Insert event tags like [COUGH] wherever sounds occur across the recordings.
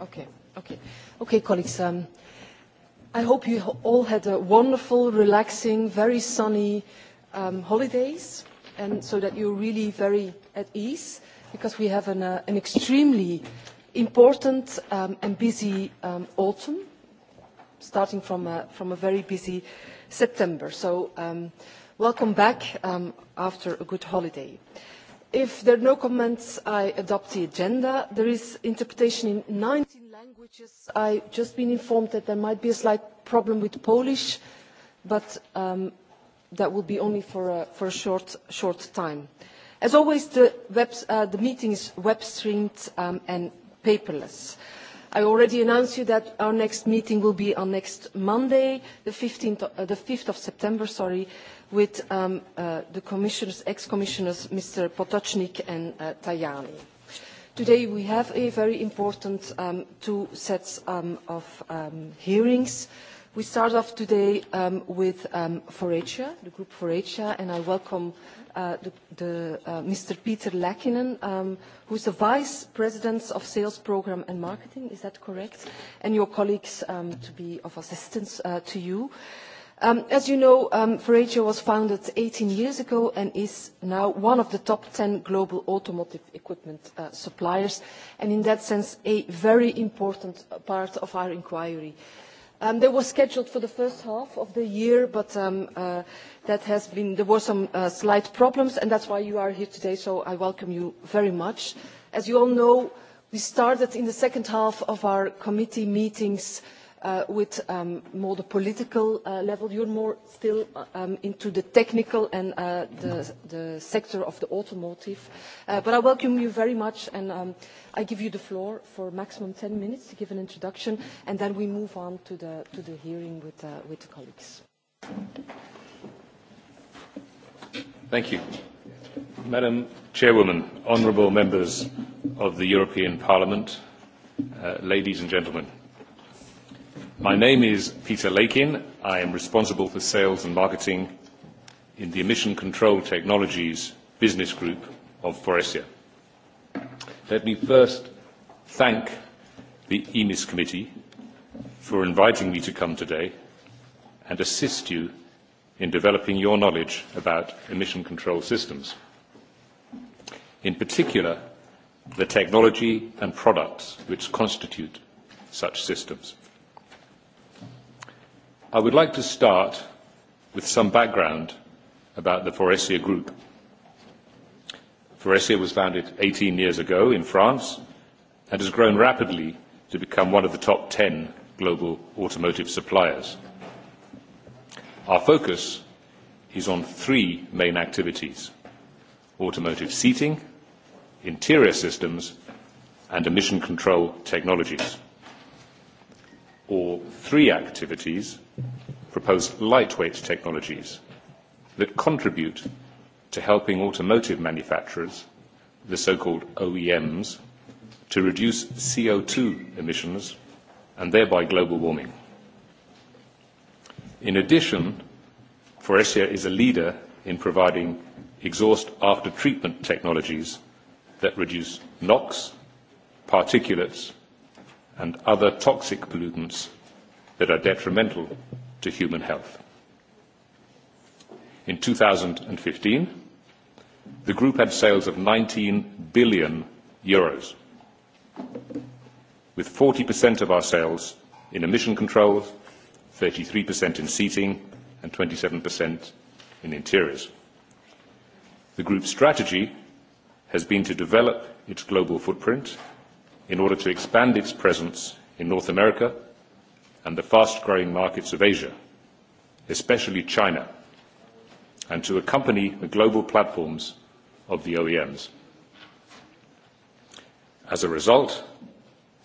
Okay, okay. Okay, colleagues, um, I hope you all had a wonderful, relaxing, very sunny um, holidays, and so that you're really very at ease, because we have an, uh, an extremely important um, and busy um, autumn, starting from a, uh, from a very busy September. So um, welcome back um, after a good holiday. If there are no comments, I adopt the agenda. There is interpretation in 19 languages. I have just been informed that there might be a slight problem with Polish, but um, that will be only for a, short, time. As always, the, uh, meeting is web-streamed um, and paperless. I already announced you that our next meeting will be on next Monday, the, uh, the 5 of September, sorry, with um, uh, the commissioners, ex-commissioners Mr. Potocnik and uh, Tajani. Today we have a very important um, two sets um, of hearings. We start off today with Foratia, the group Foratia, and I welcome uh, the, the, uh, Mr. Peter Lakinen who is the Vice President of Sales Programme and Marketing, is that correct? And your colleagues to be of assistance to you. Um, as you know, um, was founded 18 years ago and is now one of the top 10 global automotive equipment uh, suppliers, and in that sense, a very important part of our inquiry. it um, they scheduled for the first half of the year, but um, uh, there were some uh, slight problems, and is why you are here today, so I welcome you very much. As you all know, we started in the second half of our committee meetings Uh, with um, more the political level, uh, level. You're more still uh, um, into the technical and the, the sector of the automotive. But I welcome you very much, and um, I give you the floor for maximum 10 minutes to give an introduction, and then we move on to the, to the hearing with, with the colleagues. Thank you. Madam Chairwoman, honorable members of the European Parliament, ladies and gentlemen, My name is Peter Lakin. I am responsible for sales and marketing in the Emission Control Technologies business group of Foresia. Let me first thank the EMIS Committee for inviting me to come today and assist you in developing your knowledge about emission control systems. In particular, the technology and products which constitute such systems. I would like to start with some background about the Foresia Group. Foresia was founded 18 years ago in France and has grown rapidly to become one of the top 10 global automotive suppliers. Our focus is on three main activities: automotive seating, interior systems, and emission control technologies or three activities proposed lightweight technologies that contribute to helping automotive manufacturers, the so-called OEMs, to reduce CO2 emissions and thereby global warming. In addition, Foresia is a leader in providing exhaust after treatment technologies that reduce NOx, particulates and other toxic pollutants that are detrimental to human health. In 2015, the group had sales of 19 billion euros, with 40% of our sales in emission controls, 33% in seating, and 27% in interiors. The group's strategy has been to develop its global footprint in order to expand its presence in North America and the fast-growing markets of Asia, especially China, and to accompany the global platforms of the OEMs. As a result,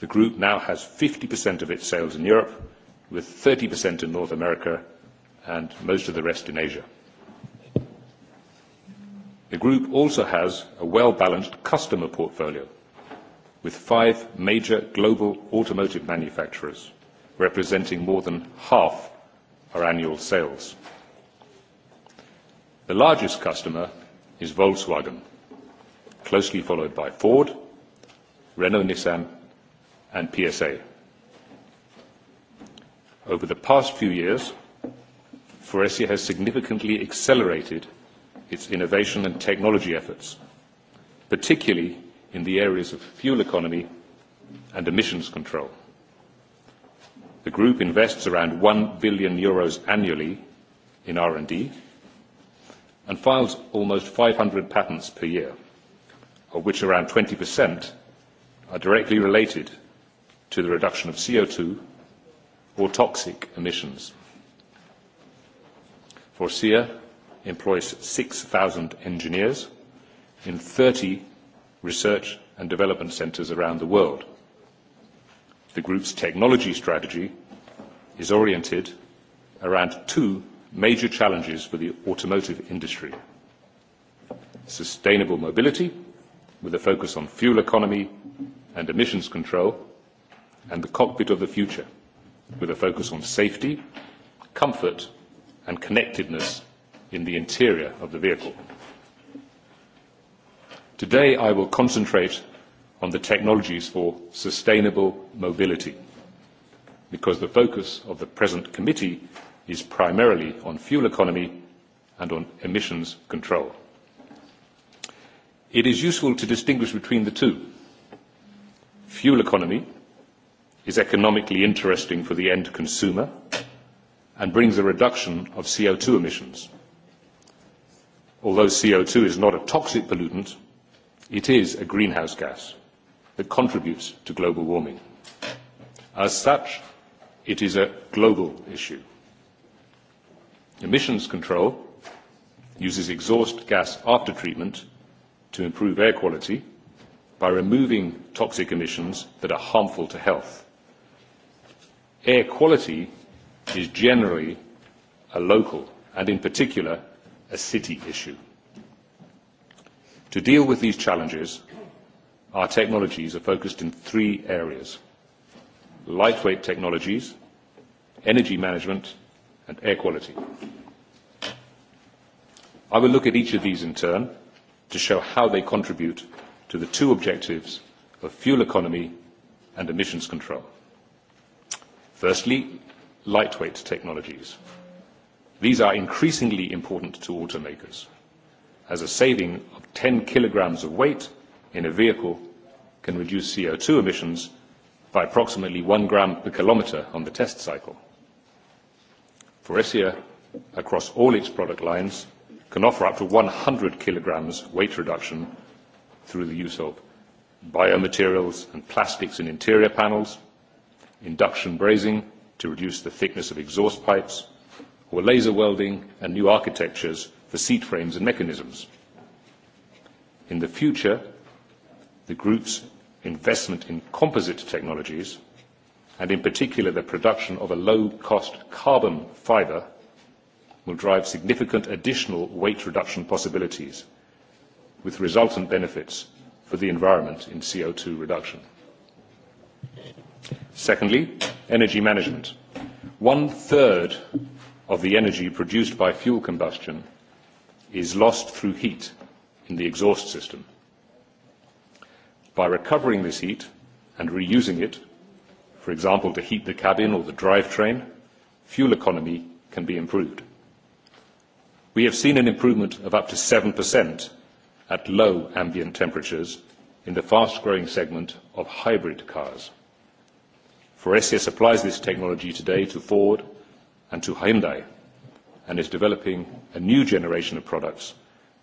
the group now has 50% of its sales in Europe, with 30% in North America and most of the rest in Asia. The group also has a well-balanced customer portfolio with five major global automotive manufacturers representing more than half our annual sales. The largest customer is Volkswagen, closely followed by Ford, Renault Nissan and PSA. Over the past few years, Faurecia has significantly accelerated its innovation and technology efforts, particularly in the areas of fuel economy and emissions control. The group invests around 1 billion Euros annually in R&D and files almost 500 patents per year, of which around 20% are directly related to the reduction of CO2 or toxic emissions. Forcia employs 6,000 engineers in 30 research and development centers around the world. The group's technology strategy is oriented around two major challenges for the automotive industry. Sustainable mobility, with a focus on fuel economy and emissions control, and the cockpit of the future, with a focus on safety, comfort and connectedness in the interior of the vehicle. Today I will concentrate on the technologies for sustainable mobility, because the focus of the present committee is primarily on fuel economy and on emissions control. It is useful to distinguish between the two. Fuel economy is economically interesting for the end consumer and brings a reduction of CO2 emissions. Although CO2 is not a toxic pollutant, It is a greenhouse gas that contributes to global warming. As such, it is a global issue. Emissions control uses exhaust gas after treatment to improve air quality by removing toxic emissions that are harmful to health. Air quality is generally a local and in particular a city issue. To deal with these challenges, our technologies are focused in three areas lightweight technologies, energy management and air quality. I will look at each of these in turn to show how they contribute to the two objectives of fuel economy and emissions control. Firstly, lightweight technologies. These are increasingly important to automakers as a saving of 10 kilograms of weight in a vehicle can reduce CO2 emissions by approximately one gram per kilometer on the test cycle. Foresia, across all its product lines, can offer up to 100 kilograms weight reduction through the use of biomaterials and plastics in interior panels, induction brazing to reduce the thickness of exhaust pipes, or laser welding and new architectures for seat frames and mechanisms. In the future, the group's investment in composite technologies, and in particular the production of a low-cost carbon fiber will drive significant additional weight reduction possibilities, with resultant benefits for the environment in CO2 reduction. Secondly, energy management. One-third of the energy produced by fuel combustion is lost through heat in the exhaust system. By recovering this heat and reusing it, for example to heat the cabin or the drivetrain, fuel economy can be improved. We have seen an improvement of up to 7% at low ambient temperatures in the fast-growing segment of hybrid cars. Foresia supplies e this technology today to Ford and to Hyundai and is developing a new generation of products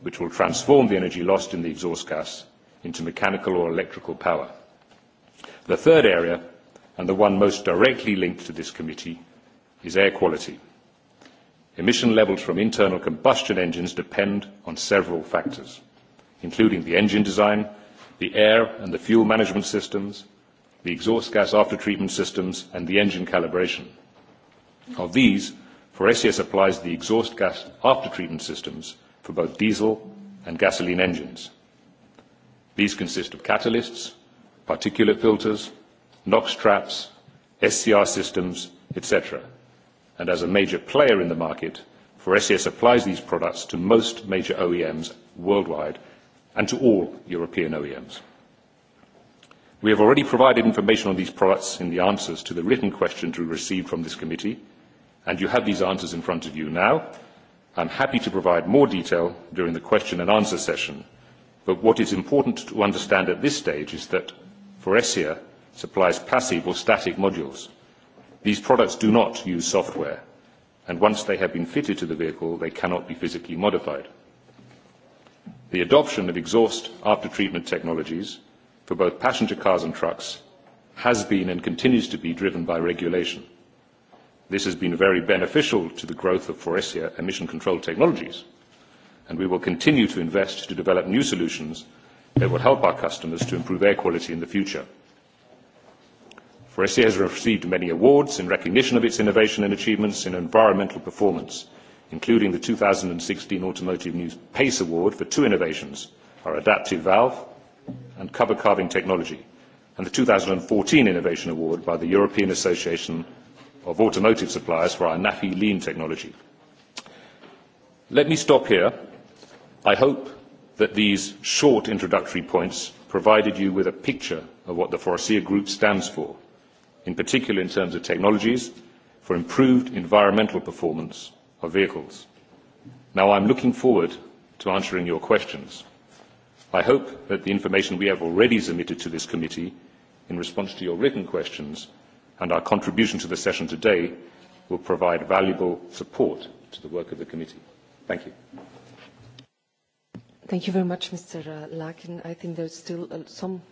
which will transform the energy lost in the exhaust gas into mechanical or electrical power. The third area, and the one most directly linked to this committee, is air quality. Emission levels from internal combustion engines depend on several factors, including the engine design, the air and the fuel management systems, the exhaust gas after treatment systems and the engine calibration. Of these, Faurecia supplies the exhaust gas after-treatment systems for both diesel and gasoline engines. These consist of catalysts, particulate filters, NOx traps, SCR systems, etc. And as a major player in the market, Faurecia supplies these products to most major OEMs worldwide and to all European OEMs. We have already provided information on these products in the answers to the written questions we received from this committee, and you have these answers in front of you now. I'm happy to provide more detail during the question and answer session, but what is important to understand at this stage is that Foresia supplies passive or static modules. These products do not use software, and once they have been fitted to the vehicle, they cannot be physically modified. The adoption of exhaust after-treatment technologies for both passenger cars and trucks has been and continues to be driven by regulation. This has been very beneficial to the growth of Forestia emission control technologies, and we will continue to invest to develop new solutions that will help our customers to improve air quality in the future. Foresia has received many awards in recognition of its innovation and achievements in environmental performance, including the 2016 Automotive News PACE Award for two innovations, our adaptive valve and cover carving technology, and the 2014 Innovation Award by the European Association of automotive suppliers for our NAFI lean technology. Let me stop here. I hope that these short introductory points provided you with a picture of what the Faurecia Group stands for, in particular in terms of technologies for improved environmental performance of vehicles. Now I'm looking forward to answering your questions. I hope that the information we have already submitted to this committee in response to your written questions and our contribution to the session today will provide valuable support to the work of the committee. Thank you. Thank you very much, Mr. Uh, Lakin. I think there's still uh, some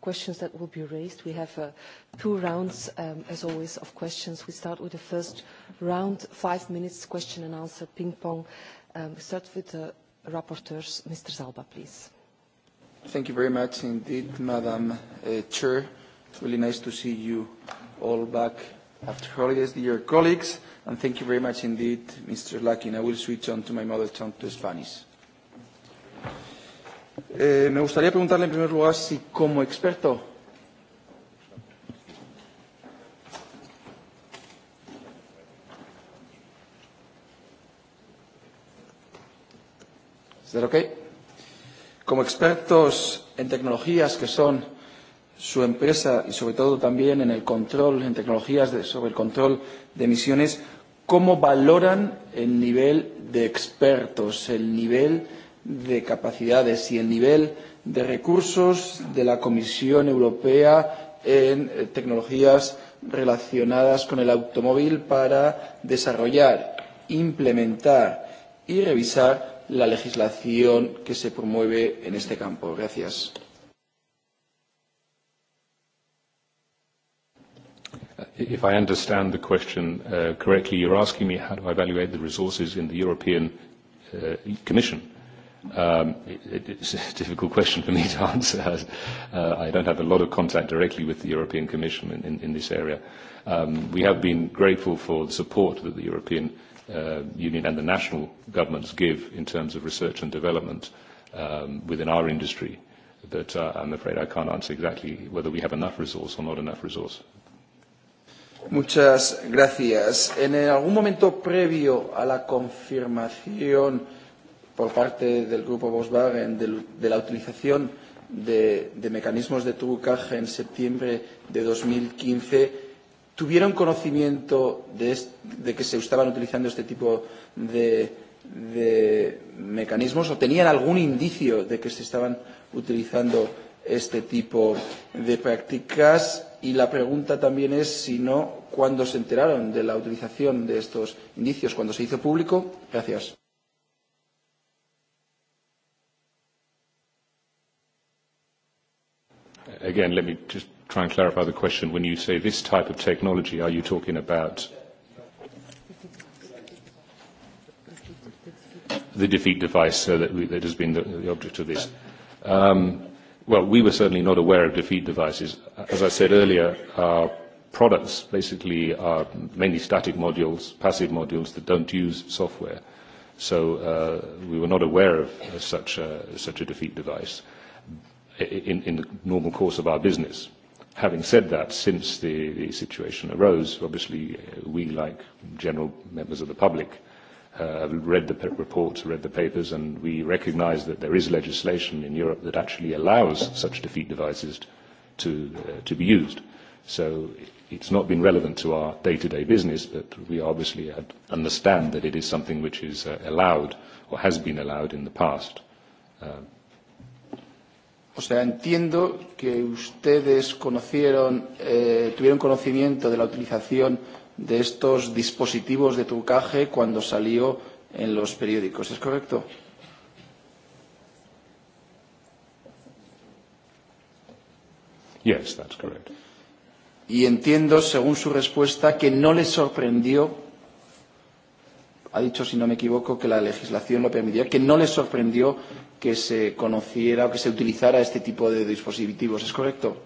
questions that will be raised. We have uh, two rounds, um, as always, of questions. We start with the first round, five minutes question and answer, ping-pong. Um, start with the rapporteurs. Mr. Zalba, please. Thank you very much indeed, Madam uh, Chair really nice to see you all back after holidays, dear colleagues, and thank you very much indeed, Mr. Lakin. I will switch on to my mother tongue to Spanish. Eh, me gustaría preguntarle en primer lugar si como experto okay? Como expertos en tecnologías que son su empresa y sobre todo también en el control, en tecnologías de, sobre el control de emisiones, cómo valoran el nivel de expertos, el nivel de capacidades y el nivel de recursos de la Comisión Europea en eh, tecnologías relacionadas con el automóvil para desarrollar, implementar y revisar la legislación que se promueve en este campo. Gracias. Uh, if I understand the question uh, correctly, you're asking me how to evaluate the resources in the European uh, e-, Commission. Um, it, it's a [LAUGHS] difficult question for me to [LAUGHS] answer. As, uh, I don't have a lot of contact directly with the European Commission in, in, in this area. Um, we have been grateful for the support that the European uh, Union and the national governments give in terms of research and development um, within our industry. But uh, I'm afraid I can't answer exactly whether we have enough resource or not enough resource. Muchas gracias. En algún momento previo a la confirmación por parte del grupo Volkswagen de, la utilización de, de mecanismos de trucaje en septiembre de 2015, tuvieron conocimiento de, de que se estaban utilizando este tipo de, de mecanismos o tenían algún indicio de que se estaban utilizando este tipo de prácticas y la pregunta también es si no cuándo se enteraron de la utilización de estos indicios cuando se hizo público gracias again let me just try and clarify the question when you say this type of technology are you talking about the defeat device uh, that, that has been the, the object of this um well, we were certainly not aware of defeat devices. As I said earlier, our products basically are mainly static modules, passive modules that don't use software. So uh, we were not aware of uh, such, a, such a defeat device in, in the normal course of our business. Having said that, since the, the situation arose, obviously uh, we, like general members of the public, uh, read the pa-, reports, read the papers, and we recognize that there is legislation in Europe that actually allows such defeat devices to, uh, to be used. So it's not been relevant to our day-to-day -day business, but we obviously understand that it is something which is uh, allowed or has been allowed in the past. Uh, O sea, entiendo que ustedes conocieron, eh, tuvieron conocimiento de la utilización de estos dispositivos de trucaje cuando salió en los periódicos. ¿Es correcto? Yes, that's correct. Y entiendo, según su respuesta, que no le sorprendió, ha dicho, si no me equivoco, que la legislación lo permitía, que no le sorprendió que se conociera o que se utilizara este tipo de dispositivos. ¿Es correcto?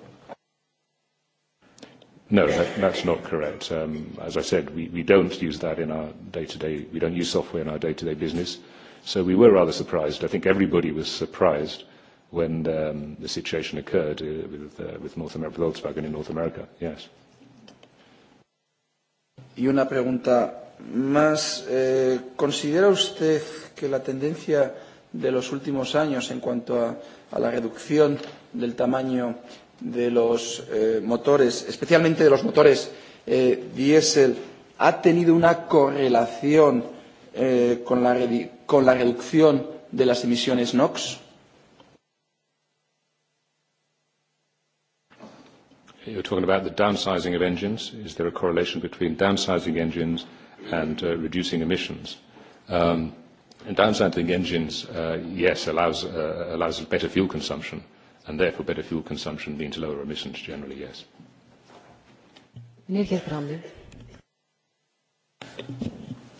No, that, that's not correct. Um, as I said, we, we don't use that in our day-to-day. -day, we don't use software in our day-to-day business. So we were rather surprised. I think everybody was surprised when um, the situation occurred uh, with, uh, with North America, with Volkswagen in North America. Yes. Y una pregunta más. Eh, ¿Considera usted que la tendencia de los últimos años en cuanto a, a la reducción del tamaño de los eh, motores, especialmente de los motores eh, diésel, ha tenido una correlación eh, con, la con la reducción de las emisiones NOx? You're talking about the downsizing of engines. Is there a correlation between downsizing engines and uh, reducing emissions? Um, and downsizing engines, uh, yes, allows, uh, allows better fuel consumption and therefore better fuel consumption means lower emissions generally, yes.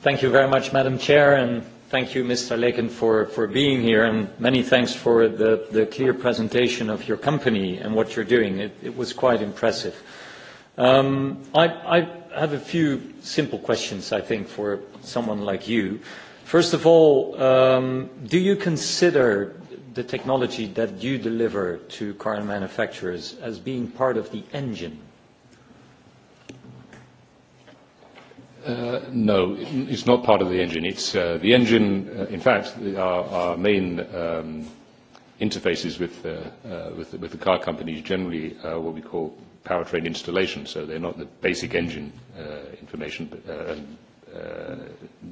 Thank you very much, Madam Chair, and thank you, Mr. Leken, for, for being here, and many thanks for the, the clear presentation of your company and what you're doing. It, it was quite impressive. Um, I, I have a few simple questions, I think, for someone like you. First of all, um, do you consider the technology that you deliver to car manufacturers as being part of the engine? Uh, no, it's not part of the engine. It's uh, the engine. Uh, in fact, our, our main um, interfaces with, uh, uh with, the, with the car companies generally uh, what we call powertrain installation. So they're not the basic engine uh, information uh, uh,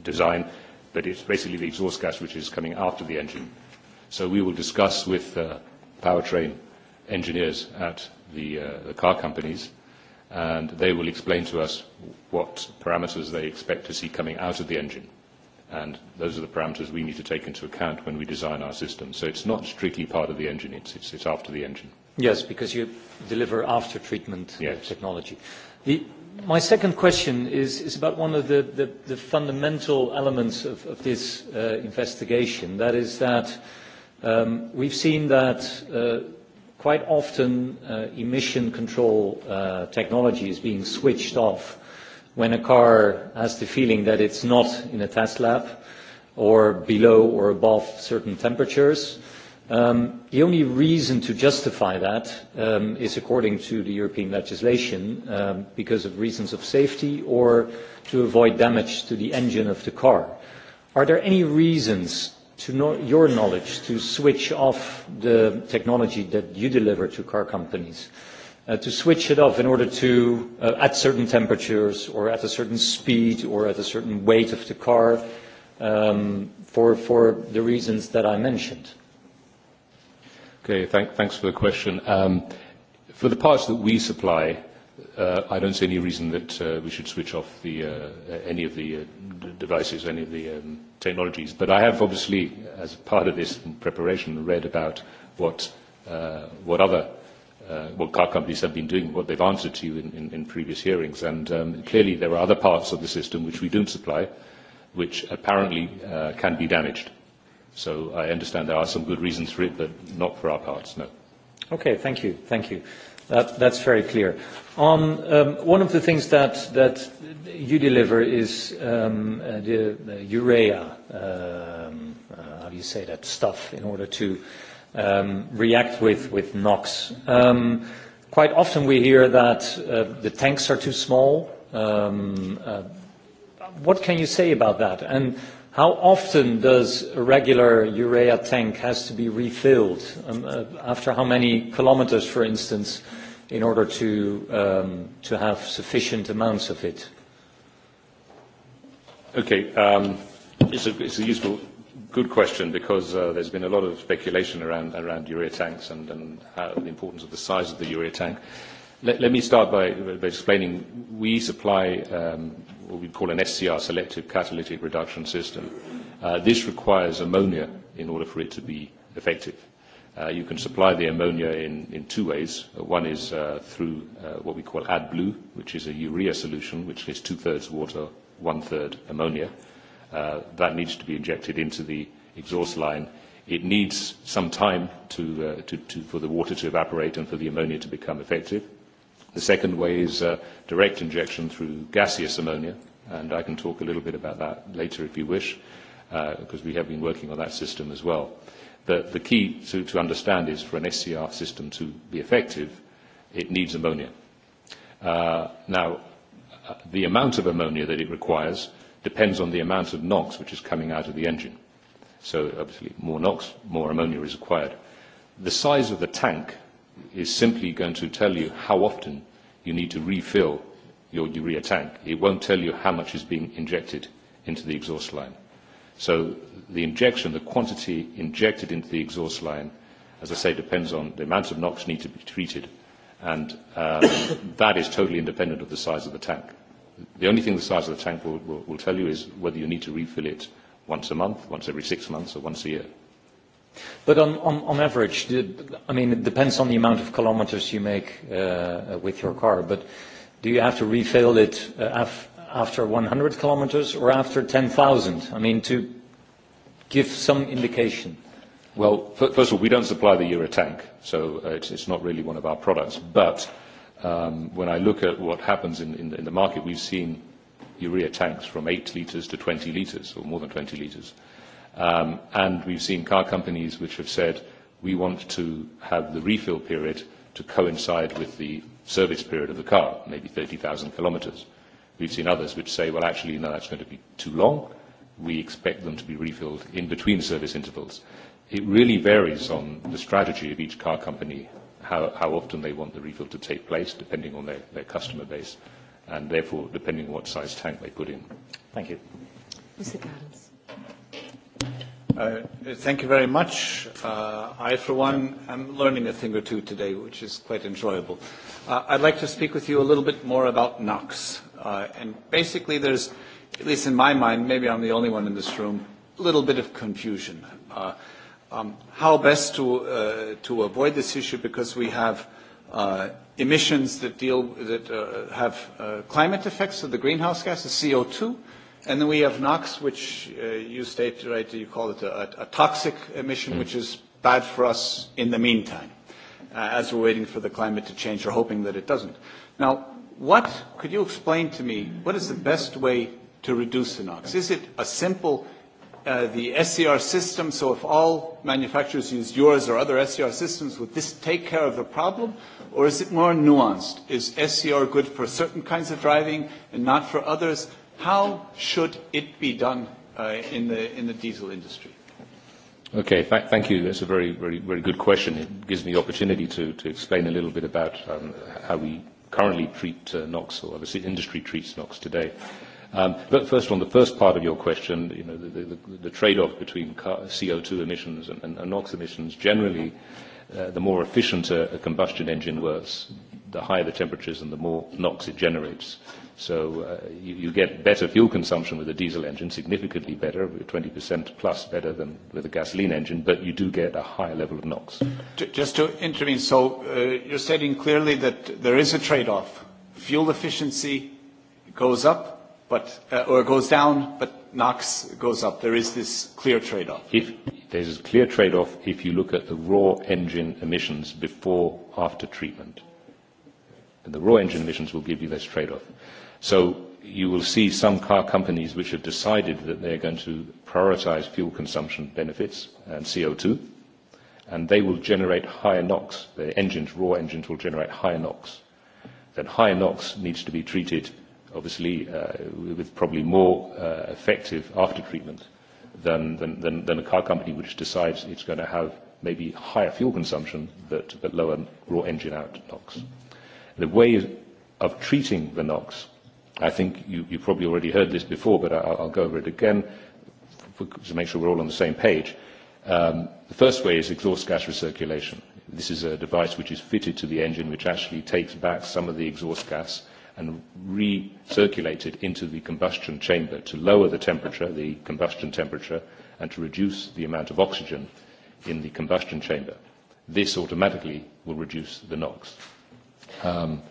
design, but it's basically the exhaust gas which is coming after the engine. So we will discuss with uh, powertrain engineers at the, uh, the car companies and they will explain to us what parameters they expect to see coming out of the engine. And those are the parameters we need to take into account when we design our system. So it's not strictly part of the engine, it's, it's, it's after the engine. Yes, because you deliver after treatment yes. technology. The, my second question is, is about one of the, the, the fundamental elements of, of this uh, investigation. That is that Um, we've seen that uh, quite often uh, emission control uh, technology is being switched off when a car has the feeling that it's not in a test lab or below or above certain temperatures. Um, the only reason to justify that um, is according to the European legislation um, because of reasons of safety or to avoid damage to the engine of the car. Are there any reasons to know your knowledge to switch off the technology that you deliver to car companies uh, to switch it off in order to uh, at certain temperatures or at a certain speed or at a certain weight of the car um, for for the reasons that I mentioned okay thank, thanks for the question um, for the parts that we supply Uh, I don't see any reason that uh, we should switch off the, uh, any of the uh, d devices, any of the um, technologies. But I have obviously, as part of this preparation, read about what, uh, what other uh, what car companies have been doing, what they've answered to you in, in, in previous hearings. And um, clearly there are other parts of the system which we don't supply, which apparently uh, can be damaged. So I understand there are some good reasons for it, but not for our parts, no. Okay, thank you. Thank you. That, that's very clear. On um, one of the things that, that you deliver is um, uh, the, urea, um, uh, how do you say that, stuff in order to um, react with, with NOx. Um, quite often we hear that uh, the tanks are too small. Um, what can you say about that? And how often does a regular urea tank has to be refilled? Um, after how many kilometers, for instance, in order to, um, to have sufficient amounts of it? Okay. Um, it's, a, it's a useful, good question because uh, there's been a lot of speculation around, around urea tanks and, and how, the importance of the size of the urea tank. Let, let me start by, by explaining we supply um, what we call an SCR, selective catalytic reduction system. Uh, this requires ammonia in order for it to be effective. Uh, you can supply the ammonia in, in two ways. Uh, one is uh, through uh, what we call AdBlue, which is a urea solution, which is two-thirds water, one-third ammonia. Uh, that needs to be injected into the exhaust line. It needs some time to, to, to, for the water to evaporate and for the ammonia to become effective. The second way is direct injection through gaseous ammonia, and I can talk a little bit about that later if you wish, because we have been working on that system as well that the key to, to understand is for an SCR system to be effective, it needs ammonia. Uh, now, uh, the amount of ammonia that it requires depends on the amount of NOx which is coming out of the engine. So obviously, more NOx, more ammonia is required. The size of the tank is simply going to tell you how often you need to refill your urea tank. It won't tell you how much is being injected into the exhaust line. So the injection, the quantity injected into the exhaust line, as I say, depends on the amount of NOx need to be treated, and um, [COUGHS] that is totally independent of the size of the tank. The only thing the size of the tank will, will, will tell you is whether you need to refill it once a month, once every six months, or once a year. But on, on, on average, I mean, it depends on the amount of kilometers you make uh, with your car, but do you have to refill it uh, after 100 kilometers or after 10,000? I mean, to give some indication. Well, first of all, we don't supply the tank, so uh, it's, it's not really one of our products. But um, when I look at what happens in, in, in the market, we've seen urea tanks from 8 litres to 20 litres, or more than 20 litres. Um, and we've seen car companies which have said, we want to have the refill period to coincide with the service period of the car, maybe 30,000 kilometres. We've seen others which say, well, actually, no, that's going to be too long. We expect them to be refilled in between service intervals. It really varies on the strategy of each car company, how, how often they want the refill to take place, depending on their, their customer base, and therefore depending on what size tank they put in. Thank you. Mr. Gardens. Uh, thank you very much. Uh, I, for one, am learning a thing or two today, which is quite enjoyable. Uh, I'd like to speak with you a little bit more about NOx. Uh, and basically there's, at least in my mind, maybe I'm the only one in this room, a little bit of confusion. Uh, um, how best to, uh, to avoid this issue because we have uh, emissions that deal that uh, have uh, climate effects of the greenhouse gases, CO2, and then we have NOx, which uh, you state right, you call it a, a toxic emission, mm. which is bad for us in the meantime, uh, as we're waiting for the climate to change or hoping that it doesn't. Now, What could you explain to me? What is the best way to reduce NOx? Is it a simple uh, the SCR system? So if all manufacturers use yours or other SCR systems, would this take care of the problem, or is it more nuanced? Is SCR good for certain kinds of driving and not for others? How should it be done uh, in the in the diesel industry? Okay, th thank you. That's a very, very, very good question. It gives me the opportunity to, to explain a little bit about um, how we currently treat uh, NOx, or obviously industry treats NOx today. Um, but first, on the first part of your question, you know, the, the, the trade-off between CO2 emissions and, and, and NOx emissions generally, uh, the more efficient a, a combustion engine works, the higher the temperatures and the more NOx it generates. So uh, you, you get better fuel consumption with a diesel engine, significantly better, 20% plus better than with a gasoline engine, but you do get a higher level of NOx. Just to intervene, so uh, you're stating clearly that there is a trade-off. Fuel efficiency goes up, but uh, or goes down, but NOx goes up. There is this clear trade-off. If there's a clear trade-off if you look at the raw engine emissions before after treatment. And the raw engine emissions will give you this trade-off So you will see some car companies which have decided that they are going to prioritize fuel consumption benefits and CO2, and they will generate higher NOx. Their engines, raw engines, will generate higher NOx. That higher NOx needs to be treated, obviously, uh, with probably more uh, effective after treatment than, than, than, a car company which decides it's going to have maybe higher fuel consumption but, but lower raw engine out NOx. The way of treating the NOx i think you, you probably already heard this before, but I, I'll go over it again to make sure we're all on the same page. Um, the first way is exhaust gas recirculation. This is a device which is fitted to the engine which actually takes back some of the exhaust gas and recirculates it into the combustion chamber to lower the temperature, the combustion temperature, and to reduce the amount of oxygen in the combustion chamber. This automatically will reduce the NOx. Um,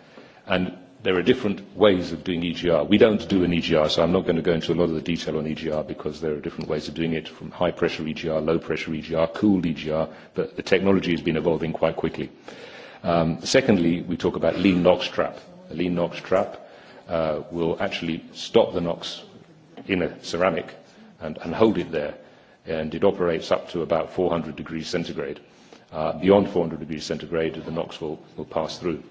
and there are different ways of doing EGR. We don't do an EGR, so I'm not going to go into a lot of the detail on EGR because there are different ways of doing it from high pressure EGR, low pressure EGR, cooled EGR, but the technology has been evolving quite quickly. Um, secondly, we talk about lean NOx trap. A lean NOx trap uh, will actually stop the NOx in a ceramic and, and hold it there, and it operates up to about 400 degrees centigrade. Uh, beyond 400 degrees centigrade, the NOx will, will pass through.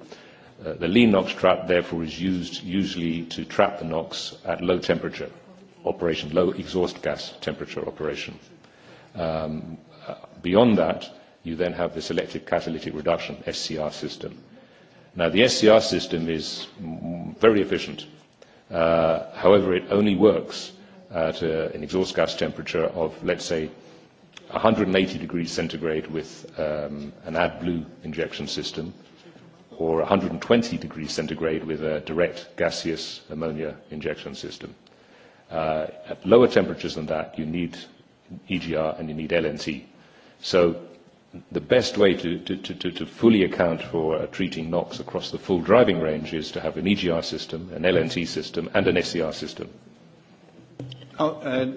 Uh, the lean NOx trap, therefore, is used usually to trap the NOx at low temperature operation, low exhaust gas temperature operation. Um, uh, beyond that, you then have the selective catalytic reduction, SCR system. Now, the SCR system is very efficient. Uh, however, it only works at uh, an exhaust gas temperature of, let's say, 180 degrees centigrade with um, an blue injection system or 120 degrees centigrade with a direct gaseous ammonia injection system. Uh, at lower temperatures than that, you need EGR and you need LNT. So the best way to, to, to, to fully account for treating NOx across the full driving range is to have an EGR system, an LNT system, and an SCR e system. Oh, uh,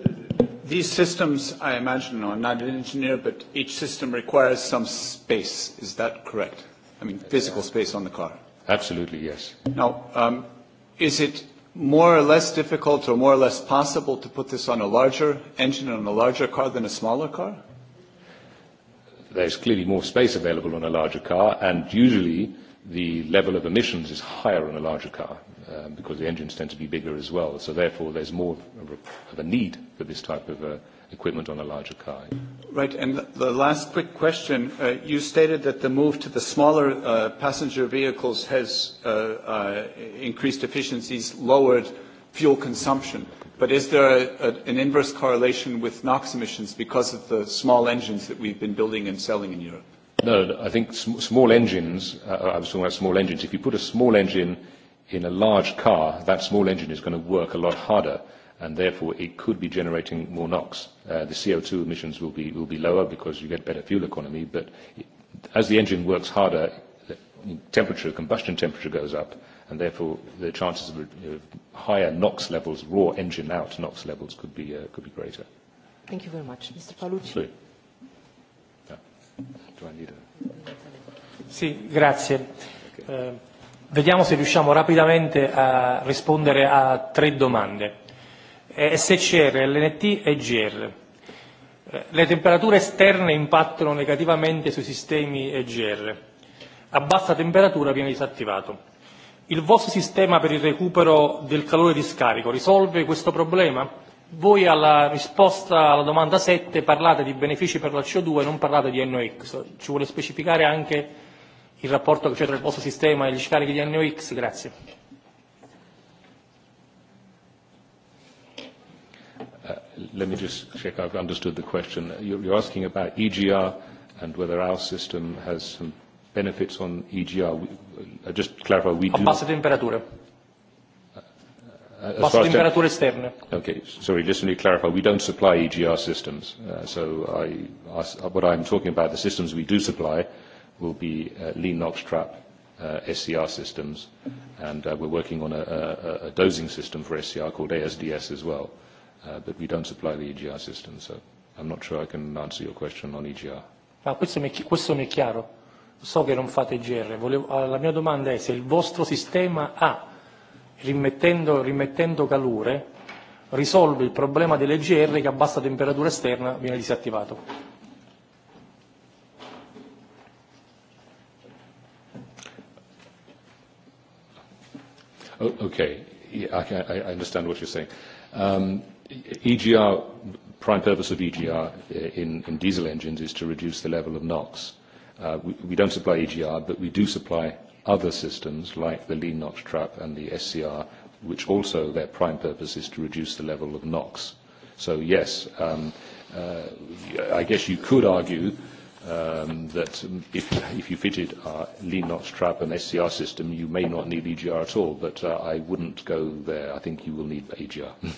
these systems, I imagine, are not an engineer, but each system requires some space. Is that correct? I mean, physical space on the car. Absolutely, yes. Now, um, is it more or less difficult or more or less possible to put this on a larger engine on a larger car than a smaller car? There's clearly more space available on a larger car, and usually the level of emissions is higher on a larger car um, because the engines tend to be bigger as well. So therefore, there's more of a need for this type of uh, equipment on a larger car. Right. And the last quick question. Uh, you stated that the move to the smaller uh, passenger vehicles has uh, uh, increased efficiencies, lowered fuel consumption. But is there a, a, an inverse correlation with NOx emissions because of the small engines that we've been building and selling in Europe? No, no I think sm small engines, uh, I was talking about small engines. If you put a small engine in a large car, that small engine is going to work a lot harder and therefore it could be generating more NOx. Uh, the CO2 emissions will be, will be lower because you get better fuel economy, but as the engine works harder, the temperature, combustion temperature goes up, and therefore the chances of, higher NOx levels, raw engine out NOx levels, could be, uh, could be greater. Thank you very much. Mr. Palucci. Sorry. Sì, grazie. Eh, vediamo se riusciamo rapidamente a rispondere a tre domande SCR, LNT e eh, Le temperature esterne impattano negativamente sui sistemi EGR. A bassa temperatura viene disattivato. Il vostro sistema per il recupero del calore di scarico risolve questo problema? Voi alla risposta alla domanda 7 parlate di benefici per la CO2 e non parlate di NOx. Ci vuole specificare anche il rapporto che c'è tra il vostro sistema e gli scarichi di NOx? Grazie. let me just check I've understood the question. You're asking about EGR and whether our system has some benefits on EGR. Uh, just to clarify, we do... temperature. Uh, uh temperature Okay, sorry, just to clarify, we don't supply EGR systems. Uh, so I, what I'm talking about, the systems we do supply will be lean NOx trap SCR systems, and we're working on a, a dosing system for SCR called ASDS as well but uh, we don't supply the EGR system, so I'm not sure I can answer your question on EGR. Ah, questo, mi, questo mi è chiaro. So che non fate EGR. Volevo, ah, la mia domanda è se il vostro sistema ha, rimettendo, rimettendo calore, risolve il problema dell'EGR che a bassa temperatura esterna viene disattivato. Oh, okay, yeah, I, I understand what you're saying. Um, EGR, prime purpose of EGR eh, in, in diesel engines is to reduce the level of NOx. Uh, we, we don't supply EGR, but we do supply other systems like the lean NOx trap and the SCR, which also their prime purpose is to reduce the level of NOx. So yes, um, uh, I guess you could argue um, that if, if you fitted a lean NOx trap and SCR system, you may not need EGR at all, but uh, I wouldn't go there. I think you will need EGR. [LAUGHS]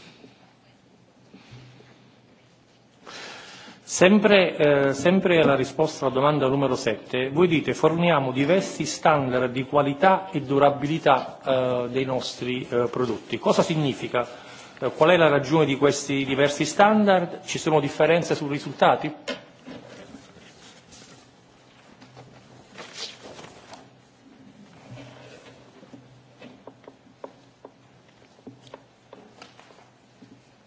Sempre, eh, sempre alla risposta alla domanda numero 7, voi dite forniamo diversi standard di qualità e durabilità eh, dei nostri eh, prodotti. Cosa significa? Eh, qual è la ragione di questi diversi standard? Ci sono differenze sui risultati?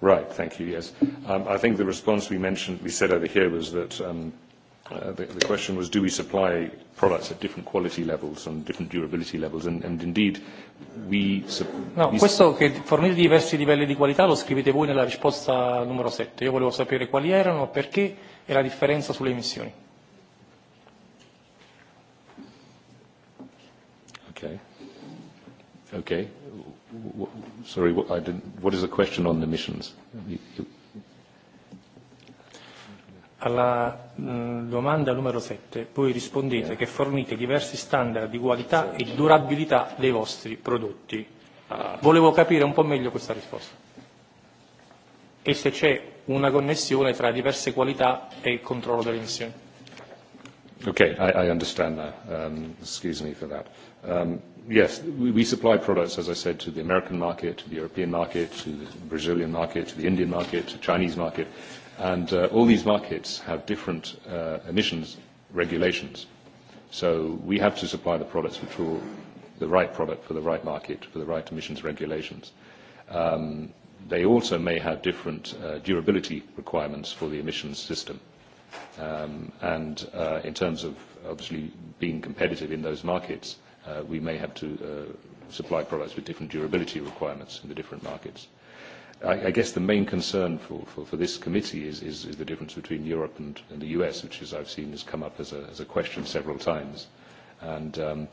Right. Thank you. Yes. Um, I think the response we mentioned, we said over here was that um, uh, the, the question was, do we supply products at different quality levels and different durability levels? And, and indeed, we... No, questo che fornite diversi livelli di qualità lo scrivete voi nella risposta numero 7. Io volevo sapere quali erano, perché e la differenza sulle emissioni. Okay. Okay. Sorry, what, I didn't, what is the question on emissions? Alla mm, domanda numero 7 voi rispondete yeah. che fornite diversi standard di qualità e di durabilità dei vostri prodotti. Ah. Volevo capire un po' meglio questa risposta e se c'è una connessione tra diverse qualità e il controllo delle emissioni. Okay, I, I understand that. Um, excuse me for that. Um, yes, we, supply products, as I said, to the American market, to the European market, to the Brazilian market, to the Indian market, to Chinese market. And uh, all these markets have different uh, emissions regulations. So we have to supply the products which are the right product for the right market, for the right emissions regulations. Um, they also may have different uh, durability requirements for the emissions system. Um, and uh, in terms of obviously being competitive in those markets, Uh, we may have to uh, supply products with different durability requirements in the different markets. I, I guess the main concern for, for, this committee is, is, is the difference between Europe and, the US, which as I've seen has come up as a, as a question several times. And um,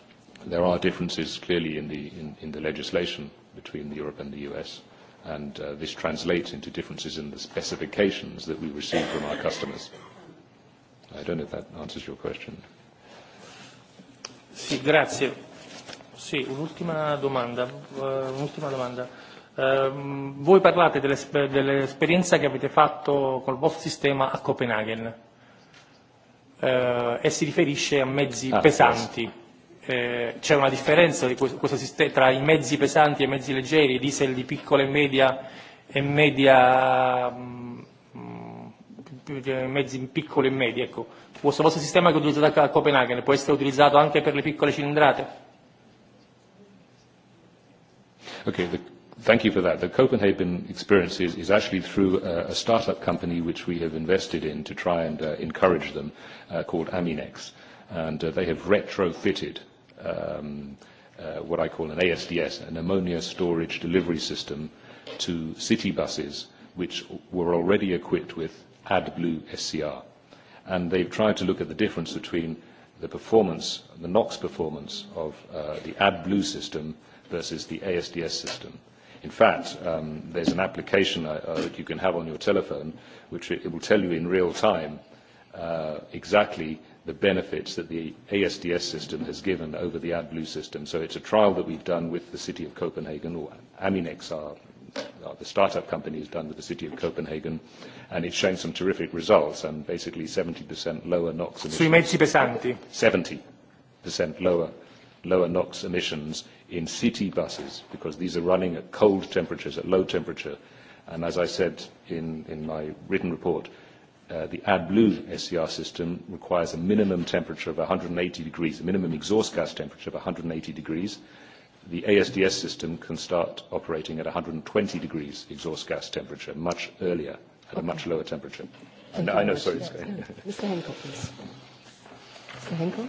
there are differences clearly in the, in, the legislation between Europe and the US, and uh, this translates into differences in the specifications that we receive from our customers. I don't know if that answers your question. Sì, grazie. Sì, un'ultima domanda. Eh, un'ultima domanda. Ehm, voi parlate dell'esperienza che avete fatto col vostro sistema a Copenaghen eh, e si riferisce a mezzi ah, pesanti. Eh, c'è una differenza di questo sistema, tra i mezzi pesanti e i mezzi leggeri, diesel di piccola e media e media mm, Eh, eh, mezzi piccoli e medi, ecco. Questo vostro sistema che utilizzate a Copenaghen può essere utilizzato anche per le piccole cilindrate? Okay, the, thank you for that. The Copenhagen experience is, is actually through a, a startup company which we have invested in to try and uh, encourage them uh, called Aminex. And uh, they have retrofitted um, uh, what I call an ASDS, an ammonia storage delivery system, to city buses which were already equipped with AdBlue SCR. And they've tried to look at the difference between the performance, the NOx performance of uh, the AdBlue system versus the ASDS system. In fact, um, there's an application uh, uh, that you can have on your telephone, which it will tell you in real time uh, exactly the benefits that the ASDS system has given over the AdBlue system. So it's a trial that we've done with the City of Copenhagen, or Aminexar uh, the startup company has done with the city of Copenhagen, and it's shown some terrific results and basically 70% lower NOx emissions. 70% lower, lower NOx emissions in city buses because these are running at cold temperatures, at low temperature. And as I said in, in my written report, uh, the AdBlue SCR system requires a minimum temperature of 180 degrees, a minimum exhaust gas temperature of 180 degrees the ASDS system can start operating at 120 degrees exhaust gas temperature much earlier at okay. a much lower temperature. And I know, sorry. Yes. No. Mr. Mm. Henkel, please. Mr. Henkel.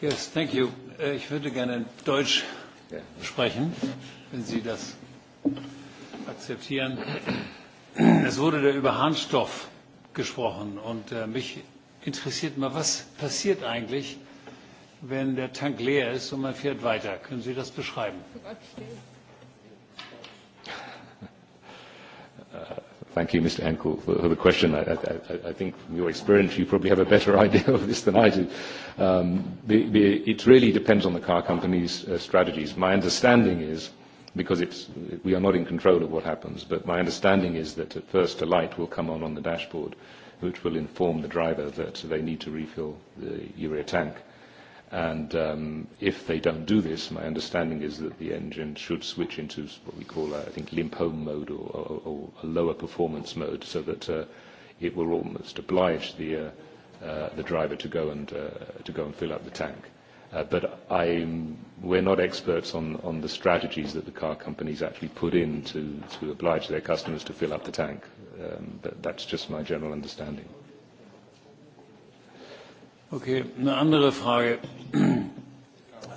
Yes, thank you. Äh, ich würde gerne Deutsch yeah. sprechen, wenn Sie das akzeptieren. Es wurde da über Harnstoff gesprochen und äh, mich interessiert mal, was passiert eigentlich, wenn der Tank leer ist und man fährt weiter. Können Sie das beschreiben? Uh, thank you, Mr. Ankel, for, the question. I, I, I think from your experience, you probably have a better [LAUGHS] idea of this than I do. Um, the, it really depends on the car company's uh, strategies. My understanding is, because it's, we are not in control of what happens, but my understanding is that at first a light will come on on the dashboard, which will inform the driver that they need to refill the urea tank And um, if they don't do this, my understanding is that the engine should switch into what we call, uh, I think, limp home mode or, or a lower performance mode so that uh, it will almost oblige the, uh, uh, the driver to go, and, uh, to go and fill up the tank. Uh, but I'm, we're not experts on, on the strategies that the car companies actually put in to, to oblige their customers to fill up the tank. Um, but that's just my general understanding. Okay, eine andere Frage.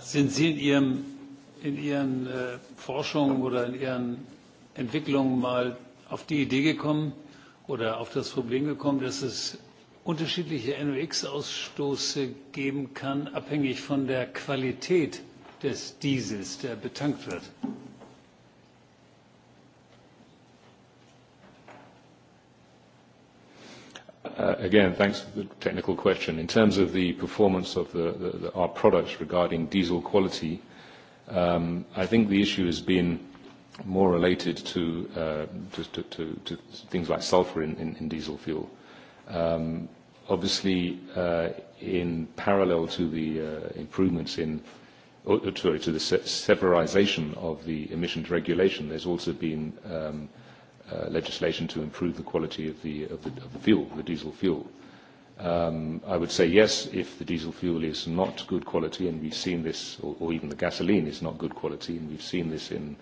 Sind Sie in Ihren Forschung äh, Forschungen oder in Ihren Entwicklungen mal auf die Idee gekommen oder auf das Problem gekommen, dass es unterschiedliche NOx-Ausstoße geben kann, abhängig von der Qualität des Diesels, der betankt wird? Uh, again, thanks for the technical question. In terms of the performance of the, our products regarding diesel quality, um, I think the issue has been more related to, uh, to, to, things like sulfur in, in, diesel fuel. Um, obviously, uh, in parallel to the improvements in, oh, sorry, to the severization of the emissions regulation, there's also been um, Uh, legislation to improve the quality of the, of the, of the fuel, the diesel fuel. Um, I would say yes if the diesel fuel is not good quality, and we've seen this, or, or even the gasoline is not good quality, and we've seen this in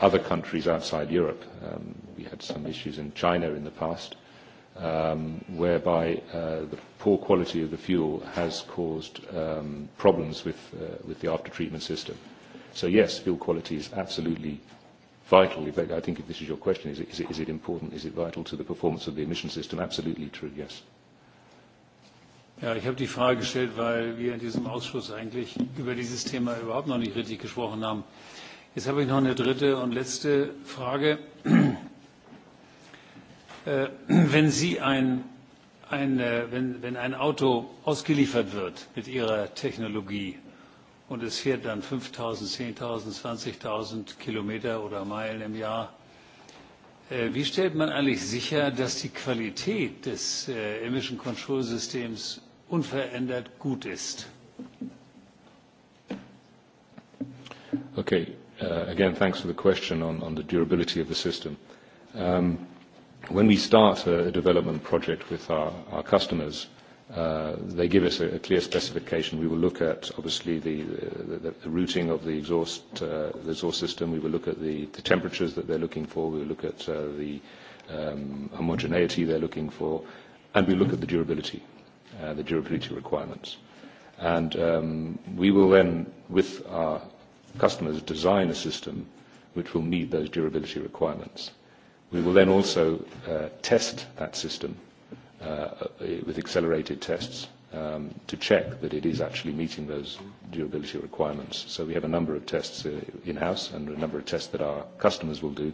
other countries outside Europe. Um, we had some issues in China in the past, um, whereby uh, the poor quality of the fuel has caused um, problems with, uh, with the after-treatment system. So yes, fuel quality is absolutely vital, if I think if this is your question, is it, is, it, is it important, is it vital to the performance of the emission system? Absolutely true, yes. Ja, ich habe die Frage gestellt, weil wir in diesem Ausschuss eigentlich über dieses Thema überhaupt noch nicht richtig gesprochen haben. Jetzt habe ich noch eine dritte und letzte Frage. [CLEARS THROAT] Äh, wenn Sie ein, ein, äh, wenn, wenn ein Auto ausgeliefert wird mit Ihrer Technologie, und es fährt dann 5.000, 10.000, 20.000 Kilometer oder Meilen im Jahr. Äh, wie stellt man eigentlich sicher, dass die Qualität des äh, Emission Control Systems unverändert gut ist? Okay. Uh, again, thanks for the question on, on the durability of the system. Um, when we start a, a development project with our, our customers, Uh, they give us a, clear specification. We will look at, obviously, the, routing of the exhaust, uh, the exhaust system. We will look at the, temperatures that they're looking for. We will look at uh, the um, homogeneity they're looking for. And we look at the durability, the durability requirements. And um, we will then, with our customers, design a system which will meet those durability requirements. We will then also test that system Uh, uh, with accelerated tests um, to check that it is actually meeting those durability requirements. So we have a number of tests uh, in-house and a number of tests that our customers will do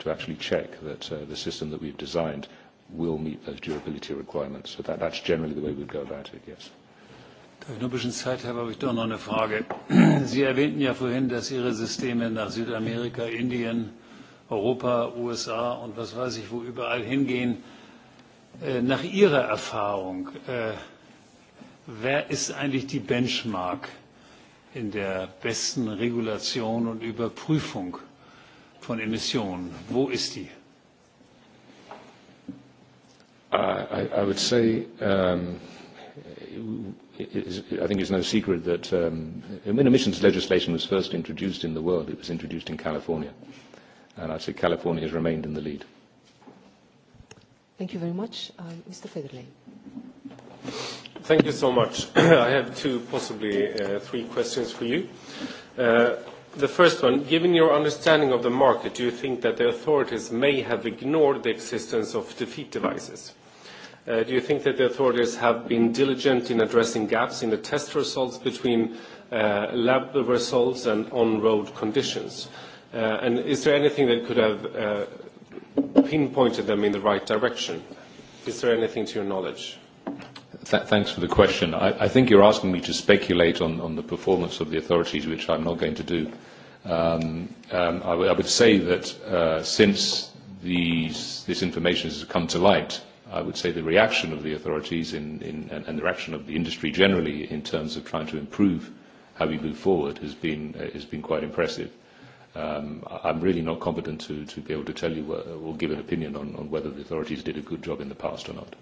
to actually check that uh, the system that we've designed will meet those durability requirements. So that, that's generally the way we'd go about it, yes. Da ich noch ein bisschen Zeit habe, habe ich doch noch eine Frage. [CLEARS THROAT] Sie erwähnten ja vorhin, dass Ihre Systeme nach Südamerika, Indien, Europa, USA und was weiß ich wo überall hingehen. Äh, nach Ihrer Erfahrung, äh, wer ist eigentlich die Benchmark in der besten Regulation und Überprüfung von Emissionen? Wo ist die? I, I would say um, I think it's no secret that um, when emissions legislation was first introduced in the world, it was introduced in California. And I'd say California has remained in the lead. Thank you very much. Uh, Mr. Federley. Thank you so much. [CLEARS THROAT] I have two, possibly uh, three questions for you. Uh, the first one, given your understanding of the market, do you think that the authorities may have ignored the existence of defeat devices? Uh, do you think that the authorities have been diligent in addressing gaps in the test results between lab results and on-road conditions? And is there anything that could have pinpointed them in the right direction? Is there anything to your knowledge? Th thanks for the question. I, I think you're asking me to speculate on, on the performance of the authorities, which I'm not going to do. Um, um, I, I would say that uh, since these, this information has come to light, I would say the reaction of the authorities in, in, and, and the reaction of the industry generally in terms of trying to improve how we move forward has been, uh, has been quite impressive um, I'm really not competent to, to be able to tell you uh, or give an opinion on, on whether the authorities did a good job in the past or not.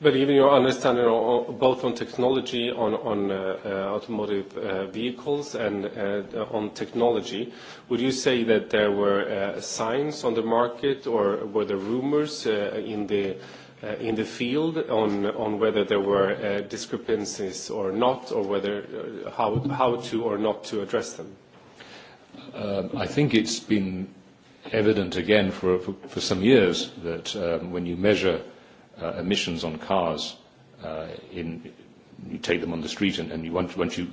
But even your understanding on, both on technology, on, on uh, uh, automotive uh, vehicles and uh, on technology, would you say that there were uh, signs on the market or were there rumors uh, in the Uh, in the field on on whether there were uh, discrepancies or not, or whether uh, how how to or not to address them. Um, I think it's been evident again for, for, for some years that um, when you measure uh, emissions on cars, uh, in, you take them on the street and, and you want, once you,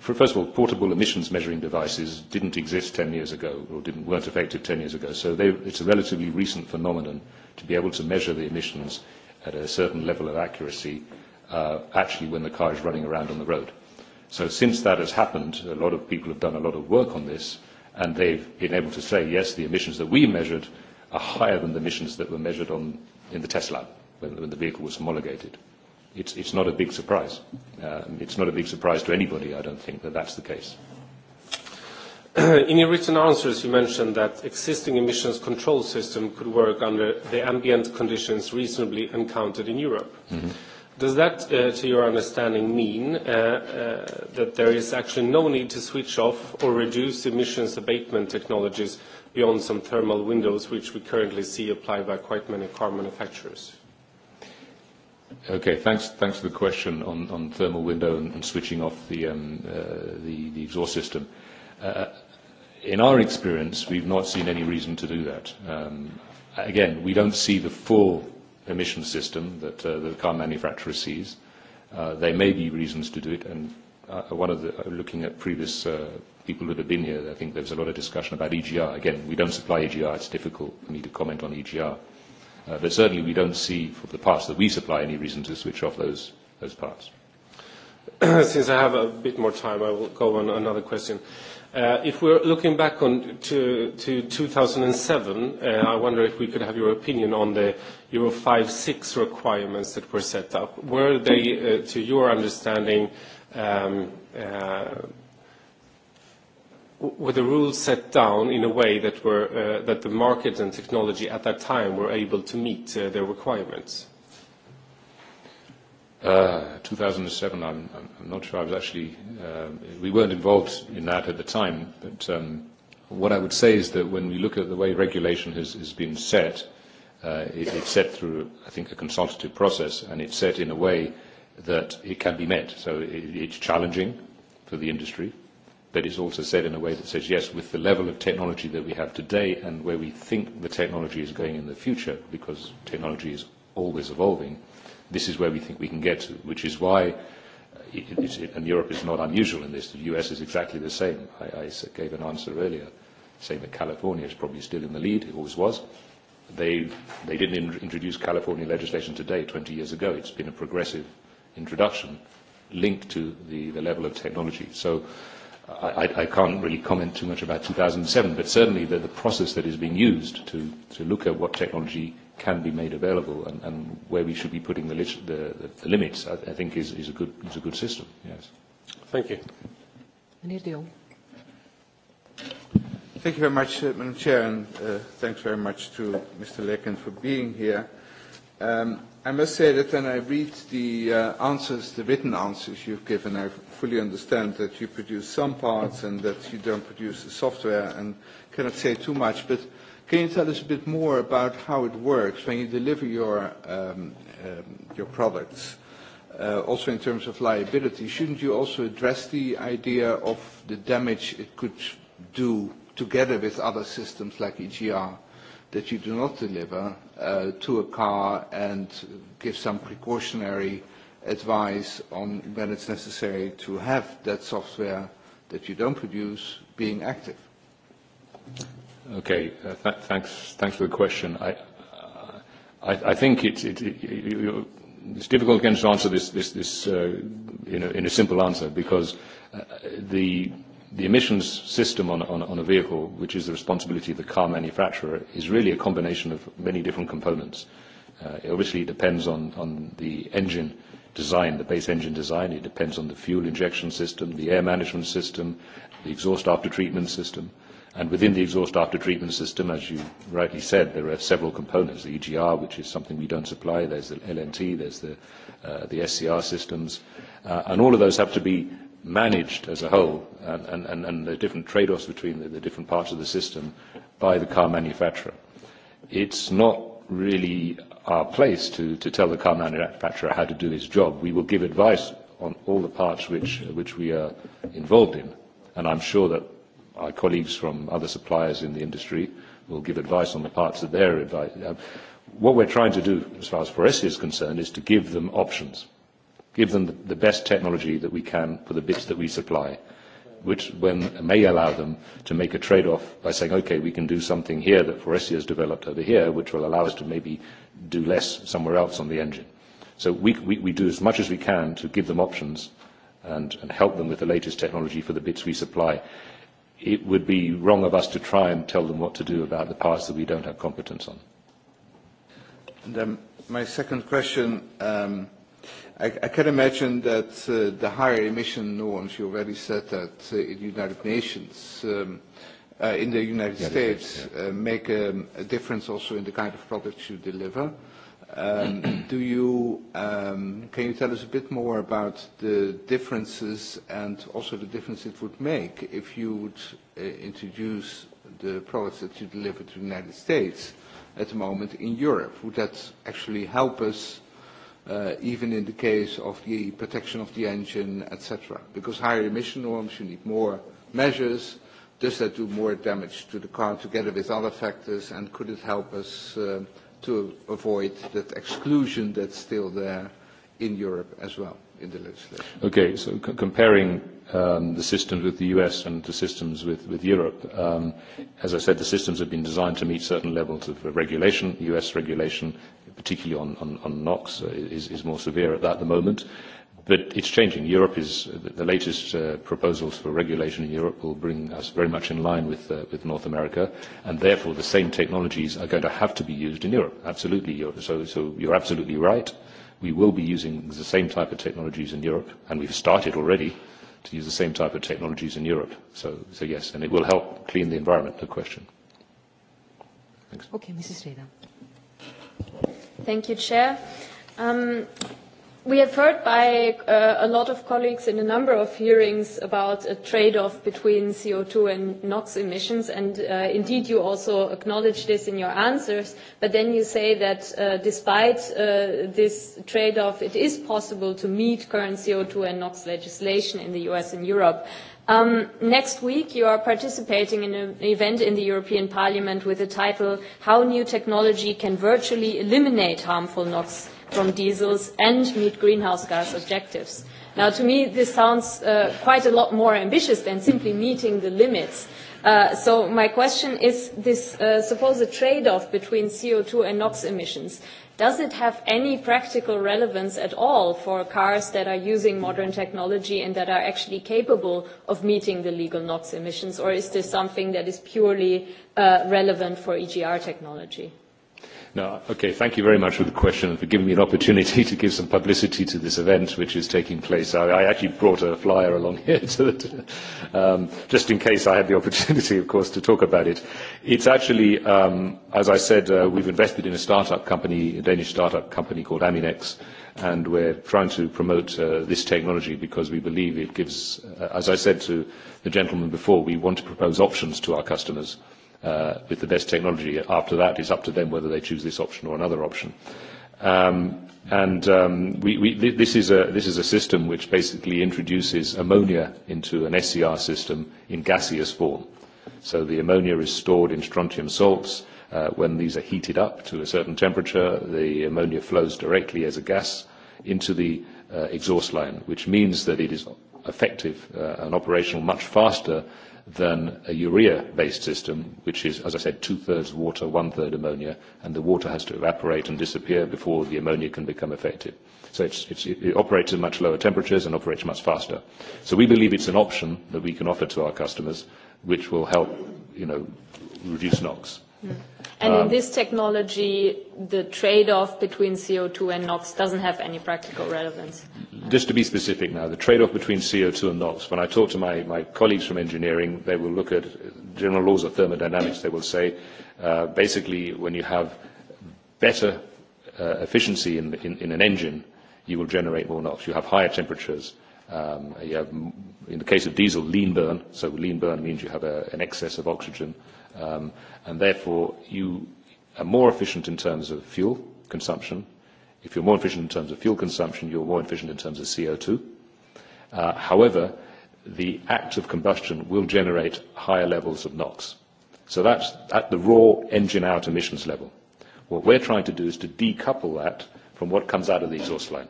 for, first of all, portable emissions measuring devices didn't exist 10 years ago or didn't, weren't effective 10 years ago. So they, it's a relatively recent phenomenon to be able to measure the emissions at a certain level of accuracy uh, actually when the car is running around on the road. So since that has happened, a lot of people have done a lot of work on this and they've been able to say, yes, the emissions that we measured are higher than the emissions that were measured on, in the test lab when, the vehicle was homologated. It's, it's not a big surprise. Um, it's not a big surprise to anybody, I don't think, that that's the case. [CLEARS THROAT] In your written answers, you mentioned that existing emissions control system could work under the ambient conditions reasonably encountered in Europe. Mm -hmm. Does that, uh, to your understanding, mean uh, uh, that there is actually no need to switch off or reduce emissions abatement technologies beyond some thermal windows, which we currently see applied by quite many car manufacturers? Okay, thanks, thanks for the question on, on thermal window and, and switching off the, um, the, the exhaust system. In our experience, we've not seen any reason to do that. Um, again, we don't see the full emission system that uh, the car manufacturer sees. Uh, there may be reasons to do it, and uh, one of the, uh, looking at previous uh, people who have been here, I think there's a lot of discussion about EGR. Again, we don't supply EGR. It's difficult for me to comment on EGR. Uh, but certainly we don't see from the parts that we supply any reason to switch off those, those parts. [COUGHS] Since I have a bit more time, I will go on another question. Uh, if we're looking back on to, to 2007, uh, I wonder if we could have your opinion on the Euro 5/6 requirements that were set up. Were they, uh, to your understanding, um, were the rules set down in a way that, were, that the market and technology at that time were able to meet their requirements? Uh, 2007, I'm, I'm not sure I was actually, uh, we weren't involved in that at the time, but um, what I would say is that when we look at the way regulation has, has been set, uh, it, it's set through, I think, a consultative process, and it's set in a way that it can be met. So it, it's challenging for the industry, but it's also set in a way that says, yes, with the level of technology that we have today and where we think the technology is going in the future, because technology is always evolving, This is where we think we can get to, which is why uh, it, it, and Europe is not unusual in this. The U.S. is exactly the same. I, I gave an answer earlier saying that California is probably still in the lead. It always was. They, they didn't in introduce California legislation today, 20 years ago. It's been a progressive introduction linked to the, the level of technology. So I, I can't really comment too much about 2007, but certainly the, the process that is being used to, to look at what technology can be made available and, and where we should be putting the, lit the, the, the limits, I, I think is, is, a good, is a good system. Yes. Thank you. Mr. Thank you very much, uh, Madam Chair, and uh, thanks very much to Mr. Lekin for being here. Um, I must say that when I read the uh, answers, the written answers you've given, I fully understand that you produce some parts and that you don't produce the software and cannot say too much, but Can you tell us a bit more about how it works when you deliver your, um, um your products? Uh, also in terms of liability, shouldn't you also address the idea of the damage it could do together with other systems like EGR that you do not deliver uh, to a car and give some precautionary advice on when it's necessary to have that software that you don't produce being active? Okay. Uh, th thanks Thanks for the question. I uh, I I think it it, it's difficult again to answer this this this uh, in a in a simple answer because uh, the the emissions system on on on a vehicle, which is the responsibility of the car manufacturer, is really a combination of many different components. Uh, it obviously depends on on the engine design, the base engine design. It depends on the fuel injection system, the air management system, the exhaust after treatment system. And within the exhaust after treatment system, as you rightly said, there are several components, the EGR, which is something we don't supply, there's the LNT, there's the, uh, the SCR systems, uh, and all of those have to be managed as a whole, and, and, and, the different trade-offs between the, the different parts of the system by the car manufacturer. It's not really our place to, to tell the car manufacturer how to do his job. We will give advice on all the parts which, which we are involved in, and I'm sure that our colleagues from other suppliers in the industry will give advice on the parts that they're advice. Uh, what we're trying to do, as far as Forestia is concerned, is to give them options, give them the, best technology that we can for the bits that we supply, which when may allow them to make a trade-off by saying, okay, we can do something here that Foresti has developed over here, which will allow us to maybe do less somewhere else on the engine. So we, we, we do as much as we can to give them options and, and help them with the latest technology for the bits we supply it would be wrong of us to try and tell them what to do about the parts that we don't have competence on. And, um, my second question, um, I, I can imagine that uh, the higher emission norms, you already said that uh, in the United Nations, um, uh, in the United States, yeah. Uh, make um, a difference also in the kind of products you deliver. Um, [CLEARS THROAT] do you, um, can you tell us a bit more about the differences and also the difference it would make if you would uh, introduce the products that you deliver to the United States at the moment in Europe? Would that actually help us uh, even in the case of the protection of the engine, etc.? Because higher emission norms, you need more measures. Does that do more damage to the car together with other factors? And could it help us uh, to avoid that exclusion that's still there in Europe as well in the legislation. Okay, so comparing um, the systems with the US and the systems with, with Europe, um, as I said, the systems have been designed to meet certain levels of regulation. US regulation, particularly on, on, on NOx, uh, is, is more severe at that at the moment. But it's changing. Europe is the latest uh, proposals for regulation in Europe will bring us very much in line with, uh, with North America, and therefore the same technologies are going to have to be used in Europe. Absolutely. So, so you're absolutely right. We will be using the same type of technologies in Europe, and we've started already to use the same type of technologies in Europe. So, so yes, and it will help clean the environment, no question. Thanks. Okay, Mrs. Reda. Thank you, Chair. Um, We have heard by uh, a lot of colleagues in a number of hearings about a trade-off between CO2 and NOx emissions, and uh, indeed you also acknowledge this in your answers, but then you say that uh, despite uh, this trade-off, it is possible to meet current CO2 and NOx legislation in the US and Europe. Um, next week, you are participating in an event in the European Parliament with the title, How New Technology Can Virtually Eliminate Harmful NOx from diesels and meet greenhouse gas objectives. Now, to me, this sounds uh, quite a lot more ambitious than simply meeting the limits. Uh, so my question is this uh, supposed trade-off between CO2 and NOx emissions, does it have any practical relevance at all for cars that are using modern technology and that are actually capable of meeting the legal NOx emissions, or is this something that is purely uh, relevant for EGR technology? No, okay, thank you very much for the question and for giving me an opportunity to give some publicity to this event which is taking place. I, I actually brought a flyer along here to that um, just in case I had the opportunity, of course, to talk about it. It's actually, um, as I said, uh, we've invested in a startup company, a Danish startup company called Aminex, and we're trying to promote uh, this technology because we believe it gives, uh, as I said to the gentleman before, we want to propose options to our customers Uh, with the best technology. After that, it's up to them whether they choose this option or another option. Um, and um, we, we, this, is a, this is a system which basically introduces ammonia into an SCR e system in gaseous form. So the ammonia is stored in strontium salts. Uh, when these are heated up to a certain temperature, the ammonia flows directly as a gas into the uh, exhaust line, which means that it is effective and operational much faster than a urea-based system, which is, as I said, two-thirds water, one-third ammonia, and the water has to evaporate and disappear before the ammonia can become effective. So it's, it's, it operates at much lower temperatures and operates much faster. So we believe it's an option that we can offer to our customers, which will help, you know, reduce NOx. Hmm. And um, in this technology, the trade-off between CO2 and NOx doesn't have any practical relevance. Just to be specific now, the trade-off between CO2 and NOx, when I talk to my, my colleagues from engineering, they will look at general laws of thermodynamics. They will say, uh, basically, when you have better uh, efficiency in, in, in an engine, you will generate more NOx. You have higher temperatures Um, you have, in the case of diesel, lean burn. So lean burn means you have a, an excess of oxygen, um, and therefore you are more efficient in terms of fuel consumption. If you're more efficient in terms of fuel consumption, you're more efficient in terms of CO2. Uh, however, the act of combustion will generate higher levels of NOx. So that's at the raw engine out emissions level. What we're trying to do is to decouple that from what comes out of the exhaust line.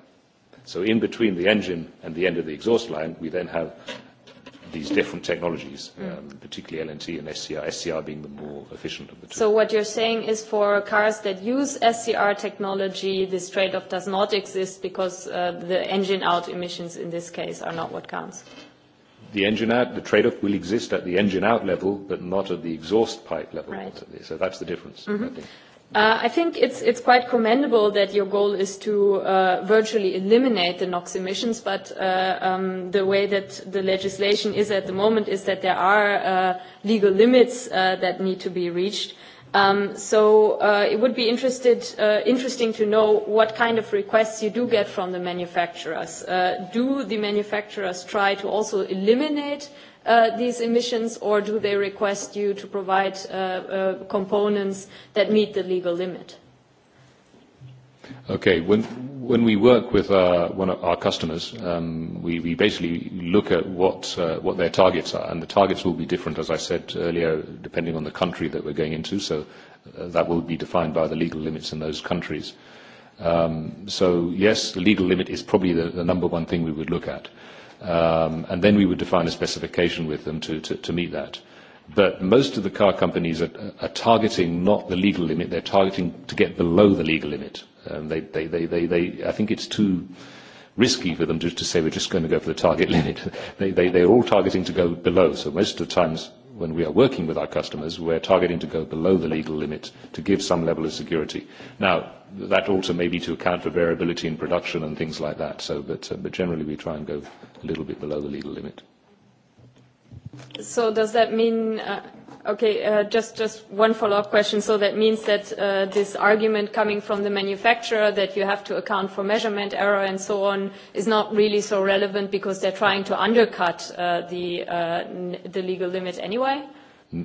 So in between the engine and the end of the exhaust line, we then have these different technologies, hmm. um, particularly LNT and SCR, SCR being the more efficient of the two. So what you're saying is for cars that use SCR technology, this trade-off does not exist because uh, the engine-out emissions in this case are not what counts? the engine out, the trade-off will exist at the engine out level, but not at the exhaust pipe level. Right. So that's the difference. Mm -hmm. I mm-hmm. think. Uh, I think it's, it's quite commendable that your goal is to uh, virtually eliminate the NOx emissions, but uh, um, the way that the legislation is at the moment is that there are uh, legal limits uh, that need to be reached. Um, so uh, it would be interested, interesting to know what kind of requests you do get from the manufacturers. Do the manufacturers try to also eliminate uh, these emissions or do they request you to provide uh, uh, components that meet the legal limit? Okay. When, when we work with our, one of our customers, um, we, we basically look at what, uh, what their targets are, and the targets will be different, as I said earlier, depending on the country that we're going into. So uh, that will be defined by the legal limits in those countries. Um, so yes, the legal limit is probably the, the number one thing we would look at um, and then we would define a specification with them to, to, to meet that. But most of the car companies are, are targeting not the legal limit, they're targeting to get below the legal limit. Um, they, they, they, they, I think it's too risky for them just to say we're just going to go for the target [LAUGHS] limit. they, they, they're all targeting to go below, so most of the times when we are working with our customers, we are targeting to go below the legal limit to give some level of security. Now, that also may be to account for variability in production and things like that. So, but, uh, but generally, we try and go a little bit below the legal limit. So does that mean, uh, okay, uh, just, just one follow-up question. So that means that uh, this argument coming from the manufacturer that you have to account for measurement error and so on is not really so relevant because they're trying to undercut the, legal limit anyway?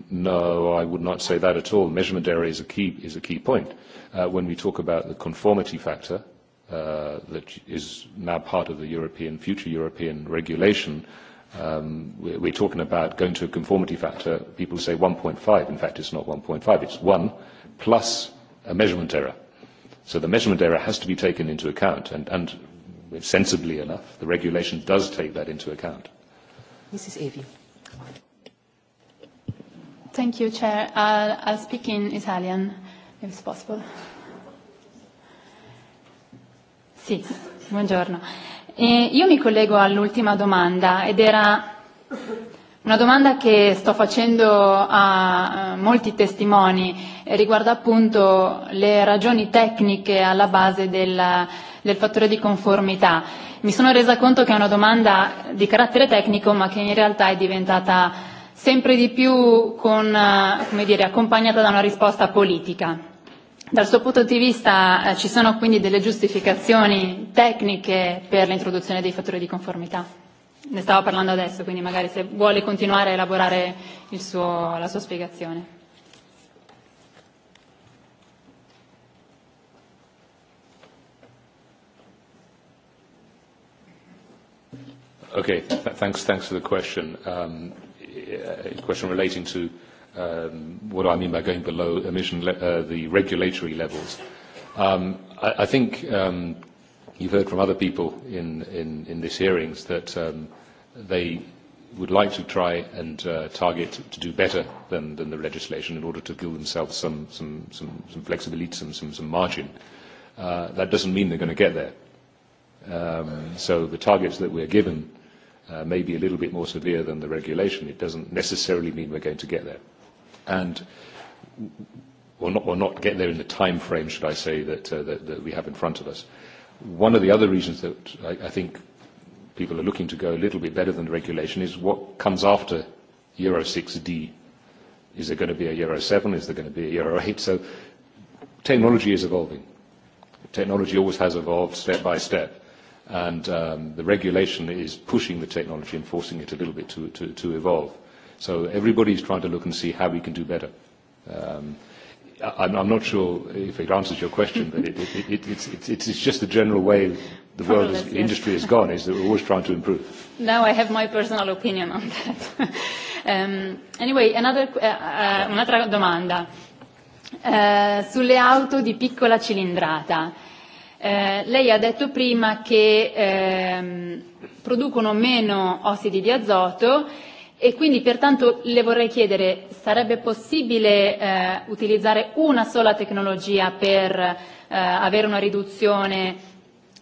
No, I would not say that at all. Measurement error is a key, is a key point. when we talk about the conformity factor that is now part of the European, future European regulation, Um, we're talking about going to a conformity factor. People say 1.5. In fact, it's not 1.5. It's 1 plus a measurement error. So the measurement error has to be taken into account, and, and sensibly enough, the regulation does take that into account. Mrs. Avey. Thank you, Chair. I'll, uh, I'll speak in Italian, if it's possible. Sì, buongiorno. E io mi collego all'ultima domanda ed era una domanda che sto facendo a molti testimoni riguardo eh, riguarda appunto le ragioni tecniche alla base del, del fattore di conformità. Mi sono resa conto che è una domanda di carattere tecnico ma che in realtà è diventata sempre di più con, eh, come dire, accompagnata da una risposta politica Dal suo punto di vista eh, ci sono quindi delle giustificazioni tecniche per l'introduzione dei fattori di conformità? Ne stavo parlando adesso, quindi magari se vuole continuare a elaborare il suo, la sua spiegazione. Ok, thanks, thanks for the question. Um, eh, eh, question relating to um, what do I mean by going below emission, le uh, the regulatory levels? Um, I, I think um, you've heard from other people in, in, in this hearings that um, they would like to try and uh, target to do better than, than the legislation in order to give themselves some, some, some, some flexibility, some, some, some margin. Uh, that doesn't mean they're going to get there. Um, so the targets that we're given uh, may be a little bit more severe than the regulation. It doesn't necessarily mean we're going to get there and will not, will not get there in the time frame, should I say, that, uh, that, that we have in front of us. One of the other reasons that I, I think people are looking to go a little bit better than the regulation is what comes after Euro 6D. Is there going to be a Euro 7? Is there going to be a Euro 8? So technology is evolving. Technology always has evolved step by step. And um, the regulation is pushing the technology and forcing it a little bit to, to, to evolve. So everybody's trying to look and see how we can do better. Um, I'm, I'm not sure if it answers your question, but it, it, it, it it's, it's, it's just the general way the world, is, yes. industry has gone, is that we're always trying to improve. Now I have my personal opinion on that. [LAUGHS] um, anyway, another, uh, uh, un'altra domanda. Uh, sulle auto di piccola cilindrata. Uh, lei ha detto prima che uh, producono meno ossidi di azoto e quindi pertanto le vorrei chiedere sarebbe possibile eh, utilizzare una sola tecnologia per eh, avere una riduzione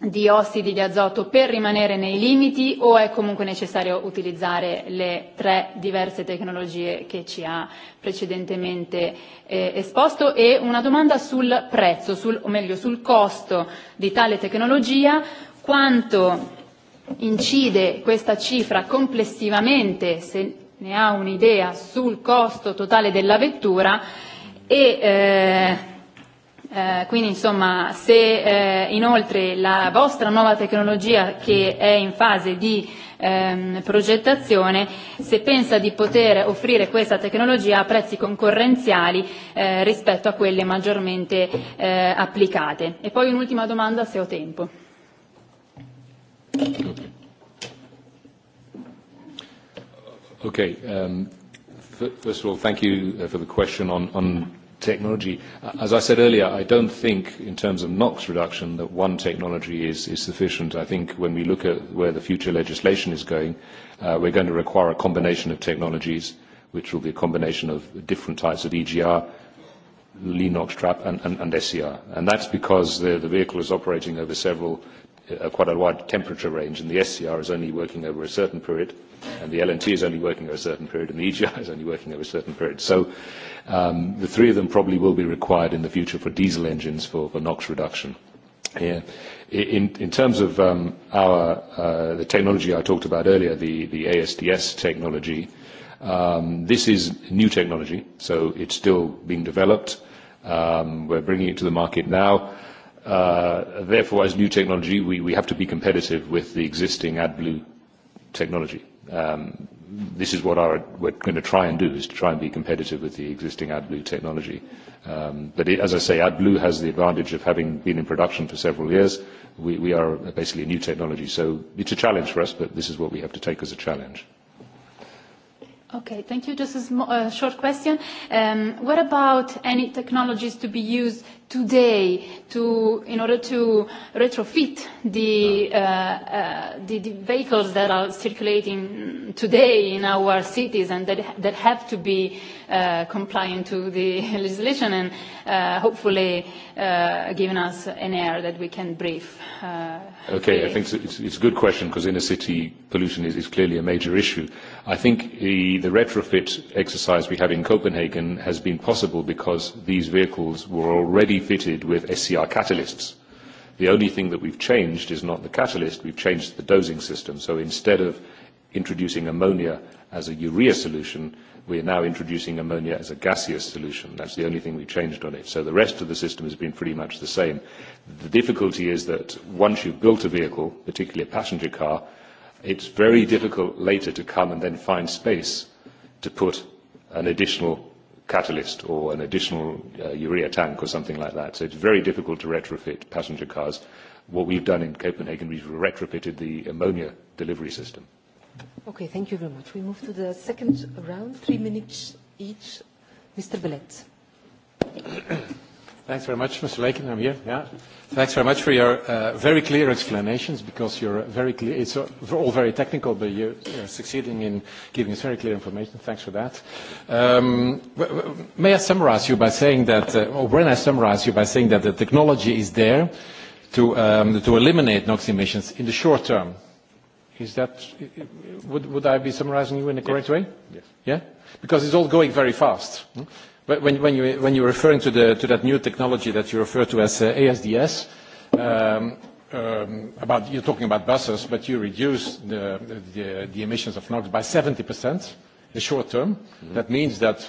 di ossidi di azoto per rimanere nei limiti o è comunque necessario utilizzare le tre diverse tecnologie che ci ha precedentemente eh, esposto e una domanda sul prezzo sul o meglio sul costo di tale tecnologia quanto incide questa cifra complessivamente, se ne ha un'idea, sul costo totale della vettura e eh, eh, quindi insomma se eh, inoltre la vostra nuova tecnologia che è in fase di ehm, progettazione, se pensa di poter offrire questa tecnologia a prezzi concorrenziali rispetto a quelle maggiormente applicate. E poi un'ultima domanda se ho tempo. Okay. Um, first of all, thank you uh, for the question on, on technology. Uh, as I said earlier, I don't think in terms of NOx reduction that one technology is, is sufficient. I think when we look at where the future legislation is going, uh, we're going to require a combination of technologies, which will be a combination of different types of EGR, lean NOx trap, and, and, and SCR. E and that's because the vehicle is operating over several a uh, quite a wide temperature range, and the SCR is only working over a certain period, and the LNT is only working over a certain period, and the EGI is only working over a certain period. So um, the three of them probably will be required in the future for diesel engines for, for NOx reduction. Yeah. In, in terms of um, our, uh, the technology I talked about earlier, the, the ASDS technology, um, this is new technology, so it's still being developed. Um, we're bringing it to the market now. Uh, therefore, as new technology, we, we have to be competitive with the existing AdBlue technology. Um, this is what our, we're going to try and do, is to try and be competitive with the existing AdBlue technology. Um, but as I say, AdBlue has the advantage of having been in production for several years. We, we are basically a new technology, so it's a challenge for us, but this is what we have to take as a challenge. Okay, thank you. Just a uh, short question. Um, what about any technologies to be used today to in order to retrofit the, uh, uh, the the vehicles that are circulating today in our cities and that that have to be uh, compliant to the [LAUGHS] legislation and uh, hopefully uh, giving us an air that we can breathe. Uh, okay, I think it's, it's a good question because inner city pollution is, is clearly a major issue. I think the, the retrofit exercise we have in Copenhagen has been possible because these vehicles were already refitted with SCR catalysts. The only thing that we've changed is not the catalyst, we've changed the dosing system. So instead of introducing ammonia as a urea solution, we are now introducing ammonia as a gaseous solution. That's the only thing we changed on it. So the rest of the system has been pretty much the same. The difficulty is that once you've built a vehicle, particularly a passenger car, it's very difficult later to come and then find space to put an additional catalyst or an additional uh, urea tank or something like that. So it's very difficult to retrofit passenger cars. What we've done in Copenhagen, we've retrofitted the ammonia delivery system. Okay, thank you very much. We move to the second round, three minutes each. Mr. Belet. [CLEARS THROAT] Thanks very much, Mr. Lakin. I'm here. Yeah. Thanks very much for your uh, very clear explanations because you're very clear. It's all very technical, but you're succeeding in giving us very clear information. Thanks for that. Um, may I summarize you by saying that, uh, or when I summarize you by saying that the technology is there to, um, to eliminate NOx emissions in the short term. Is that, would, would I be summarizing you in the correct yes. way? Yes. Yeah? Because it's all going very fast. Hmm? when, when, you, when you're referring to, the, to that new technology that you refer to as uh, ASDS, um, um, about, you're talking about buses, but you reduce the, the, emissions of NOx by 70% in the short term. Mm-hmm. That means that,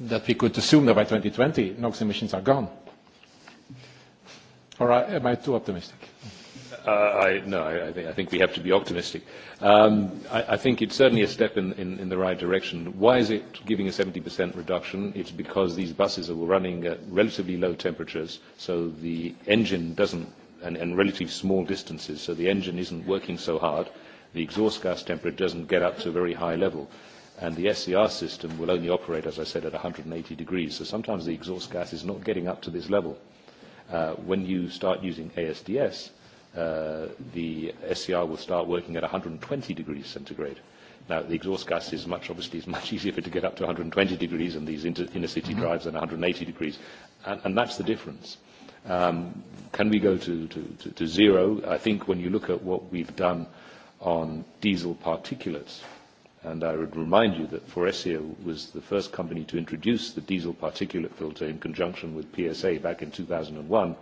that we could assume that by 2020, NOx emissions are gone. Or am I too optimistic? Uh, I, no, I, think, I think we have to be optimistic. Um, I, I think it's certainly a step in, in, in the right direction. Why is it giving a 70% reduction? It's because these buses are running at relatively low temperatures, so the engine doesn't, and, and relatively small distances, so the engine isn't working so hard. The exhaust gas temperature doesn't get up to a very high level. And the SCR system will only operate, as I said, at 180 degrees. So sometimes the exhaust gas is not getting up to this level. Uh, when you start using ASDS, Uh, the SCR e will start working at 120 degrees centigrade. Now, the exhaust gas is much, obviously, is much [LAUGHS] easier for it to get up to 120 degrees in these inner city mm-hmm. drives than 180 degrees. And, and that's the difference. Um, can we go to, to, to, to zero? I think when you look at what we've done on diesel particulates, and I would remind you that Foresio was the first company to introduce the diesel particulate filter in conjunction with PSA back in 2001,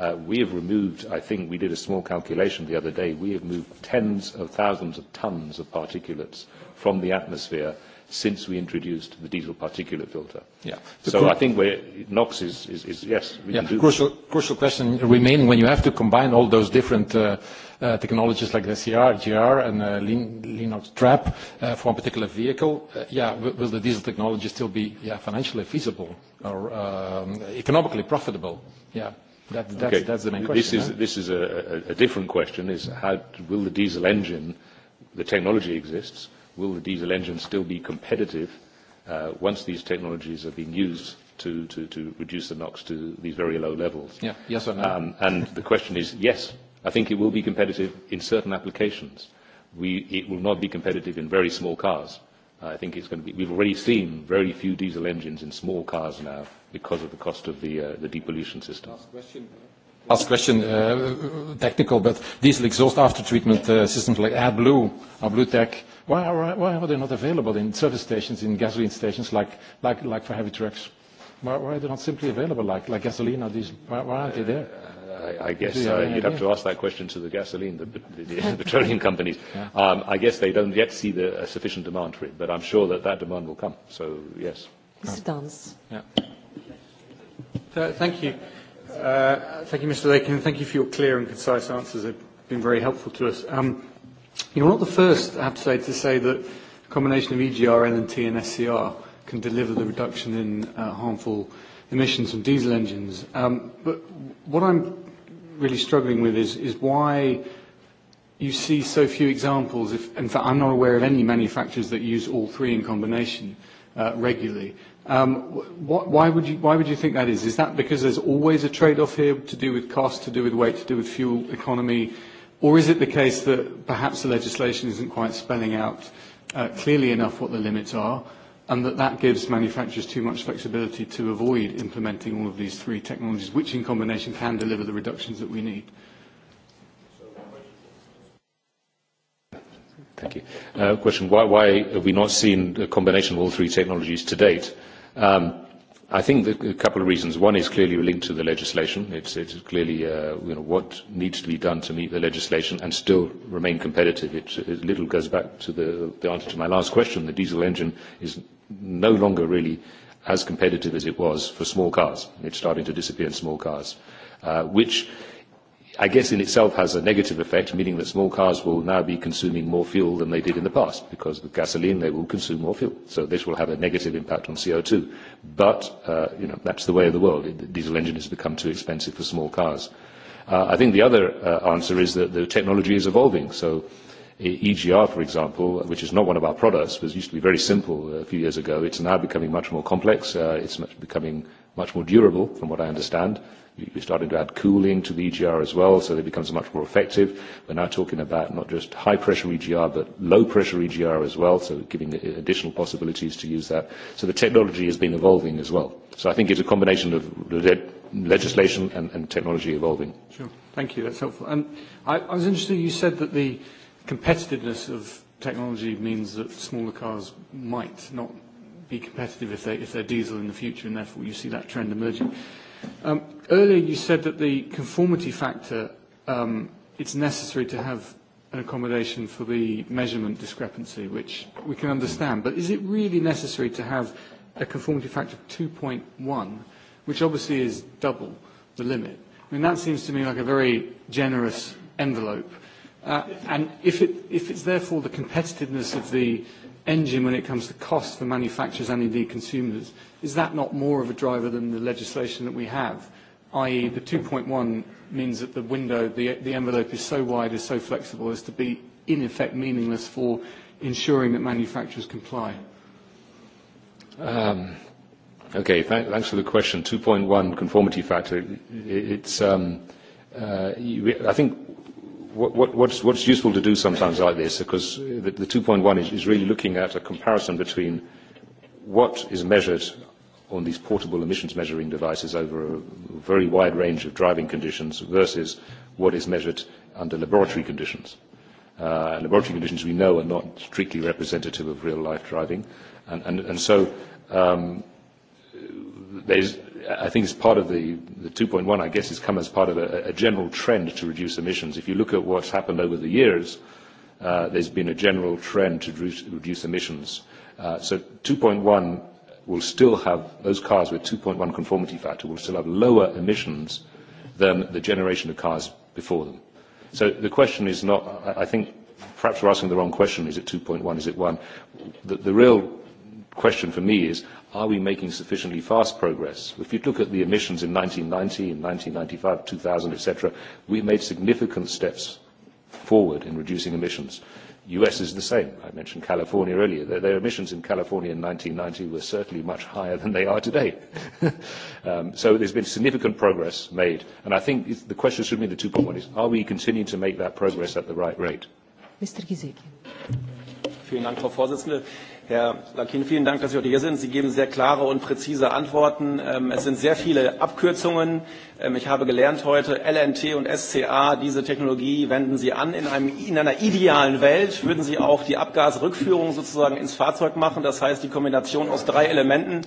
Uh, we have removed, I think we did a small calculation the other day, we have moved tens of thousands of tons of particulates from the atmosphere since we introduced the diesel particulate filter. Yeah. so I think where NOx is, is, is yes, we can do crucial, crucial question remaining when you have to combine all those different uh, uh, technologies like the CR, GR, and uh, Linux trap uh, for a particular vehicle, uh, yeah, will the diesel technology still be yeah, financially feasible or um, economically profitable? Yeah. That, that's, that's the main question. This is, this is a, a, a different question, is how will the diesel engine, the technology exists, will the diesel engine still be competitive uh, once these technologies are being used to, to, to reduce the NOx to these very low levels? Yeah, yes or no? Um, and the question is, yes, I think it will be competitive in certain applications. We, it will not be competitive in very small cars i think it's going to be, we've already seen very few diesel engines in small cars now because of the cost of the, uh, the depollution system. Last question. Last question, uh, technical, but diesel exhaust after treatment uh, systems like AdBlue, AdBlue Tech, why are, why are they not available in service stations, in gasoline stations, like, like, like for heavy trucks? Why, are they not simply available like, like gasoline or diesel? Why, aren't they there? Uh, I, I guess uh, you'd have to ask that question to the gasoline, the, the, the [LAUGHS] petroleum companies. Yeah. Um, I guess they don't yet see the uh, sufficient demand for it, but I'm sure that that demand will come. So, yes. Mr. Dance. Yeah. thank you. Uh, thank you, Mr. Lakin, thank you for your clear and concise answers. They've been very helpful to us. Um, you're not the first, I have to say, to say that the combination of EGRN and TNSCR can deliver the reduction in uh, harmful emissions from diesel engines. Um, but what I'm really struggling with is, is why you see so few examples. If, in fact, I'm not aware of any manufacturers that use all three in combination uh, regularly. Um, wh why, would you, why would you think that is? Is that because there's always a trade-off here to do with cost, to do with weight, to do with fuel economy? Or is it the case that perhaps the legislation isn't quite spelling out uh, clearly enough what the limits are? and that that gives manufacturers too much flexibility to avoid implementing all of these three technologies, which in combination can deliver the reductions that we need. Thank you. Uh, question, why, have we not seen a combination of all three technologies to date? Um, I think a couple of reasons. One is clearly linked to the legislation. It's, it's clearly uh, you know, what needs to be done to meet the legislation and still remain competitive. it little goes back to the, the answer to my last question. The diesel engine is no longer really as competitive as it was for small cars. It's starting to disappear in small cars, uh, which I guess in itself has a negative effect, meaning that small cars will now be consuming more fuel than they did in the past, because with gasoline they will consume more fuel. So this will have a negative impact on CO2. But, uh, you know, that's the way of the world. The diesel engine has become too expensive for small cars. Uh, I think the other uh, answer is that the technology is evolving. So EGR, for example, which is not one of our products, was used to be very simple a few years ago. It's now becoming much more complex. Uh, it's much, becoming much more durable, from what I understand. We're starting to add cooling to the EGR as well, so it becomes much more effective. We're now talking about not just high-pressure EGR, but low-pressure EGR as well, so giving additional possibilities to use that. So the technology has been evolving as well. So I think it's a combination of legislation and, and technology evolving. Sure. Thank you. That's helpful. And I, I was interested, you said that the competitiveness of technology means that smaller cars might not be competitive if, they, if they're diesel in the future, and therefore you see that trend emerging. Um, earlier you said that the conformity factor, um, it's necessary to have an accommodation for the measurement discrepancy, which we can understand, but is it really necessary to have a conformity factor of 2.1, which obviously is double the limit? I mean, that seems to me like a very generous envelope Uh, and if, it's therefore the competitiveness of the engine when it comes to cost for manufacturers and indeed consumers, is that not more of a driver than the legislation that we have? i.e. the 2.1 means that the window, the, envelope is so wide, is so flexible as to be in effect meaningless for ensuring that manufacturers comply. Um, okay, thanks for the question. 2.1 conformity factor. it's, um, uh, I think what, what's, what's useful to do sometimes like this, because the, the 2.1 is, is really looking at a comparison between what is measured on these portable emissions measuring devices over a very wide range of driving conditions versus what is measured under laboratory conditions. Uh, laboratory conditions we know are not strictly representative of real life driving, and, and, and so um, there's i think it's part of the, the 2.1, I guess, has come as part of a, a general trend to reduce emissions. If you look at what's happened over the years, uh, there's been a general trend to reduce, reduce emissions. Uh, so 2.1 will still have, those cars with 2.1 conformity factor will still have lower emissions than the generation of cars before them. So the question is not, I think perhaps we're asking the wrong question, is it 2.1, is it 1? The, the real question for me is, are we making sufficiently fast progress? If you look at the emissions in 1990, in 1995, 2000, etc., we made significant steps forward in reducing emissions. U.S. is the same. I mentioned California earlier. Their, their emissions in California in 1990 were certainly much higher than they are today. [LAUGHS] um, so there's been significant progress made. And I think the question should be the two-point one is, are we continuing to make that progress at the right rate? Mr. Gizeki. Vielen Dank, Frau Vorsitzende. Herr Lakin, vielen Dank, dass Sie heute hier sind. Sie geben sehr klare und präzise Antworten. Ähm, es sind sehr viele Abkürzungen. Ähm, ich habe gelernt heute, LNT und SCA, diese Technologie wenden Sie an. In, einem, in einer idealen Welt würden Sie auch die Abgasrückführung sozusagen ins Fahrzeug machen. Das heißt, die Kombination aus drei Elementen.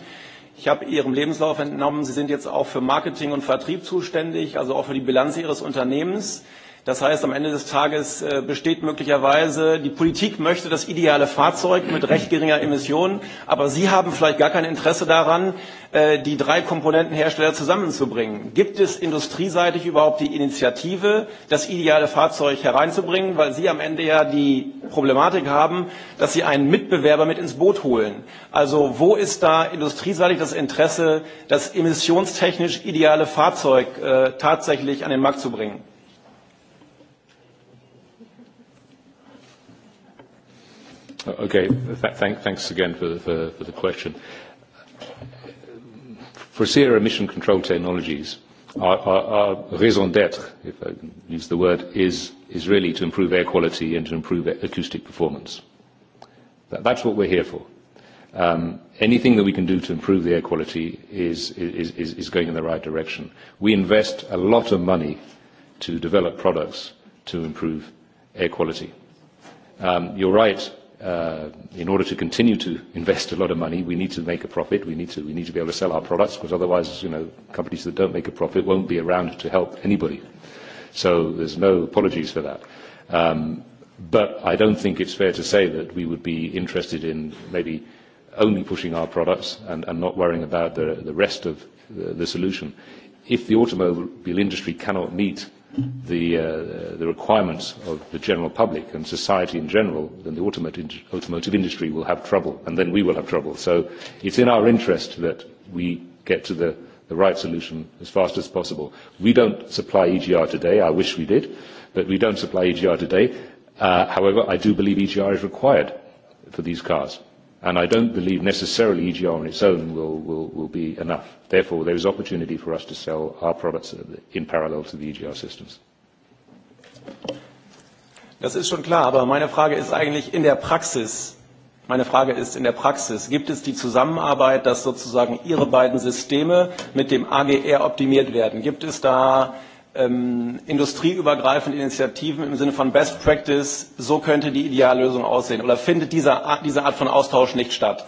Ich habe Ihrem Lebenslauf entnommen, Sie sind jetzt auch für Marketing und Vertrieb zuständig, also auch für die Bilanz Ihres Unternehmens. Das heißt, am Ende des Tages äh, besteht möglicherweise, die Politik möchte das ideale Fahrzeug mit recht geringer Emission, aber Sie haben vielleicht gar kein Interesse daran, äh, die drei Komponentenhersteller zusammenzubringen. Gibt es industrieseitig überhaupt die Initiative, das ideale Fahrzeug hereinzubringen, weil Sie am Ende ja die Problematik haben, dass Sie einen Mitbewerber mit ins Boot holen? Also wo ist da industrieseitig das Interesse, das emissionstechnisch ideale Fahrzeug äh, tatsächlich an den Markt zu bringen? Okay. thanks again for, for the question. For Sierra emission control technologies, our, raison d'être, if I can use the word, is, is really to improve air quality and to improve acoustic performance. that's what we're here for. Um, anything that we can do to improve the air quality is, is, is, is going in the right direction. We invest a lot of money to develop products to improve air quality. Um, you're right Uh, in order to continue to invest a lot of money, we need to make a profit. We need to, we need to be able to sell our products because otherwise, you know, companies that don't make a profit won't be around to help anybody. So there's no apologies for that. Um, but I don't think it's fair to say that we would be interested in maybe only pushing our products and, and not worrying about the, the rest of the, the solution. If the automobile industry cannot meet the, uh, the requirements of the general public and society in general, then the automotive industry will have trouble, and then we will have trouble. So it's in our interest that we get to the, the right solution as fast as possible. We don't supply EGR today. I wish we did, but we don't supply EGR today. Uh, however, I do believe EGR is required for these cars and I don't believe necessarily EGR on its own will, will, will be enough. Therefore, there is opportunity for us to sell our products in parallel to the EGR systems. Das ist schon klar, aber meine Frage ist eigentlich in der Praxis. Meine Frage ist in der Praxis, gibt es die Zusammenarbeit, dass sozusagen Ihre beiden Systeme mit dem AGR optimiert werden? Gibt es da ähm, industrieübergreifende Initiativen im Sinne von Best Practice, so könnte die Ideallösung aussehen? Oder findet diese Art, diese Art von Austausch nicht statt?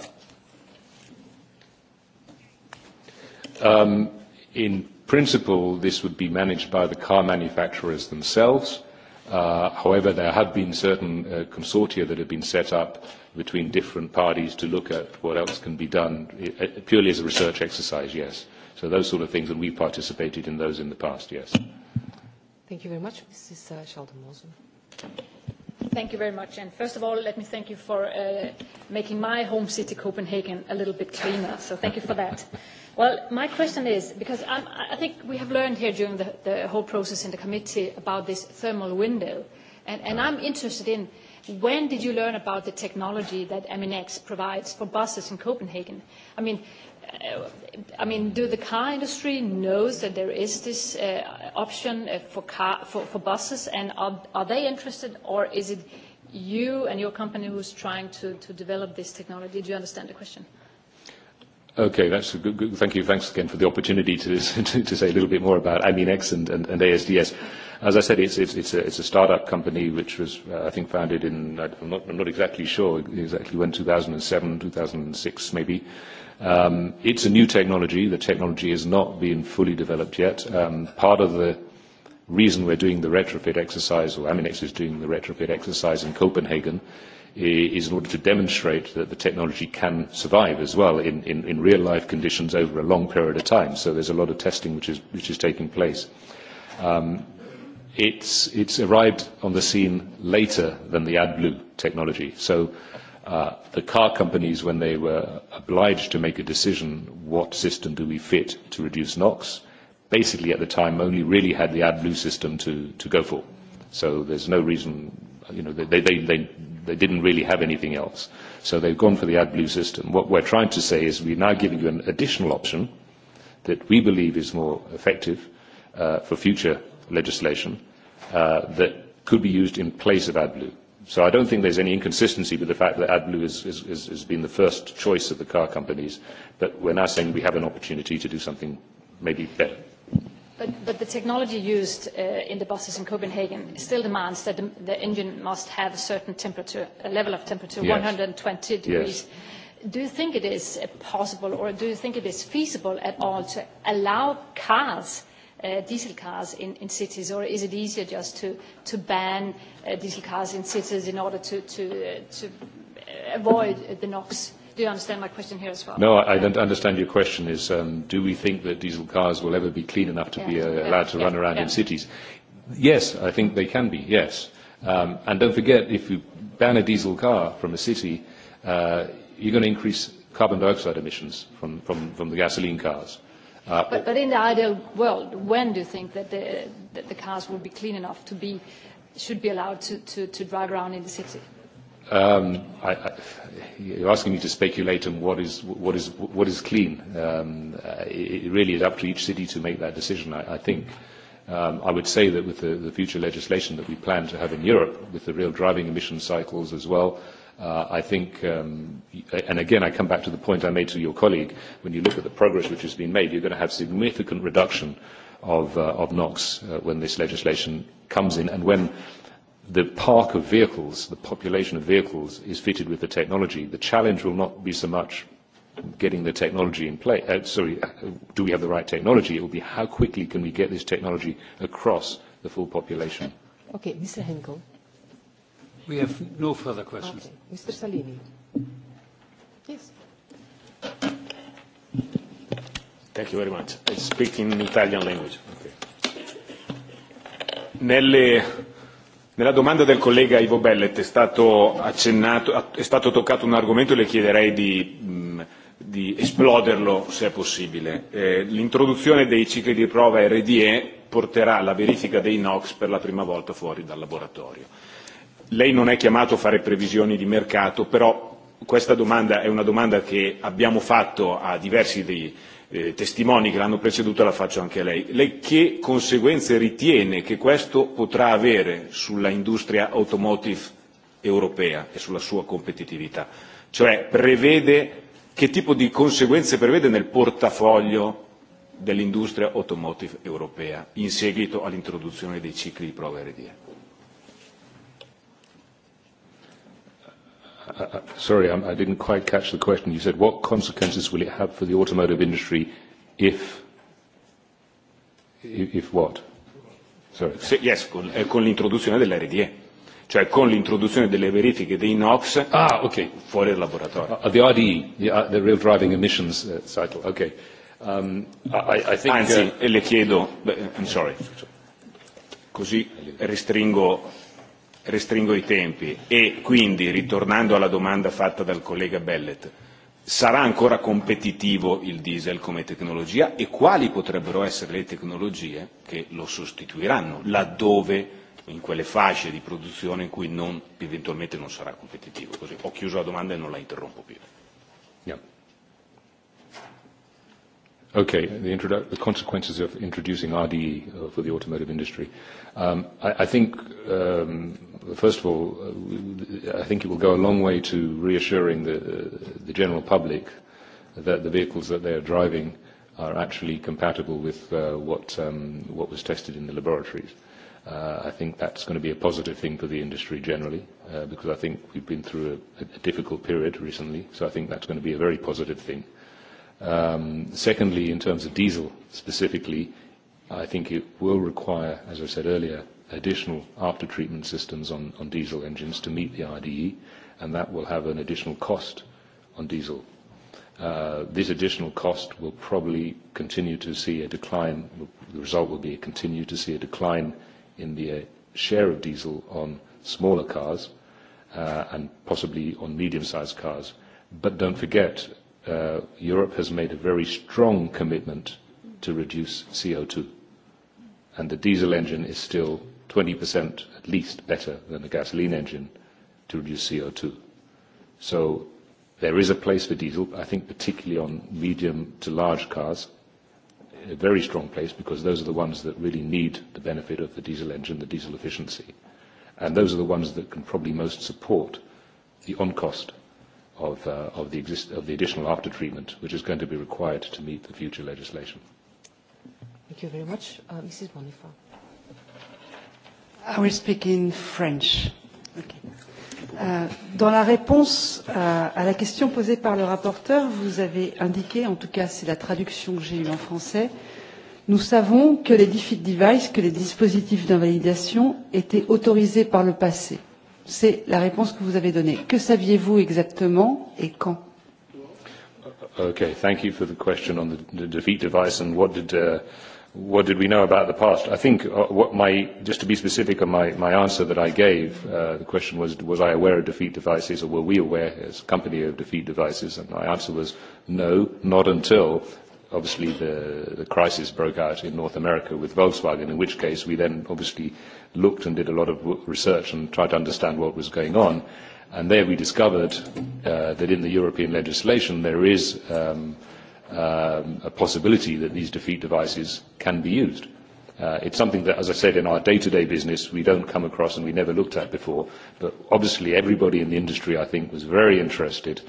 Um, in principle, this would be managed by the car manufacturers themselves. Uh, however, there have been certain uh, consortia that have been set up between different parties to look at what else can be done, uh, purely as a research exercise, yes. So those sort of things, and we participated in those in the past, yes. Thank you very much. Mrs. Uh, Schaldemose. Thank you very much. And first of all, let me thank you for uh, making my home city, Copenhagen, a little bit cleaner. So thank you for that. Well, my question is, because I'm, I think we have learned here during the, the whole process in the committee about this thermal window. And, and I'm interested in, when did you learn about the technology that MNX provides for buses in Copenhagen? I mean, Uh, I mean, do the car industry knows that there is this uh, option uh, for, car, for, for buses, and are, are they interested, or is it you and your company who's trying to, to develop this technology? Do you understand the question? Okay, that's a good, good. Thank you. Thanks again for the opportunity to, [LAUGHS] to, to say a little bit more about Aminex and, and, and ASDS. As I said, it's, it's, it's, a, it's a startup company which was, uh, I think, founded in, I'm not, I'm not exactly sure exactly when, 2007, 2006 maybe. Um, it's a new technology. The technology has not been fully developed yet. Um, part of the reason we're doing the retrofit exercise, or Aminex is doing the retrofit exercise in Copenhagen, is in order to demonstrate that the technology can survive as well in, in, in real life conditions over a long period of time. So there's a lot of testing which is, which is taking place. Um, it's, it's arrived on the scene later than the AdBlue technology. So Uh, the car companies, when they were obliged to make a decision, what system do we fit to reduce NOx, basically at the time only really had the AdBlue system to, go for. So there's no reason, you know, they, they, they, didn't really have anything else. So they've gone for the AdBlue system. What we're trying to say is we're now giving you an additional option that we believe is more effective uh, for future legislation uh, that could be used in place of AdBlue So I don't think there's any inconsistency with the fact that AdBlue has, is has been the first choice of the car companies, but we're now saying we have an opportunity to do something maybe better. But, but the technology used uh, in the buses in Copenhagen still demands that the, the engine must have a certain temperature, a level of temperature, yes. 120 degrees. Yes. Do you think it is possible or do you think it is feasible at all to allow cars uh, diesel cars in, in cities, or is it easier just to, to ban uh, diesel cars in cities in order to, to, uh, to avoid the NOx? Do you understand my question here as well? No, I don't understand your question. Is um, do we think that diesel cars will ever be clean enough to yeah, be uh, allowed to yeah, run around yeah. in cities? Yes, I think they can be. Yes, um, and don't forget, if you ban a diesel car from a city, uh, you're going to increase carbon dioxide emissions from, from, from the gasoline cars. Uh, but, in the ideal world, when do you think that the, cars will be clean enough to be, should be allowed to, to, drive around in the city? Um, I, you're asking me to speculate on what is, what is, what is clean. Um, uh, it, really is up to each city to make that decision, I, I think. Um, I would say that with the future legislation that we plan to have in Europe, with the real driving emission cycles as well, Uh, I think, um, and again, I come back to the point I made to your colleague, when you look at the progress which has been made, you're going to have significant reduction of, uh, of NOx uh, when this legislation comes in and when the park of vehicles, the population of vehicles is fitted with the technology. The challenge will not be so much getting the technology in place. Uh, sorry, do we have the right technology? It will be how quickly can we get this technology across the full population. Okay, Mr. Henkel. We have no further questions. Mr. Salini. Yes. Thank you very much. I speak in Italian language. Okay. Nelle nella domanda del collega Ivo Bellet è stato accennato è stato toccato un argomento e le chiederei di mm, di esploderlo se è possibile. Eh, l'introduzione dei cicli di prova RDE porterà la verifica dei NOx per la prima volta fuori dal laboratorio lei non è chiamato a fare previsioni di mercato però questa domanda è una domanda che abbiamo fatto a diversi dei eh, testimoni che l'hanno preceduta la faccio anche a lei lei che conseguenze ritiene che questo potrà avere sulla industria automotive europea e sulla sua competitività cioè prevede che tipo di conseguenze prevede nel portafoglio dell'industria automotive europea in seguito all'introduzione dei cicli di prova RDE sorry, I, didn't quite catch the question. You said what consequences will it have for the automotive industry if, if what? Sorry. yes, con, eh, l'introduzione dell'RDE. E, cioè con l'introduzione delle verifiche dei NOx ah, okay. fuori dal laboratorio. Uh, uh, the RDE, uh, the, Real Driving Emissions cycle, okay. Um, I, think, Anzi, e le chiedo, I'm sorry, così restringo restringo i tempi e quindi ritornando alla domanda fatta dal collega Bellet sarà ancora competitivo il diesel come tecnologia e quali potrebbero essere le tecnologie che lo sostituiranno laddove in quelle fasce di produzione in cui eventualmente non sarà competitivo. ho chiuso la domanda e non la interrompo più. Okay, the, the consequences of introducing RDE uh, for the automotive industry. Um, I, I think, um, first of all, uh, I think it will go a long way to reassuring the, uh, the general public that the vehicles that they are driving are actually compatible with uh, what, um, what was tested in the laboratories. Uh, I think that's going to be a positive thing for the industry generally, uh, because I think we've been through a, a difficult period recently, so I think that's going to be a very positive thing. Um, secondly, in terms of diesel specifically, I think it will require, as I said earlier, additional after-treatment systems on, on diesel engines to meet the RDE, and that will have an additional cost on diesel. Uh, this additional cost will probably continue to see a decline. The result will be continue to see a decline in the uh, share of diesel on smaller cars uh, and possibly on medium-sized cars. But don't forget, uh, Europe has made a very strong commitment to reduce CO2. And the diesel engine is still 20% at least better than the gasoline engine to reduce CO2. So there is a place for diesel, I think particularly on medium to large cars, a very strong place because those are the ones that really need the benefit of the diesel engine, the diesel efficiency. And those are the ones that can probably most support the on-cost of, uh, of, the, exist of the additional after-treatment, which is going to be required to meet the future legislation. Thank you very much. Uh, Mrs. Bonifa. I will speak in French. Okay. Uh, dans la réponse à, uh, à la question posée par le rapporteur, vous avez indiqué, en tout cas c'est la traduction que j'ai eue en français, nous savons que les defeat devices, que les dispositifs d'invalidation étaient autorisés par le passé c'est la réponse que vous avez donnée. Que saviez-vous exactement et quand Okay, thank you for the question on the, the defeat device and what did, uh, what did we know about the past? I think uh, what my, just to be specific on my, my answer that I gave, uh, the question was, was I aware of defeat devices or were we aware as a company of defeat devices? And my answer was no, not until obviously the, the crisis broke out in North America with Volkswagen, in which case we then obviously looked and did a lot of research and tried to understand what was going on. And there we discovered uh, that in the European legislation there is um, um, a possibility that these defeat devices can be used. Uh, it's something that, as I said, in our day-to-day -day business, we don't come across and we never looked at before. But obviously everybody in the industry, I think, was very interested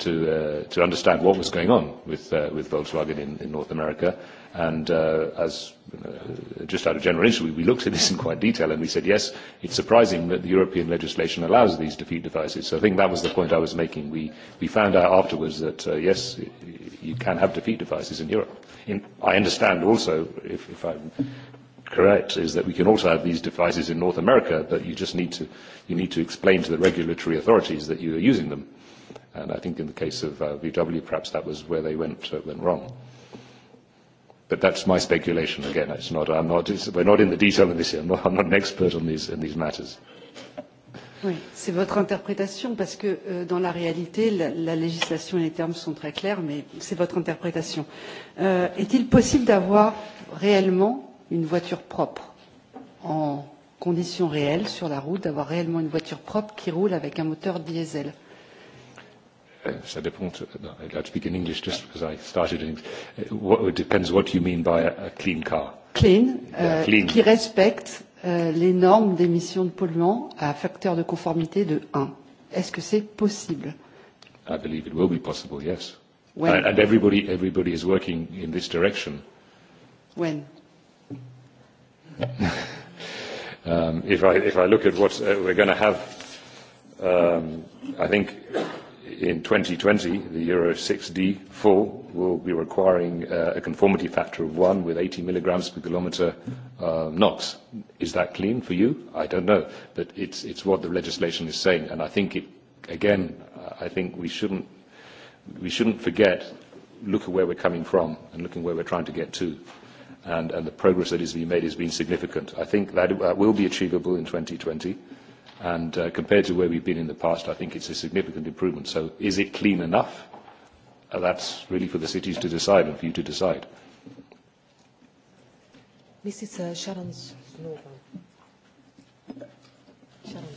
to, uh, to understand what was going on with, uh, with Volkswagen in, in North America. And uh, as uh, just out of general interest, we, we looked at this in quite detail and we said, yes, it's surprising that the European legislation allows these defeat devices. So I think that was the point I was making. We, we found out afterwards that, uh, yes, you can have defeat devices in Europe. In, I understand also, if, if I'm correct is that we can also have these devices in North America, but you just need to, you need to explain to the regulatory authorities that you are using them. And I think in the case of uh, VW, perhaps that was where they went, uh, went wrong. But that's my speculation again. It's not, I'm not, we're not in the detail of this I'm not, an expert on these, in these matters. Oui, c'est votre interprétation parce que euh, dans la réalité, la, législation et les termes sont très clairs, mais c'est votre interprétation. Euh, est-il possible d'avoir réellement une voiture propre en conditions réelles sur la route, d'avoir réellement une voiture propre qui roule avec un moteur diesel said It depends. I'd like to speak in English just because I started in English. Uh, it depends what you mean by a, a clean car. Clean, yeah, uh, clean. Uh, qui respecte uh, les normes d'émission de polluants à facteur de conformité de 1. Est-ce que c'est possible I believe it will be possible, yes. When? And, and everybody, everybody is working in this direction. When? [LAUGHS] um, if, I, if I look at what uh, we're going to have, um, I think in 2020, the Euro 6D4 will be requiring uh, a conformity factor of one with 80 milligrams per kilometer uh, NOx. Is that clean for you? I don't know, but it's, it's what the legislation is saying. And I think it, again, I think we shouldn't, we shouldn't forget, look at where we're coming from and looking where we're trying to get to. And, and the progress that is being made has been significant. I think that will be achievable in 2020 and uh, compared to where we've been in the past, I think it's a significant improvement. So is it clean enough? Uh, that's really for the cities to decide and for you to decide. Mrs. Sharon Snowball.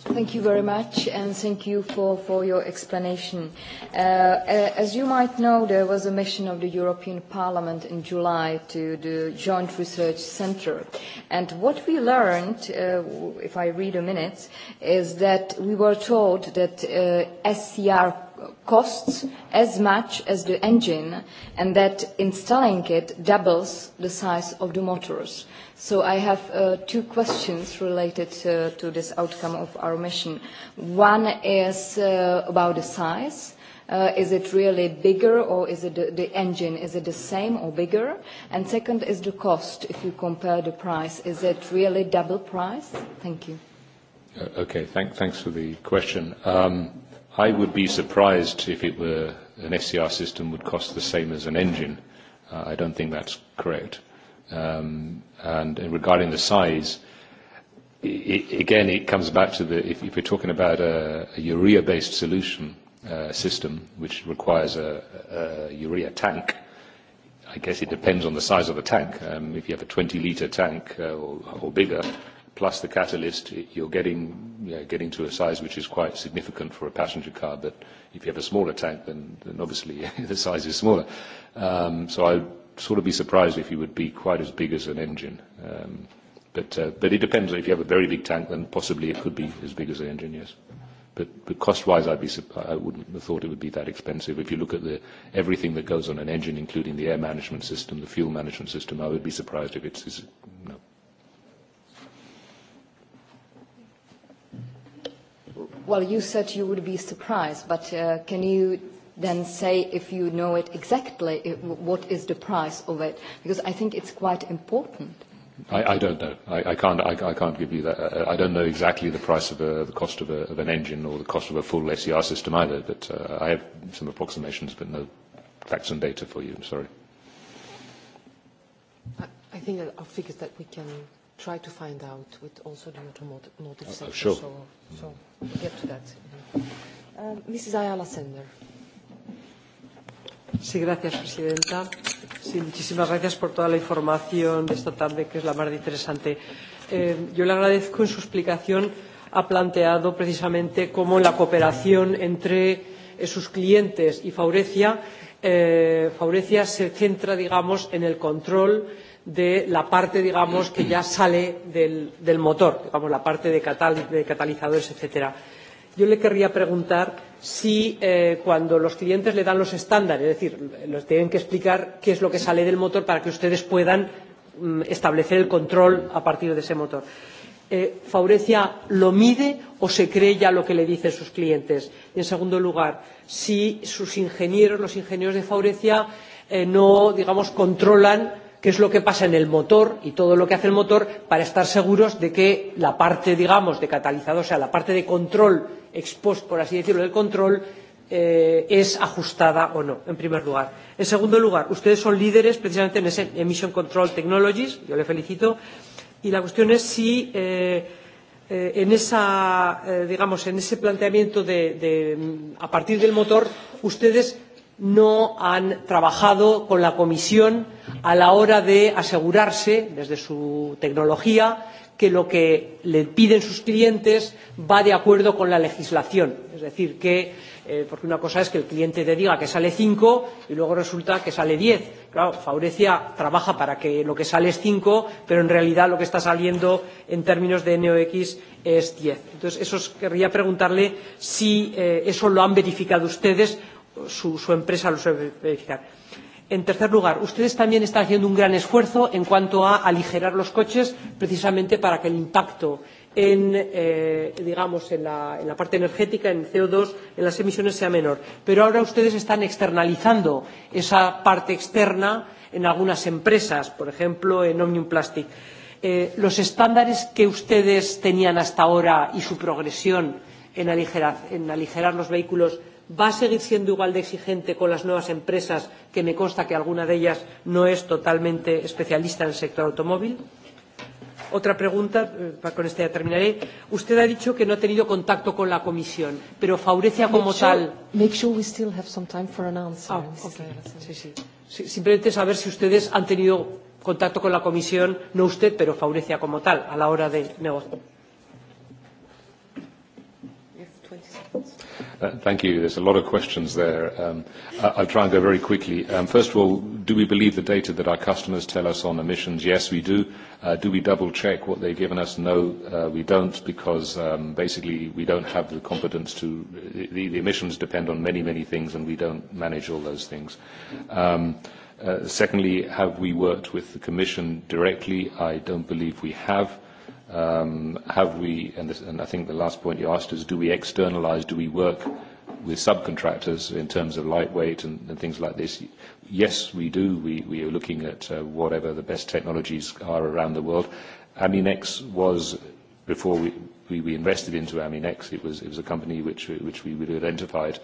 Thank you very much, and thank you for, for your explanation. Uh, as you might know, there was a mission of the European Parliament in July to the Joint Research Centre. And what we learned, uh, if I read a minute, is that we were told that uh, SCR costs as much as the engine and that installing it doubles the size of the motors. So I have uh, two questions related uh, to this outcome of our mission. One is uh, about the size. Uh, is it really bigger or is it the, engine? Is it the same or bigger? And second is the cost. If you compare the price, is it really double price? Thank you. Uh, okay, thank, thanks for the question. Um, I would be surprised if it were an SCR system would cost the same as an engine. Uh, I don't think that's correct. Um, and, regarding the size, again, it comes back to the, if, you're talking about a, urea-based solution uh, system, which requires a, urea tank, I guess it depends on the size of the tank. Um, if you have a 20-liter tank uh, or, bigger, plus the catalyst, you're getting, getting to a size which is quite significant for a passenger car. But if you have a smaller tank, then, obviously [LAUGHS] the size is smaller. Um, so I sort of be surprised if you would be quite as big as an engine. Um, but, uh, but it depends. If you have a very big tank, then possibly it could be as big as an engine, yes. But, but cost-wise, I'd be, I wouldn't have thought it would be that expensive. If you look at the, everything that goes on an engine, including the air management system, the fuel management system, I would be surprised if it's, it's no. Well, you said you would be surprised, but uh, can you then say if you know it exactly what is the price of it because I think it's quite important. I, I don't know. I, I can't. I, I can't give you that. I, uh, I don't know exactly the price of a, the cost of, a, of an engine or the cost of a full SER system either. But uh, I have some approximations, but no facts and data for you. I'm sorry. I, I think figures that we can try to find out with also the automotive uh, uh, sector. sure. So, so mm. we'll get to that. Um, Mrs. Ayala Sender. Señora presidenta. muchísimas gracias por toda la información de esta tarde, que es la más interesante. Eh, yo le agradezco en su explicación ha planteado precisamente cómo la cooperación entre eh, sus clientes y Faurecia, eh, Faurecia se centra, digamos, en el control de la parte, digamos, que ya sale del, del motor, digamos, la parte de, de catalizadores, etcétera yo le querría preguntar si eh, cuando los clientes le dan los estándares, es decir, les tienen que explicar qué es lo que sale del motor para que ustedes puedan mm, establecer el control a partir de ese motor. Eh, ¿Faurecia lo mide o se cree ya lo que le dicen sus clientes? Y en segundo lugar, si sus ingenieros, los ingenieros de Faurecia, eh, no, digamos, controlan qué es lo que pasa en el motor y todo lo que hace el motor para estar seguros de que la parte digamos de catalizador o sea la parte de control ex post, por así decirlo, del control eh, es ajustada o no, en primer lugar. En segundo lugar, ustedes son líderes precisamente en ese Emission Control Technologies, yo le felicito, y la cuestión es si eh, eh en, esa, eh, digamos, en ese planteamiento de, de, a partir del motor ustedes no han trabajado con la Comisión a la hora de asegurarse, desde su tecnología, que lo que le piden sus clientes va de acuerdo con la legislación es decir que eh, porque una cosa es que el cliente te diga que sale 5 y luego resulta que sale 10 claro Faurecia trabaja para que lo que sale es 5 pero en realidad lo que está saliendo en términos de NOx es 10 entonces eso querría preguntarle si eh, eso lo han verificado ustedes su, su empresa lo suele verificar En tercer lugar, ustedes también están haciendo un gran esfuerzo en cuanto a aligerar los coches, precisamente para que el impacto en, eh, digamos, en, la, en la parte energética, en CO2, en las emisiones sea menor. Pero ahora ustedes están externalizando esa parte externa en algunas empresas, por ejemplo, en Omnium Plastic. Eh, ¿Los estándares que ustedes tenían hasta ahora y su progresión en aligerar, en aligerar los vehículos va a seguir siendo igual de exigente con las nuevas empresas que me consta que alguna de ellas no es totalmente especialista en el sector automóvil? Otra pregunta, eh, pa, con esta ya terminaré. Usted ha dicho que no ha tenido contacto con la comisión, pero favorece como sure, tal... Make sure we still have some time for an answer. Ah, okay. sí, sí. Sí, simplemente saber si ustedes han tenido contacto con la comisión, no usted, pero favorece como tal a la hora de negociar. Uh, thank you. There's a lot of questions there. Um, I'll try and go very quickly. Um, first of all, do we believe the data that our customers tell us on emissions? Yes, we do. Uh, do we double-check what they've given us? No, uh, we don't, because um, basically we don't have the competence to. The, the emissions depend on many, many things, and we don't manage all those things. Secondly, have we worked with the Commission directly? I don't believe we have. Um, have we, and, I think the last point you asked is, do we externalize, do we work with subcontractors in terms of lightweight and, things like this? Yes, we do. We, we are looking at uh, whatever the best technologies are around the world. Aminex was, before we, we, invested into Aminex, it was, it was a company which, which we identified,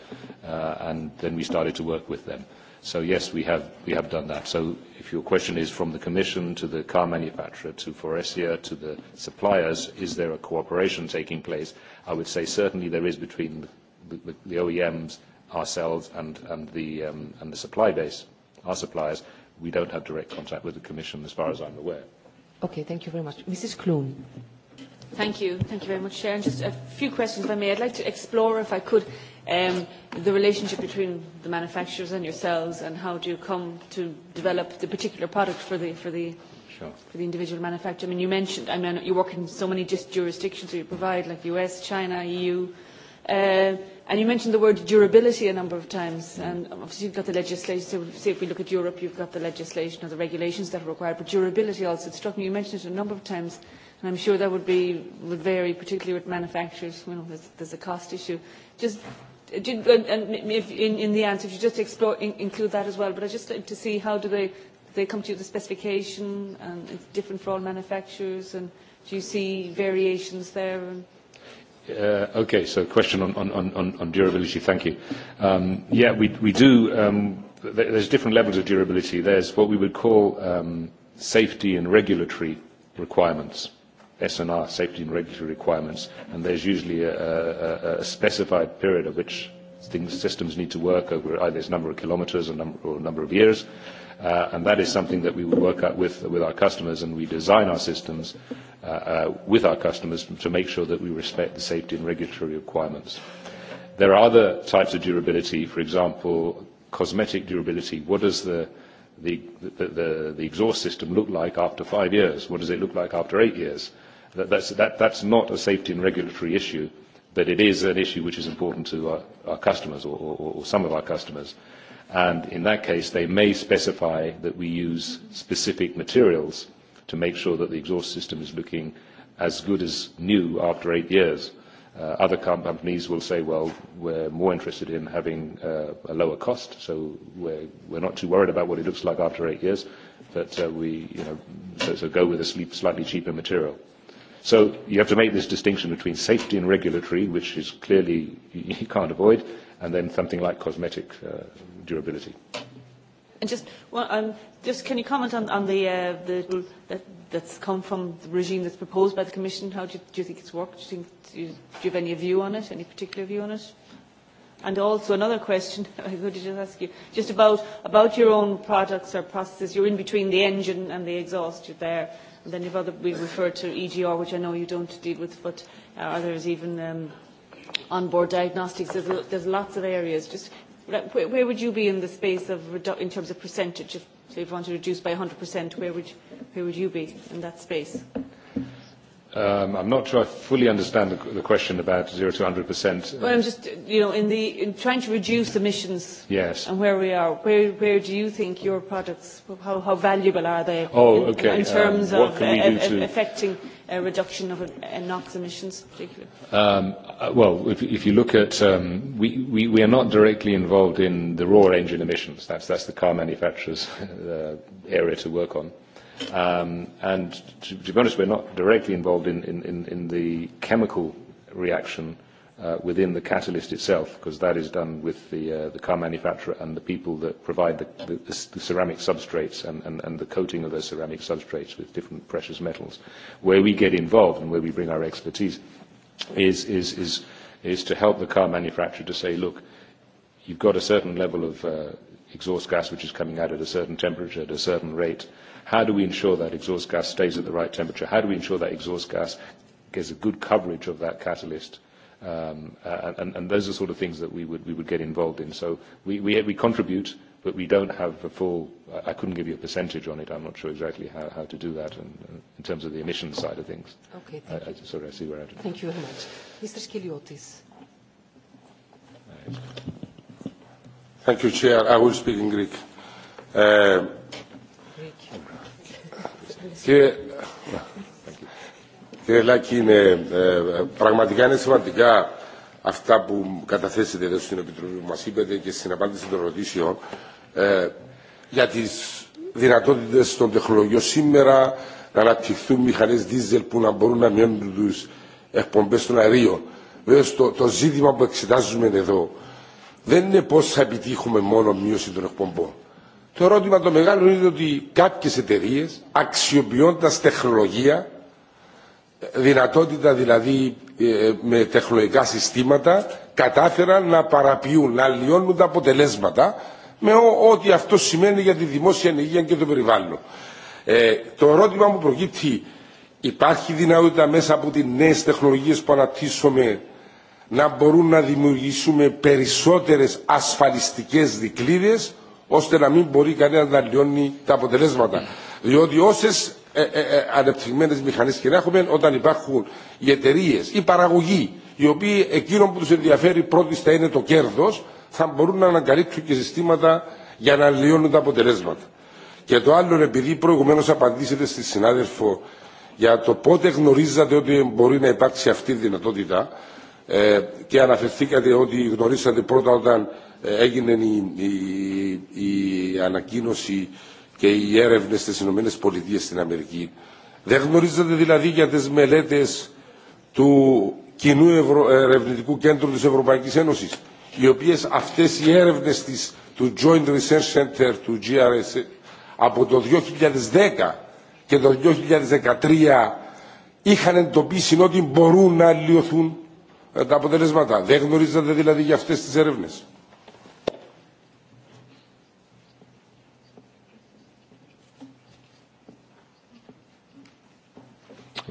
uh, and then we started to work with them. So yes, we have, we have done that. So if your question is from the Commission to the car manufacturer to Foresia to the suppliers, is there a cooperation taking place? I would say certainly there is between the, OEMs, ourselves, and, the, um, and the supply base, our suppliers. We don't have direct contact with the Commission as far as I'm aware. Okay, thank you very much. Mrs. Thank you. Thank you very much, Just a few questions, if I may. I'd like to explore, if I could, um, the relationship between the manufacturers and yourselves and how do you come to develop the particular product for the, for the, sure. for the individual manufacturer. I mean, you mentioned, I mean, you work in so many just jurisdictions, that you provide like US, China, EU. Uh, and you mentioned the word durability a number of times, mm-hmm. and obviously you've got the legislation, so say if we look at Europe, you've got the legislation or the regulations that are required, but durability also, it struck me, you mentioned it a number of times, and I'm sure that would, be, would vary, particularly with manufacturers, you know, there's, there's a cost issue. Just and if, in, the answer, if you just explore, in, include that as well, but I just like to see how do they, they come to the specification, and it's different for all manufacturers, and do you see variations there? And... Uh, okay, so question on, on, on, on durability, thank you. Um, yeah, we, we do, um, there's different levels of durability. There's what we would call um, safety and regulatory requirements SNR, safety and regulatory requirements, and there's usually a, a, specified period of which things, systems need to work over either a number of kilometers or number, or number of years. Uh, and that is something that we will work out with, with our customers, and we design our systems uh, uh, with our customers to make sure that we respect the safety and regulatory requirements. There are other types of durability, for example, cosmetic durability. What does the, the, the, the, the exhaust system look like after five years? What does it look like after eight years? That, that's, that, that's not a safety and regulatory issue, but it is an issue which is important to our, our customers or, or, or some of our customers. And in that case, they may specify that we use specific materials to make sure that the exhaust system is looking as good as new after eight years. Uh, other companies will say, well, we're more interested in having uh, a lower cost, so we're, we're not too worried about what it looks like after eight years, but uh, we, you know, so, so go with a sleep slightly cheaper material. So you have to make this distinction between safety and regulatory, which is clearly [LAUGHS] you can't avoid, and then something like cosmetic uh, durability. And just, well, um, just can you comment on, on the, uh, the that, that's come from the regime that's proposed by the Commission? How do you, do you think it's worked? Do you, think, you, do you have any view on it, any particular view on it? And also another question [LAUGHS] I could just ask you, just about, about your own products or processes. You're in between the engine and the exhaust you're there. And then you've other, we refer to EGR, which I know you don't deal with, but uh, there's even um, onboard diagnostics. There's, there's lots of areas. Just where, where would you be in the space of, in terms of percentage? If, so if you want to reduce by 100%, where would, where would you be in that space? Um, I'm not sure I fully understand the, the question about zero to 100%. Well, I'm just, you know, in the in trying to reduce emissions. Yes. And where we are, where where do you think your products, how how valuable are they? Oh, in, okay. In um, terms of a, uh, uh, to... affecting a reduction of uh, NOx emissions, particularly. Um, well, if if you look at, um, we, we we are not directly involved in the raw engine emissions. That's that's the car manufacturer's [LAUGHS] uh, area to work on. Um, and to, to be honest, we're not directly involved in, in, in the chemical reaction uh, within the catalyst itself, because that is done with the, uh, the car manufacturer and the people that provide the, the, the ceramic substrates and, and, and the coating of those ceramic substrates with different precious metals. Where we get involved and where we bring our expertise is, is, is, is to help the car manufacturer to say, look, you've got a certain level of uh, exhaust gas which is coming out at a certain temperature, at a certain rate, How do we ensure that exhaust gas stays at the right temperature? How do we ensure that exhaust gas gets a good coverage of that catalyst? Um, and, those are the sort of things that we would, we would get involved in. So we, we, we contribute, but we don't have a full, I couldn't give you a percentage on it. I'm not sure exactly how, to do that uh, in terms of the emission side of things. Okay, thank you. sorry, I see where I did. Thank you very much. Mr. Skiliotis. Thank you, Chair. I will speak in Greek. Uh, Κύριε, Λάκη, είναι, ε, πραγματικά είναι σημαντικά αυτά που καταθέσετε εδώ στην Επιτροπή που μας είπατε και στην απάντηση των ερωτήσεων ε, για τις δυνατότητες των τεχνολογιών σήμερα να αναπτυχθούν μηχανές δίζελ που να μπορούν να μειώνουν τους εκπομπές των αερίων. Βέβαια, το, το ζήτημα που εξετάζουμε εδώ δεν είναι πώς θα επιτύχουμε μόνο μείωση των εκπομπών Το ερώτημα το μεγάλο είναι ότι κάποιες εταιρείε αξιοποιώντας τεχνολογία, δυνατότητα δηλαδή με τεχνολογικά συστήματα, κατάφεραν να παραποιούν, να λιώνουν τα αποτελέσματα με ό,τι αυτό σημαίνει για τη δημόσια ενεργία και το περιβάλλον. Ε, το ερώτημα μου προκύπτει, υπάρχει δυνατότητα μέσα από τις νέες τεχνολογίες που αναπτύσσουμε να μπορούν να δημιουργήσουμε περισσότερες ασφαλιστικές δικλείδες ώστε να μην μπορεί κανένα να λιώνει τα αποτελέσματα. Διότι όσε ε, ε, ε, ανεπτυγμένε μηχανέ και να έχουμε, όταν υπάρχουν οι εταιρείε, οι παραγωγοί, οι οποίοι εκείνο που του ενδιαφέρει πρώτη θα είναι το κέρδο, θα μπορούν να ανακαλύψουν και συστήματα για να λιώνουν τα αποτελέσματα. Και το άλλο, επειδή προηγουμένω απαντήσετε στη συνάδελφο για το πότε γνωρίζατε ότι μπορεί να υπάρξει αυτή η δυνατότητα ε, και αναφερθήκατε ότι γνωρίσατε πρώτα όταν έγινε η, η, η ανακοίνωση και οι έρευνε στι Ηνωμένε Πολιτείε στην Αμερική. Δεν γνωρίζετε δηλαδή για τι μελέτε του κοινού Ευρω... ερευνητικού κέντρου τη Ευρωπαϊκή Ένωση, οι οποίε αυτέ οι έρευνε του Joint Research Center, του GRS, από το 2010 και το 2013 είχαν εντοπίσει ότι μπορούν να αλλοιωθούν τα αποτελέσματα. Δεν γνωρίζατε δηλαδή για αυτές τις έρευνες.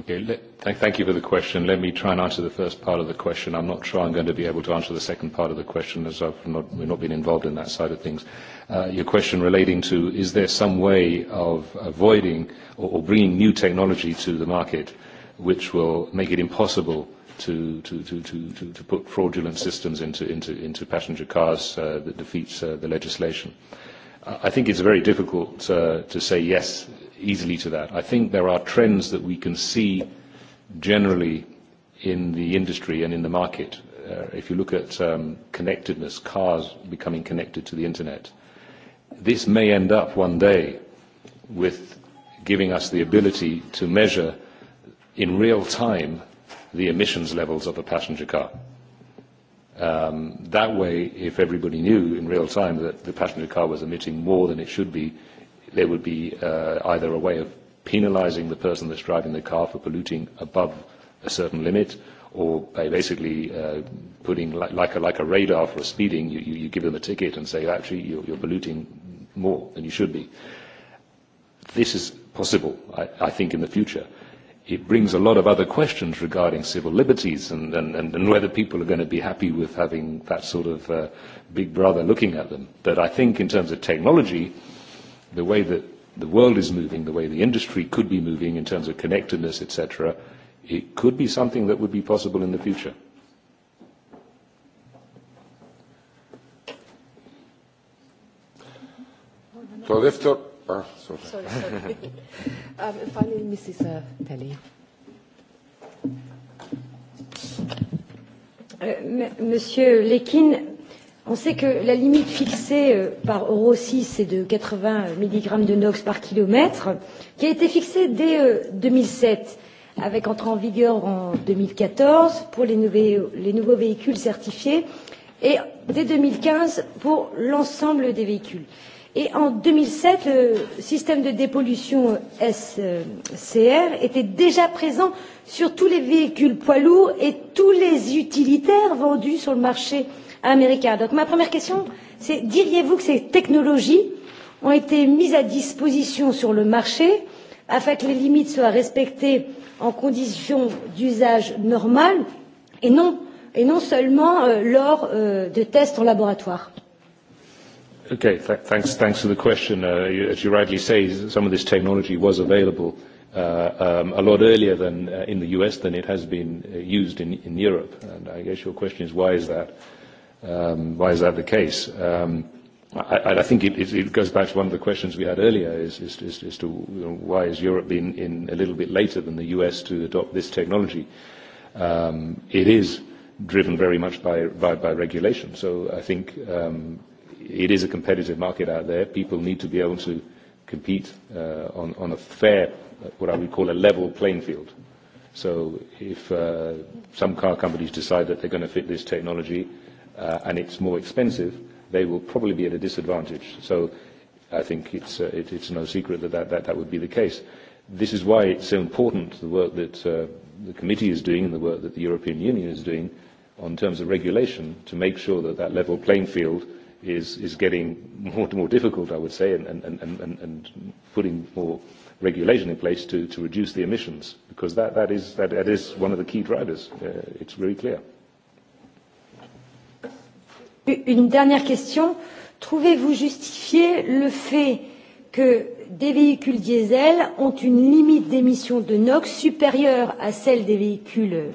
Okay, thank you for the question. Let me try and answer the first part of the question. I'm not sure I'm going to be able to answer the second part of the question as I've not, we've not been involved in that side of things. Uh, your question relating to is there some way of avoiding or, bringing new technology to the market which will make it impossible to, to, to, to, to put fraudulent systems into, into, into passenger cars uh, that defeats uh, the legislation? I think it's very difficult to say yes easily to that. I think there are trends that we can see generally in the industry and in the market. Uh, if you look at um, connectedness, cars becoming connected to the internet, this may end up one day with giving us the ability to measure in real time the emissions levels of a passenger car. Um, that way, if everybody knew in real time that the passenger car was emitting more than it should be, there would be uh, either a way of penalizing the person that's driving the car for polluting above a certain limit or by basically uh, putting like, like, a, like a radar for a speeding, you, you, you give them a ticket and say, actually, you're, you're polluting more than you should be. This is possible, I, I think, in the future. It brings a lot of other questions regarding civil liberties and, and, and, and whether people are going to be happy with having that sort of uh, big brother looking at them. But I think in terms of technology, the way that the world is moving, the way the industry could be moving in terms of connectedness, etc., it could be something that would be possible in the future. To Ah, sorry. Sorry, [LAUGHS] um, finally, uh, uh, Mrs. Monsieur Lekin, on sait que la limite fixée euh, par Euro 6 est de 80 mg de NOx par kilomètre, qui a été fixée dès 2007, euh, avec entrée en vigueur en 2014 pour les, nouveaux, les nouveaux véhicules certifiés et dès 2015 pour l'ensemble des véhicules. Et en 2007, le système de dépollution euh, SCR était déjà présent sur tous les véhicules poids lourds et tous les utilitaires vendus sur le marché américain. Donc ma première question, c'est diriez-vous que ces technologies ont été mises à disposition sur le marché afin que les limites soient respectées en conditions d'usage normal et non, et non seulement euh, lors euh, de tests en laboratoire Okay, th thanks, thanks for the question. Uh, as you rightly say, some of this technology was available Uh, um, a lot earlier than uh, in the US than it has been uh, used in, in Europe. And I guess your question is why is that? Um, why is that the case? Um, I, I think it, it, it goes back to one of the questions we had earlier, is, is, is, is to you know, why is Europe been in a little bit later than the US to adopt this technology? Um, it is driven very much by, by, by regulation. So I think um, it is a competitive market out there. People need to be able to compete uh, on, on a fair, what I would call a level playing field. So if uh, some car companies decide that they're going to fit this technology uh, and it's more expensive, they will probably be at a disadvantage. So I think it's, uh, it, it's no secret that that, that that would be the case. This is why it's so important, the work that uh, the committee is doing and the work that the European Union is doing on terms of regulation to make sure that that level playing field is, is getting more and more difficult, I would say, and, and, and, and, and putting more regulation in place to, to reduce the emissions, because that, that, is, that, that is one of the key drivers. Uh, it's really clear. Une dernière question. Trouvez-vous justifié le fait que des véhicules diesel ont une limite d'émission de NOx supérieure à celle des véhicules euh,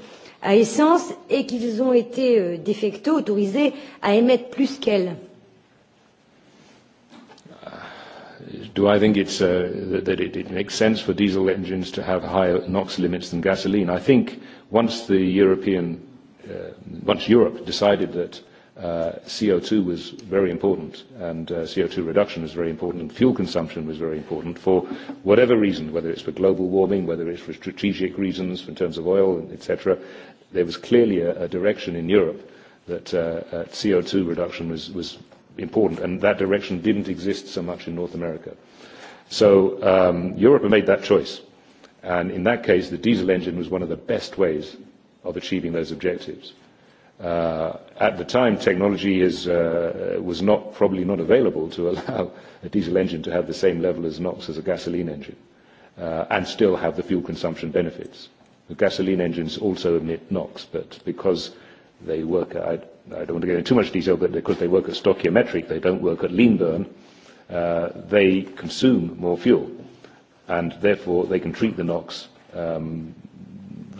à essence et qu'ils ont été euh, de facto autorisés à émettre plus qu'elle. Uh, do I think it's, uh, that it, it makes sense for diesel engines to have higher NOx limits than gasoline? I think once the European, uh, once Europe decided that Uh, CO2 was very important, and uh, CO2 reduction was very important, and fuel consumption was very important for whatever reason, whether it's for global warming, whether it's for strategic reasons in terms of oil, etc. There was clearly a, a direction in Europe that uh, uh, CO2 reduction was, was important, and that direction didn't exist so much in North America. So um, Europe made that choice. And in that case, the diesel engine was one of the best ways of achieving those objectives Uh, at the time, technology is, uh, was not, probably not available to allow a diesel engine to have the same level as NOx as a gasoline engine uh, and still have the fuel consumption benefits. The gasoline engines also emit NOx, but because they work I, I don't want to get into too much detail, but because they work at stoichiometric, they don't work at lean burn, uh, they consume more fuel. And therefore, they can treat the NOx um,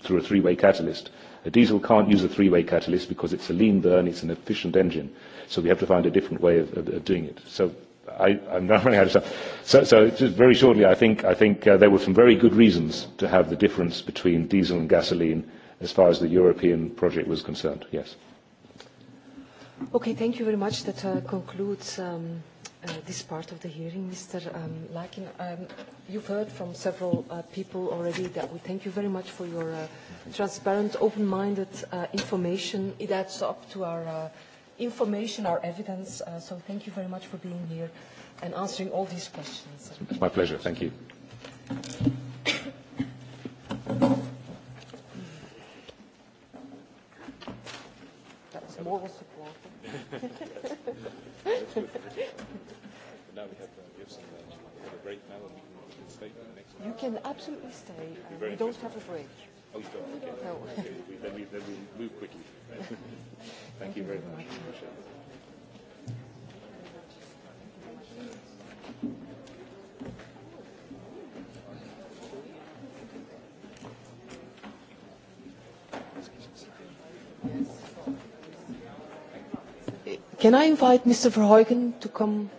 through a three-way catalyst a diesel can't use a three-way catalyst because it's a lean burn, it's an efficient engine. So we have to find a different way of, of, of doing it. So I, I'm not [LAUGHS] running out of time. So, so just very shortly, I think, I think uh, there were some very good reasons to have the difference between diesel and gasoline as far as the European project was concerned. Yes. Okay, thank you very much. That uh, concludes um, Uh, this part of the hearing, Mr. Um, Lakin. Um, you've heard from several uh, people already that we thank you very much for your uh, transparent, open-minded uh, information. It adds up to our uh, information, our evidence. So thank you very much for being here and answering all these questions. It's my pleasure. Thank you. That was moral support. [LAUGHS] You can absolutely stay. Uh, we don't have a break. Oh, don't? Okay. No. okay. Then, we, then we move quickly. Thank, [LAUGHS] Thank you very much. Can I invite Mr. Verheugen to come?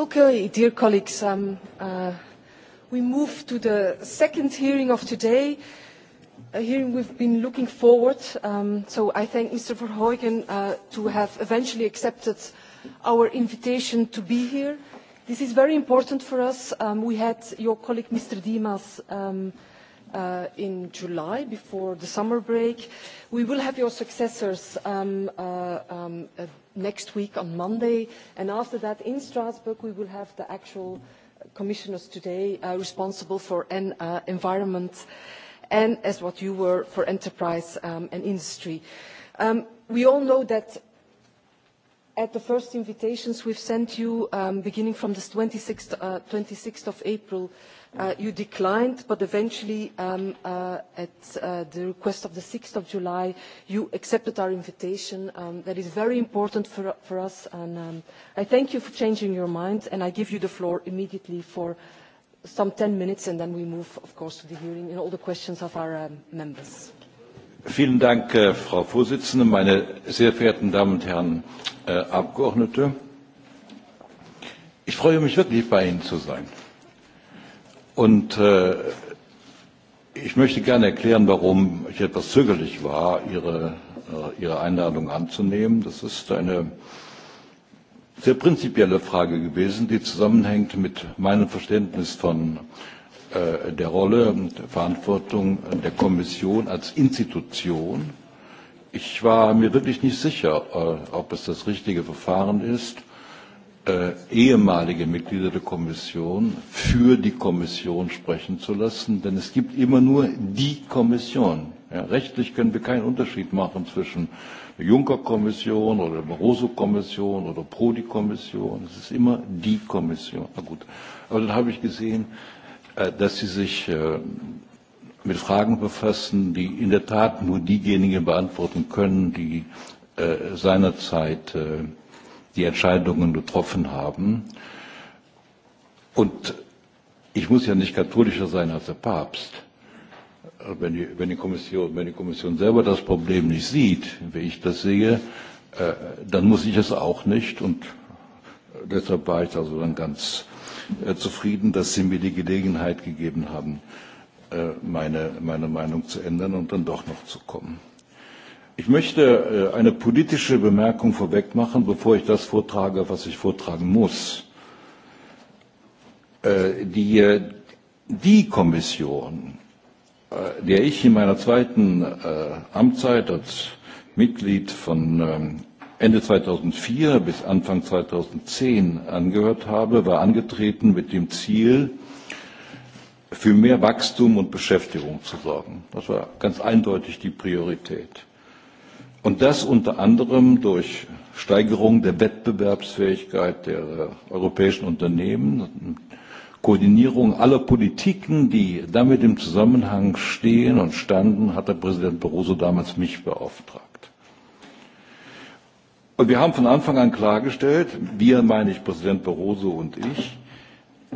Okay, dear colleagues, um, uh, we move to the second hearing of today, a hearing we've been looking forward. Um, so I thank Mr. Verheugen uh, to have eventually accepted our invitation to be here. This is very important for us. Um, we had your colleague, Mr. Dimas, um, Uh, in July before the summer break. We will have your successors um, uh, um uh, next week on Monday and after that in Strasbourg we will have the actual commissioners today responsible for environment and as what you were for enterprise um, and industry. Um, we all know that at the first invitations we've sent you beginning from the 26th, 26th of April Uh, you declined, but eventually, um, uh, at uh, the request of the 6th of July, you accepted our invitation. Um, that is very important for, us, and um, I thank you for changing your mind, and I give you the floor immediately for some 10 minutes, and then we move, of course, to the hearing and all the questions of our members. Vielen Dank, äh, Frau Vorsitzende, meine sehr verehrten Damen und Herren äh, Abgeordnete. Ich freue mich wirklich, bei Ihnen zu sein Und äh, ich möchte gerne erklären, warum ich etwas zögerlich war, Ihre, äh, Ihre Einladung anzunehmen. Das ist eine sehr prinzipielle Frage gewesen, die zusammenhängt mit meinem Verständnis von äh, der Rolle und der Verantwortung der Kommission als Institution. Ich war mir wirklich nicht sicher, äh, ob es das richtige Verfahren ist Äh, ehemalige Mitglieder der Kommission für die Kommission sprechen zu lassen, denn es gibt immer nur die Kommission. Ja, rechtlich können wir keinen Unterschied machen zwischen der Juncker-Kommission oder der Barroso-Kommission oder Prodi-Kommission. Es ist immer die Kommission. Na gut. Aber dann habe ich gesehen, äh, dass Sie sich äh, mit Fragen befassen, die in der Tat nur diejenigen beantworten können, die seinerzeit die Entscheidungen getroffen haben. Und ich muss ja nicht katholischer sein als der Papst. Wenn die, wenn die, Kommission, wenn die Kommission selber das Problem nicht sieht, wie ich das sehe, äh, dann muss ich es auch nicht. Und deshalb war ich also dann ganz äh, zufrieden, dass Sie mir die Gelegenheit gegeben haben, äh, meine, meine Meinung zu ändern und dann doch noch zu kommen. Ich möchte äh, eine politische Bemerkung vorweg machen, bevor ich das vortrage, was ich vortragen muss. Äh, die, die Kommission, äh, der ich in meiner zweiten Amtszeit als Mitglied von ähm, Ende 2004 bis Anfang 2010 angehört habe, war angetreten mit dem Ziel, für mehr Wachstum und Beschäftigung zu sorgen. Das war ganz eindeutig die Priorität. Und das unter anderem durch Steigerung der Wettbewerbsfähigkeit der äh, europäischen Unternehmen, Koordinierung aller Politiken, die damit im Zusammenhang stehen und standen, hat der Präsident Barroso damals mich beauftragt. Und wir haben von Anfang an klargestellt, wir meine ich Präsident Barroso und ich,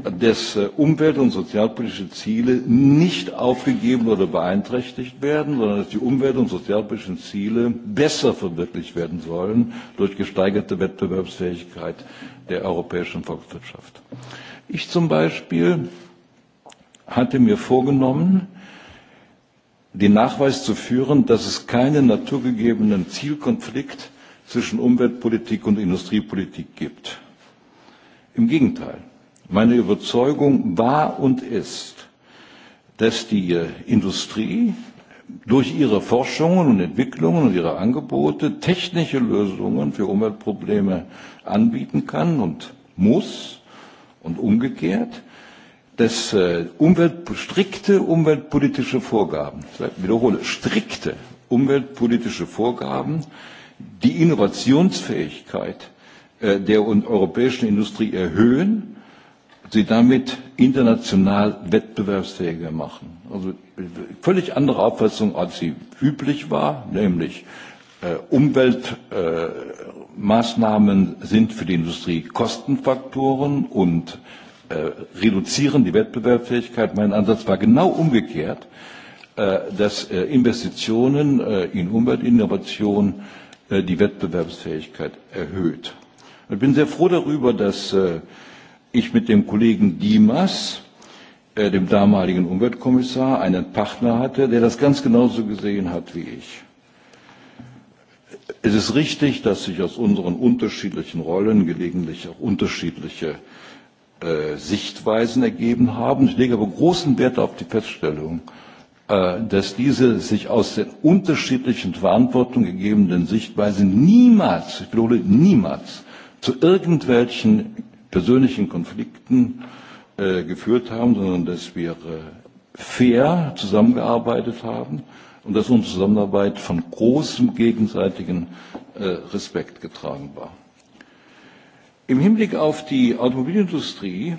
dass äh, Umwelt- und sozialpolitische Ziele nicht aufgegeben oder beeinträchtigt werden, sondern dass die Umwelt- und sozialpolitischen Ziele besser verwirklicht werden sollen durch gesteigerte Wettbewerbsfähigkeit der europäischen Volkswirtschaft. Ich zum Beispiel hatte mir vorgenommen, den Nachweis zu führen, dass es keinen naturgegebenen Zielkonflikt zwischen Umweltpolitik und Industriepolitik gibt. Im Gegenteil. Meine Überzeugung war und ist, dass die äh, Industrie durch ihre Forschungen und Entwicklungen und ihre Angebote technische Lösungen für Umweltprobleme anbieten kann und muss und umgekehrt, dass äh, Umwelt, strikte umweltpolitische Vorgaben, ich wiederhole, strikte umweltpolitische Vorgaben die Innovationsfähigkeit äh, der europäischen Industrie erhöhen sie damit international wettbewerbsfähiger machen. Also völlig andere Auffassung, als sie üblich war, nämlich äh, Umweltmaßnahmen äh, sind für die Industrie Kostenfaktoren und äh, reduzieren die Wettbewerbsfähigkeit. Mein Ansatz war genau umgekehrt, äh, dass äh, Investitionen äh, in Umweltinnovation die Wettbewerbsfähigkeit erhöht. Ich bin sehr froh darüber, dass ich mit dem Kollegen Dimas, äh, dem damaligen Umweltkommissar, einen Partner hatte, der das ganz genauso gesehen hat wie ich. Es ist richtig, dass sich aus unseren unterschiedlichen Rollen gelegentlich auch unterschiedliche äh, Sichtweisen ergeben haben. Ich lege aber großen Wert auf die Feststellung, äh, dass diese sich aus den unterschiedlichen Verantwortung gegebenen Sichtweisen niemals, ich wiederhole niemals, zu irgendwelchen persönlichen Konflikten äh, geführt haben, sondern dass wir äh, fair zusammengearbeitet haben und dass unsere Zusammenarbeit von großem gegenseitigen äh, Respekt getragen war. Im Hinblick auf die Automobilindustrie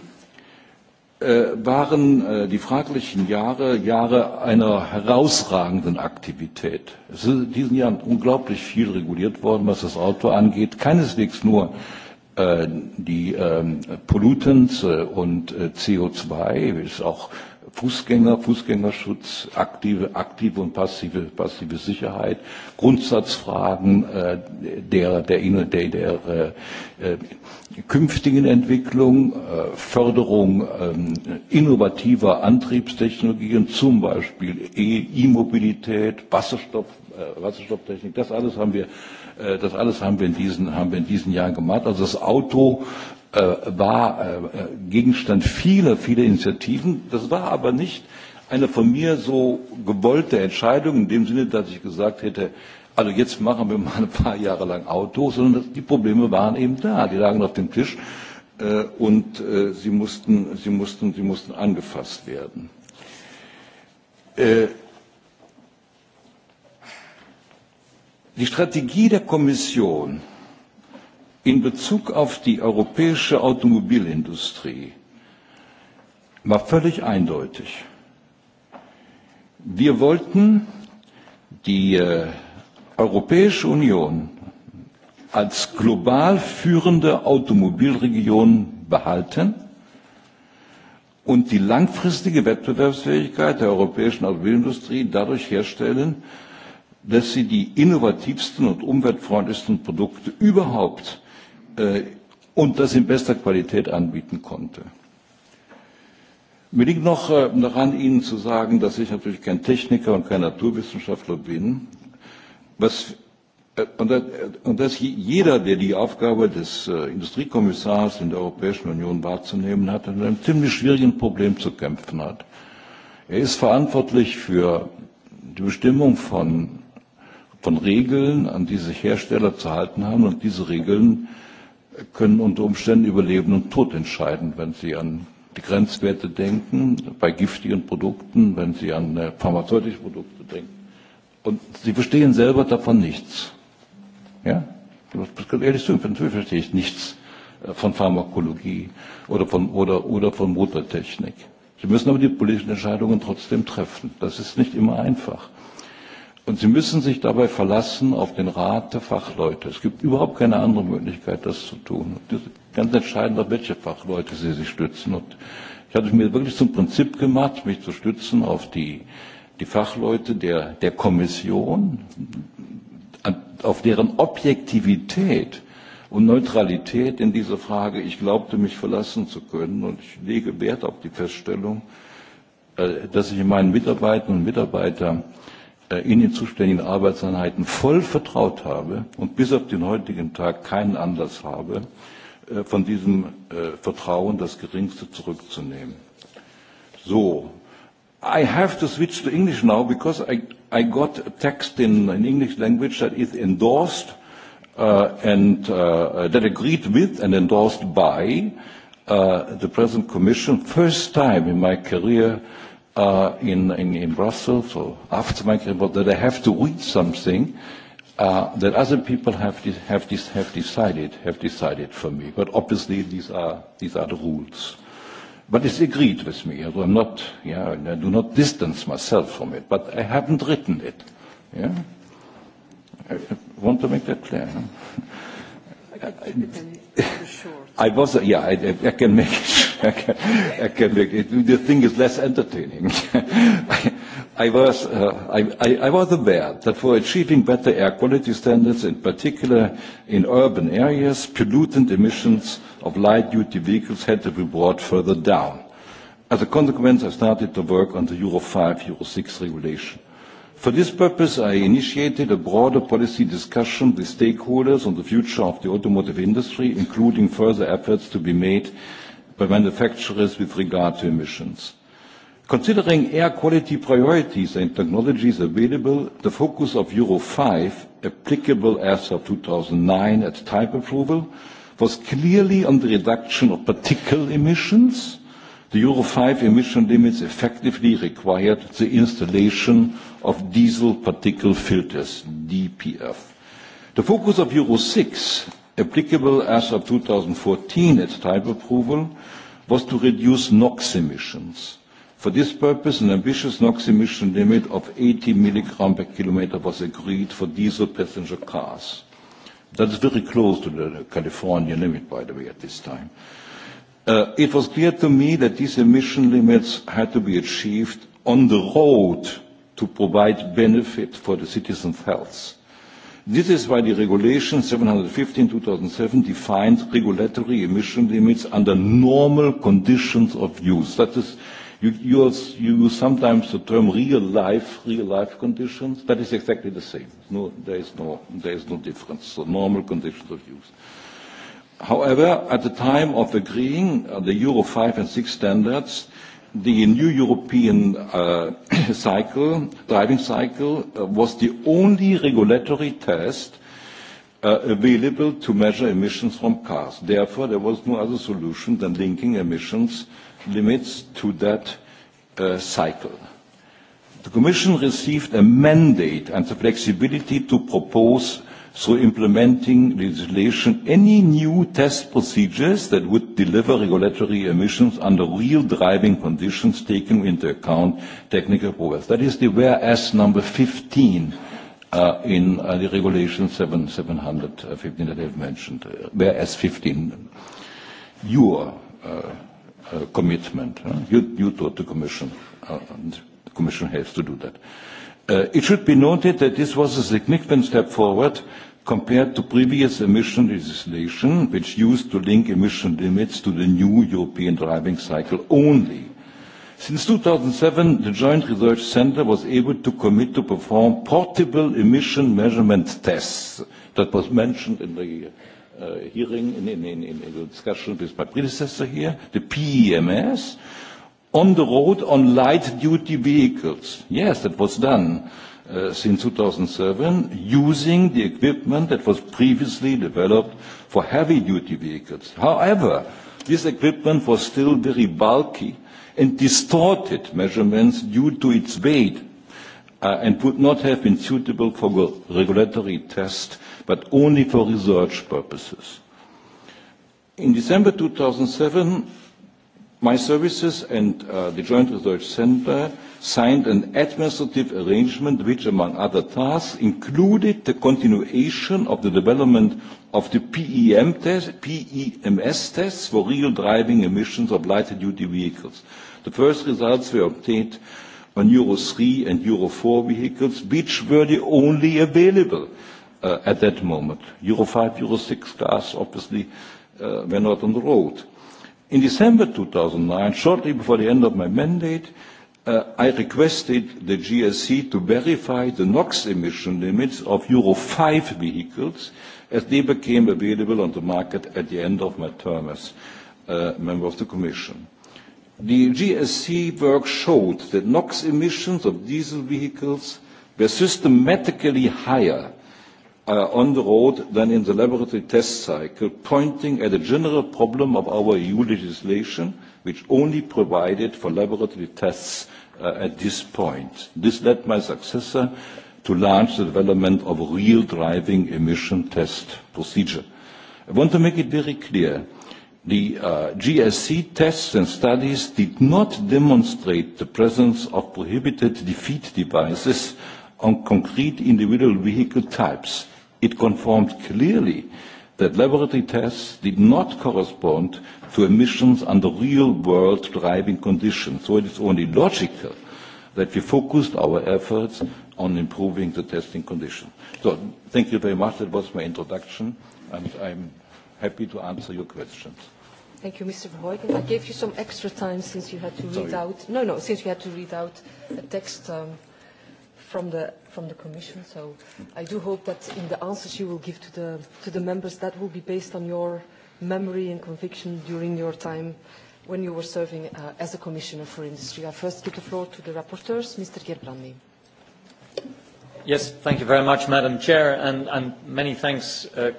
äh, waren äh, die fraglichen Jahre Jahre einer herausragenden Aktivität. Es ist in diesen Jahren unglaublich viel reguliert worden, was das Auto angeht, keineswegs nur Äh, die ähm, Pollutants äh, und äh, CO2 ist auch Fußgänger, Fußgängerschutz, aktive, aktive und passive, passive Sicherheit, Grundsatzfragen äh, der, der, der, der äh, künftigen Entwicklung, äh, Förderung äh, innovativer Antriebstechnologien, zum Beispiel E-Mobilität, Wasserstoff, äh, Wasserstofftechnik, das alles haben wir Äh, das alles haben wir in diesen, haben wir in diesen Jahren gemacht. Also das Auto äh, war äh, Gegenstand vieler, vieler Initiativen. Das war aber nicht eine von mir so gewollte Entscheidung in dem Sinne, dass ich gesagt hätte, also jetzt machen wir mal ein paar Jahre lang Autos, sondern die Probleme waren eben da, die lagen auf dem Tisch und sie mussten, sie mussten, sie mussten angefasst werden. die strategie der kommission in bezug auf die europäische automobilindustrie war völlig eindeutig wir wollten die äh, europäische union als global führende automobilregion behalten und die langfristige wettbewerbsfähigkeit der europäischen automobilindustrie dadurch herstellen dass sie die innovativsten und umweltfreundlichsten Produkte überhaupt äh, und das in bester Qualität anbieten konnte. Mir liegt noch daran, äh, Ihnen zu sagen, dass ich natürlich kein Techniker und kein Naturwissenschaftler bin, was, äh, und, äh, und dass jeder, der die Aufgabe des Industriekommissars in der Europäischen Union wahrzunehmen hat, mit einem ziemlich schwierigen Problem zu kämpfen hat. Er ist verantwortlich für die Bestimmung von von Regeln, an die sich Hersteller zu halten haben. Und diese Regeln können unter Umständen über Leben und Tod entscheiden, wenn sie an die Grenzwerte denken, bei giftigen Produkten, wenn sie an äh, pharmazeutische Produkte denken. Und sie verstehen selber davon nichts. Ja? Das kann ehrlich sagen, natürlich verstehe ich nichts äh, von Pharmakologie oder von, oder, oder von Motortechnik. Sie müssen aber die politischen Entscheidungen trotzdem treffen. Das ist nicht immer einfach. Und Sie müssen sich dabei verlassen auf den Rat der Fachleute. Es gibt überhaupt keine andere Möglichkeit, das zu tun. Und das ist ganz entscheidend, auf welche Fachleute Sie sich stützen. Und ich hatte mir wirklich zum Prinzip gemacht, mich zu stützen auf die, die Fachleute der, der Kommission, auf deren Objektivität und Neutralität in dieser Frage ich glaubte, mich verlassen zu können. Und ich lege Wert auf die Feststellung, äh, dass ich meinen Mitarbeitern und Mitarbeitern Äh, in den zuständigen Arbeitseinheiten voll vertraut habe und bis auf den heutigen Tag keinen Anlass habe, äh, von diesem äh, Vertrauen das Geringste zurückzunehmen. So, I have to switch to English now because I, I got a text in, in English language that is endorsed uh, and uh, uh that agreed with and endorsed by uh, the present Commission. First time in my career uh, in, in, in Brussels or after my report that I have to read something uh, that other people have, de have, de have decided have decided for me. But obviously these are these are the rules. But it's agreed with me. I'm not, yeah, I do not distance myself from it. But I haven't written it. Yeah, I want to make that clear. Huh? [LAUGHS] Uh, I was, yeah, I, I can make it. I can, I can make it. The thing is less entertaining. [LAUGHS] I, was, uh, I, I was aware that for achieving better air quality standards, in particular in urban areas, pollutant emissions of light-duty vehicles had to be brought further down. As a consequence, I started to work on the Euro 5, Euro 6 regulation. For this purpose, I initiated a broader policy discussion with stakeholders on the future of the automotive industry, including further efforts to be made by manufacturers with regard to emissions. Considering air quality priorities and technologies available, the focus of Euro 5, applicable as of 2009 at type approval, was clearly on the reduction of particle emissions. The Euro 5 emission limits effectively required the installation of diesel particle filters, DPF. The focus of Euro 6, applicable as of 2014 at type approval, was to reduce NOx emissions. For this purpose, an ambitious NOx emission limit of 80 milligrams per kilometer was agreed for diesel passenger cars. That is very close to the California limit, by the way, at this time. Uh, it was clear to me that these emission limits had to be achieved on the road to provide benefit for the citizens' health. This is why the Regulation 715/2007 defines regulatory emission limits under normal conditions of use. That is, you, you, you use sometimes the term real life, real life conditions. That is exactly the same. No, there is no, there is no difference. So normal conditions of use. However, at the time of agreeing uh, the Euro 5 and 6 standards, the new European uh, [COUGHS] cycle, driving cycle, uh, was the only regulatory test uh, available to measure emissions from cars. Therefore, there was no other solution than linking emissions limits to that cycle. The Commission received a mandate and the flexibility to propose through implementing legislation any new test procedures that would deliver regulatory emissions under real driving conditions taking into account technical progress. That is the whereas number 15 uh, in uh, the regulation 7, 715 uh, that I've mentioned, uh, whereas 15. Your uh, commitment, you, you taught the Commission, and the Commission has to do that. Uh, it should be noted that this was a significant step forward compared to previous emission legislation, which used to link emission limits to the new European driving cycle only. Since 2007, the Joint Research Centre was able to commit to perform portable emission measurement tests. That was mentioned in the uh, hearing, in, in, in, in the discussion with my predecessor here, the PEMS, on the road on light-duty vehicles. Yes, that was done uh, since 2007 using the equipment that was previously developed for heavy-duty vehicles. However, this equipment was still very bulky and distorted measurements due to its weight uh, and would not have been suitable for regulatory test, but only for research purposes. In December 2007, My services and uh, the Joint Research Center signed an administrative arrangement which, among other tasks, included the continuation of the development of the PEM test, PEMS tests for real driving emissions of lighter-duty vehicles. The first results were obtained on Euro 3 and Euro 4 vehicles, which were the only available uh, at that moment. Euro 5, Euro 6 cars, obviously, uh, were not on the road. In December 2009, shortly before the end of my mandate, uh, I requested the GSC to verify the NOx emission limits of Euro 5 vehicles as they became available on the market at the end of my term as uh, member of the Commission. The GSC work showed that NOx emissions of diesel vehicles were systematically higher Uh, on the road than in the laboratory test cycle, pointing at a general problem of our EU legislation, which only provided for laboratory tests uh, at this point. This led my successor to launch the development of a real driving emission test procedure. I want to make it very clear. The uh, GSC tests and studies did not demonstrate the presence of prohibited defeat devices on concrete individual vehicle types It confirmed clearly that laboratory tests did not correspond to emissions under real-world driving conditions. So it is only logical that we focused our efforts on improving the testing conditions. So thank you very much. That was my introduction, and I'm happy to answer your questions. Thank you, Mr. Verheugen. I gave you some extra time since you had to read out... No, no, since you had to read out a text um, from the, from the Commission. So I do hope that in the answers you will give to the, to the members, that will be based on your memory and conviction during your time when you were serving uh, as a Commissioner for Industry. I first give the floor to the rapporteurs, Mr. Gerbrandi. Yes, thank you very much, Madam Chair, and, and many thanks, uh,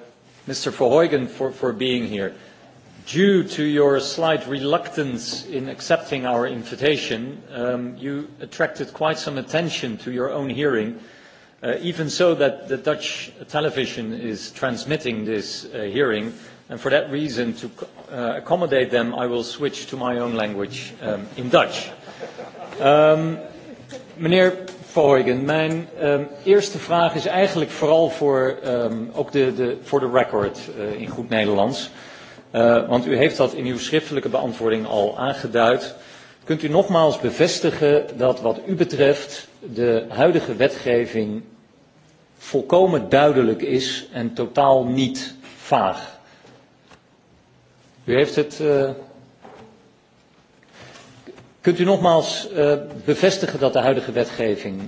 Mr. Verheugen, for, for being here due to your slight reluctance in accepting our invitation, um, you attracted quite some attention to your own hearing, uh, even so that the Dutch television is transmitting this uh, hearing. And for that reason, to uh, accommodate them, I will switch to my own language um, in Dutch. Um, meneer Verheugen, mijn um, eerste vraag is eigenlijk vooral voor, um, ook de, de, voor the record uh, in goed Nederlands. Uh, want u heeft dat in uw schriftelijke beantwoording al aangeduid. Kunt u nogmaals bevestigen dat wat u betreft de huidige wetgeving volkomen duidelijk is en totaal niet vaag? U heeft het. Uh... Kunt u nogmaals eh, bevestigen dat de huidige wetgeving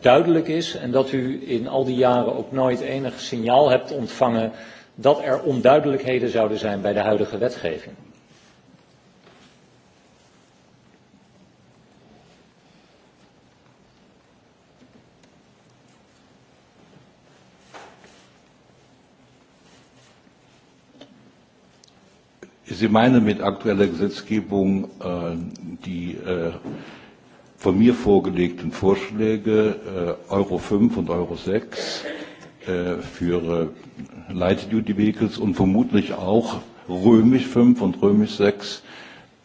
duidelijk is en dat u in al die jaren ook nooit enig signaal hebt ontvangen dat er onduidelijkheden zouden zijn bij de huidige wetgeving. Sie meinen mit aktueller Gesetzgebung eh, die eh, von mir vorgelegten Vorschläge eh, Euro 5 und Euro 6 Äh, für äh, Light Duty Vehicles und vermutlich auch Römisch 5 und Römisch 6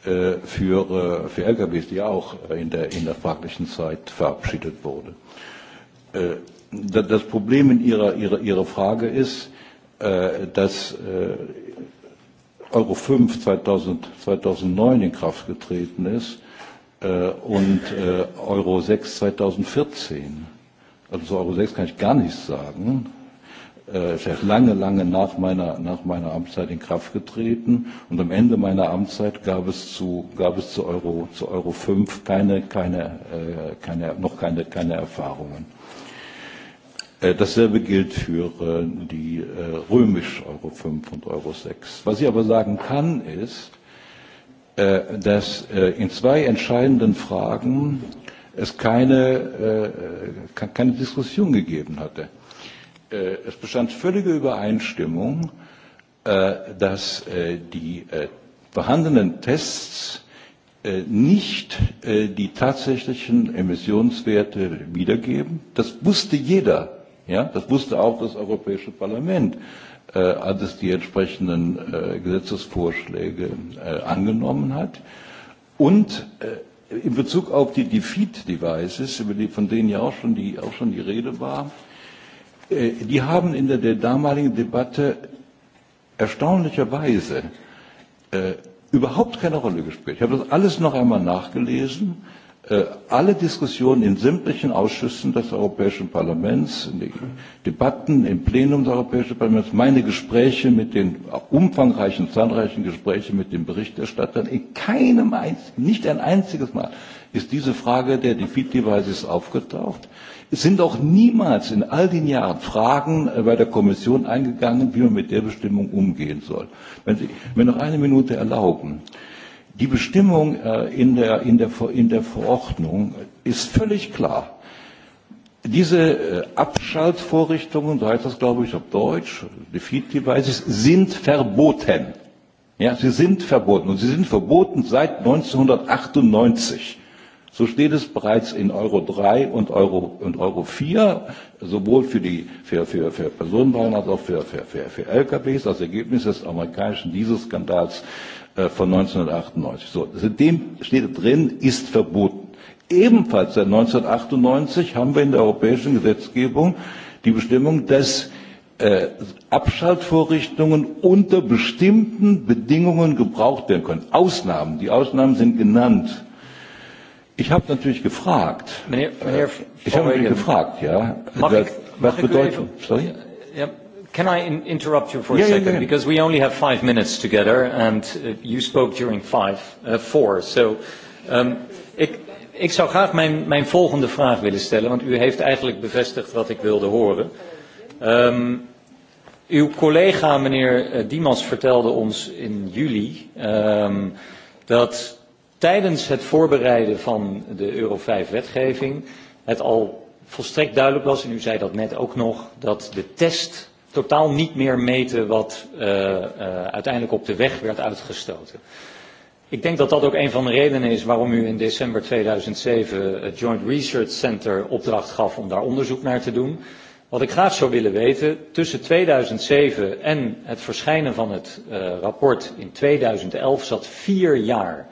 äh, für, für LKWs, die auch in der, in der fraglichen Zeit verabschiedet wurde. Das Problem in Ihrer, ihrer, ihrer Frage ist, dass Euro 5 2000, 2009 in Kraft getreten ist und Euro 6 2014 Also Euro 6 kann ich gar nichts sagen. Es äh, ist lange, lange nach meiner, nach meiner Amtszeit in Kraft getreten und am Ende meiner Amtszeit gab es zu, gab es zu Euro, zu Euro 5 keine, keine, äh, keine, noch keine, keine Erfahrungen. Äh, dasselbe gilt für die römisch Euro 5 und Euro 6. Was ich aber sagen kann, ist, dass in zwei entscheidenden Fragen es keine, äh, äh, keine Diskussion gegeben hatte. Äh, es bestand völlige Übereinstimmung, äh, dass äh, die äh, vorhandenen Tests äh, nicht äh, die tatsächlichen Emissionswerte wiedergeben. Das wusste jeder. Ja? Das wusste auch das Europäische Parlament, als es die entsprechenden Gesetzesvorschläge angenommen hat. Und in Bezug auf die Defeat-Devices, von denen ja auch schon die, auch schon die Rede war, äh, die haben in der, der damaligen Debatte erstaunlicherweise äh, überhaupt keine Rolle gespielt. Ich habe das alles noch einmal nachgelesen Äh, alle Diskussionen in sämtlichen Ausschüssen des Europäischen Parlaments, in den Debatten im Plenum des Europäischen Parlaments, meine Gespräche mit den umfangreichen, zahlreichen Gespräche mit den Berichterstattern, in keinem einzigen, nicht ein einziges Mal ist diese Frage der Defeat Devices aufgetaucht. Es sind auch niemals in all den Jahren Fragen äh, bei der Kommission eingegangen, wie man mit der Bestimmung umgehen soll. Wenn Sie mir noch eine Minute erlauben. Die Bestimmung äh, in der, in der, in der Verordnung ist völlig klar. Diese äh, Abschaltvorrichtungen, so heißt das glaube ich auf Deutsch, Defeat Devices, sind verboten. Ja, sie sind verboten und sie sind verboten seit 1998. So steht es bereits in Euro 3 und Euro, und Euro 4, sowohl für, die, für, für, für Personenwagen als auch für, für, für, für LKWs. Das Ergebnis des amerikanischen Dieselskandals skandals Äh, von 1998. So, dem steht drin, ist verboten. Ebenfalls seit 1998 haben wir in der europäischen Gesetzgebung die Bestimmung, dass äh, Abschaltvorrichtungen unter bestimmten Bedingungen gebraucht werden können. Ausnahmen, die Ausnahmen sind genannt. Ich habe natürlich gefragt. äh, ich habe natürlich gefragt, ja. was ich, bedeutet? Ich, sorry? Ja, Can I interrupt you for a second? Because we only have five minutes together, and uh, you spoke during five, uh, four. So, um, ik, ik zou graag mijn, mijn volgende vraag willen stellen, want u heeft eigenlijk bevestigd wat ik wilde horen. Ehm, uw collega, meneer eh, Dimas vertelde ons in juli ehm, dat tijdens het voorbereiden van de Euro 5 wetgeving het al volstrekt duidelijk was, en u zei dat net ook nog, dat de test totaal niet meer meten wat uh, uiteindelijk op de weg werd uitgestoten. Ik denk dat dat ook een van de redenen is waarom u in december 2007 het Joint Research Center opdracht gaf om daar onderzoek naar te doen. Wat ik graag zou willen weten, tussen 2007 en het verschijnen van het uh, rapport in 2011 zat vier jaar.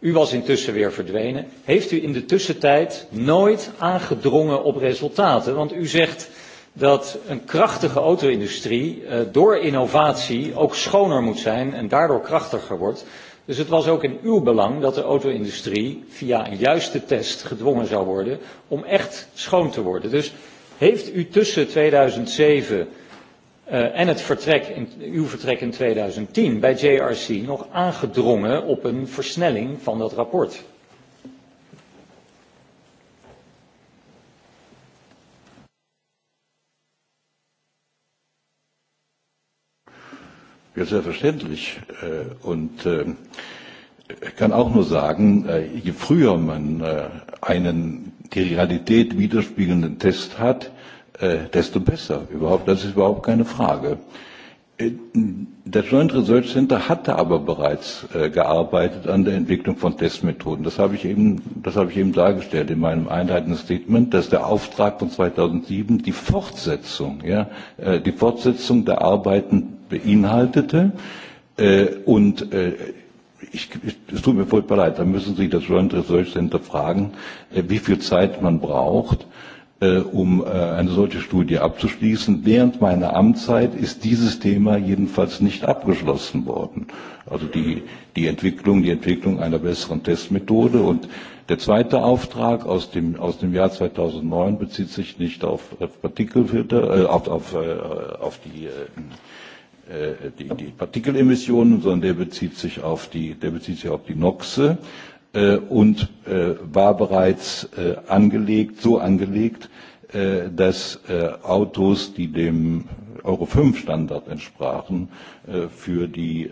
U was intussen weer verdwenen. Heeft u in de tussentijd nooit aangedrongen op resultaten? Want u zegt, dat een krachtige auto-industrie eh, door innovatie ook schoner moet zijn en daardoor krachtiger wordt. Dus het was ook in uw belang dat de auto-industrie via een juiste test gedwongen zou worden om echt schoon te worden. Dus heeft u tussen 2007 eh, en het vertrek in, uw vertrek in 2010 bij JRC nog aangedrongen op een versnelling van dat rapport? Ja, selbstverständlich. Äh, und äh, ich kann auch nur sagen, äh, je früher man einen die Realität widerspiegelnden Test hat, desto besser. Überhaupt, das ist überhaupt keine Frage. Das Joint Research Center hatte aber bereits gearbeitet an der Entwicklung von Testmethoden. Das habe ich eben, das habe ich eben dargestellt in meinem einleitenden Statement, dass der Auftrag von 2007 die Fortsetzung, ja, die Fortsetzung der Arbeiten beinhaltete. Äh, und äh, ich, es tut mir furchtbar leid, da müssen Sie das Joint Research Center fragen, äh, wie viel Zeit man braucht, um eine solche Studie abzuschließen. Während meiner Amtszeit ist dieses Thema jedenfalls nicht abgeschlossen worden. Also die, die Entwicklung, die Entwicklung einer besseren Testmethode. Und der zweite Auftrag aus dem, aus dem Jahr 2009 bezieht sich nicht auf Partikelfilter, äh, auf, auf, auf die äh, Äh, die, die Partikelemissionen, sondern der bezieht sich auf die, der bezieht sich auf die Noxe äh, und äh, war bereits angelegt, so angelegt, dass Autos, die dem Euro 5 Standard entsprachen, für, die,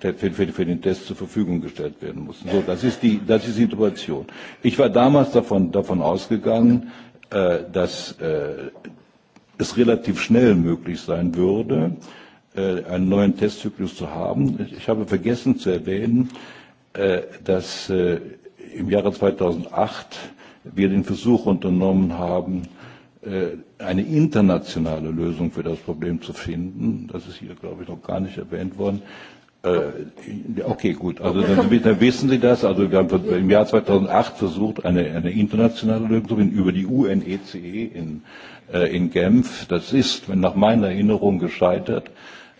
für, den Test zur Verfügung gestellt werden mussten. So, das ist die, das ist die Situation. Ich war damals davon, davon ausgegangen, dass es relativ schnell möglich sein würde, Äh, einen neuen Testzyklus zu haben. Ich habe vergessen zu erwähnen, äh, dass äh, im Jahre 2008 wir den Versuch unternommen haben, eine internationale Lösung für das Problem zu finden. Das ist hier, glaube ich, noch gar nicht erwähnt worden. Okay, gut. Also dann, wissen Sie das. Also wir haben im Jahr 2008 versucht, eine, eine internationale Lösung zu finden über die UNECE e in, in Genf. Das ist, wenn nach meiner Erinnerung, gescheitert.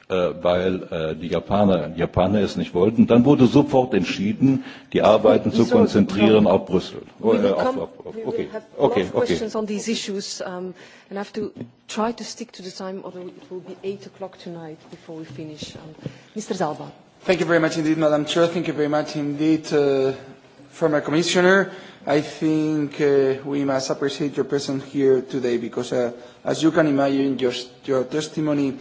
Äh, weil äh, die Japaner, Japaner es nicht wollten. Dann wurde sofort entschieden, die Arbeiten zu konzentrieren auf Brüssel. Oh, äh, okay, okay, okay. on these issues I um, have to try to stick to the time, it will be 8 o'clock tonight before we finish. Mr. Um, Zalba. Thank you very much indeed, Madam Chair. Thank you very much indeed, uh, former Commissioner. I think uh, we must appreciate your presence here today because, uh, as you can imagine, your, your testimony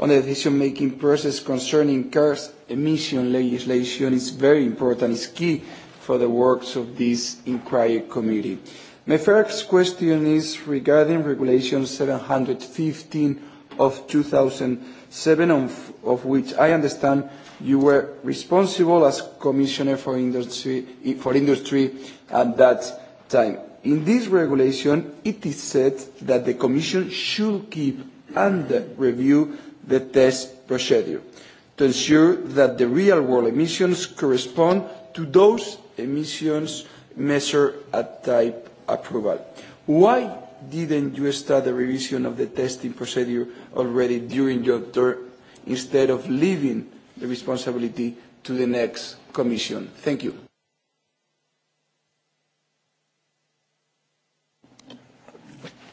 on the decision-making process concerning cars emission legislation is very important, is key for the works of this inquiry committee. My first question is regarding Regulation 715 of 2007, of, of which I understand you were responsible as Commissioner for Industry, for industry at that time. In this regulation, it is said that the Commission should keep under review the test procedure to ensure that the real world emissions correspond to those emissions measured at type approval. Why didn't you start the revision of the testing procedure already during your term instead of leaving the responsibility to the next commission? Thank you.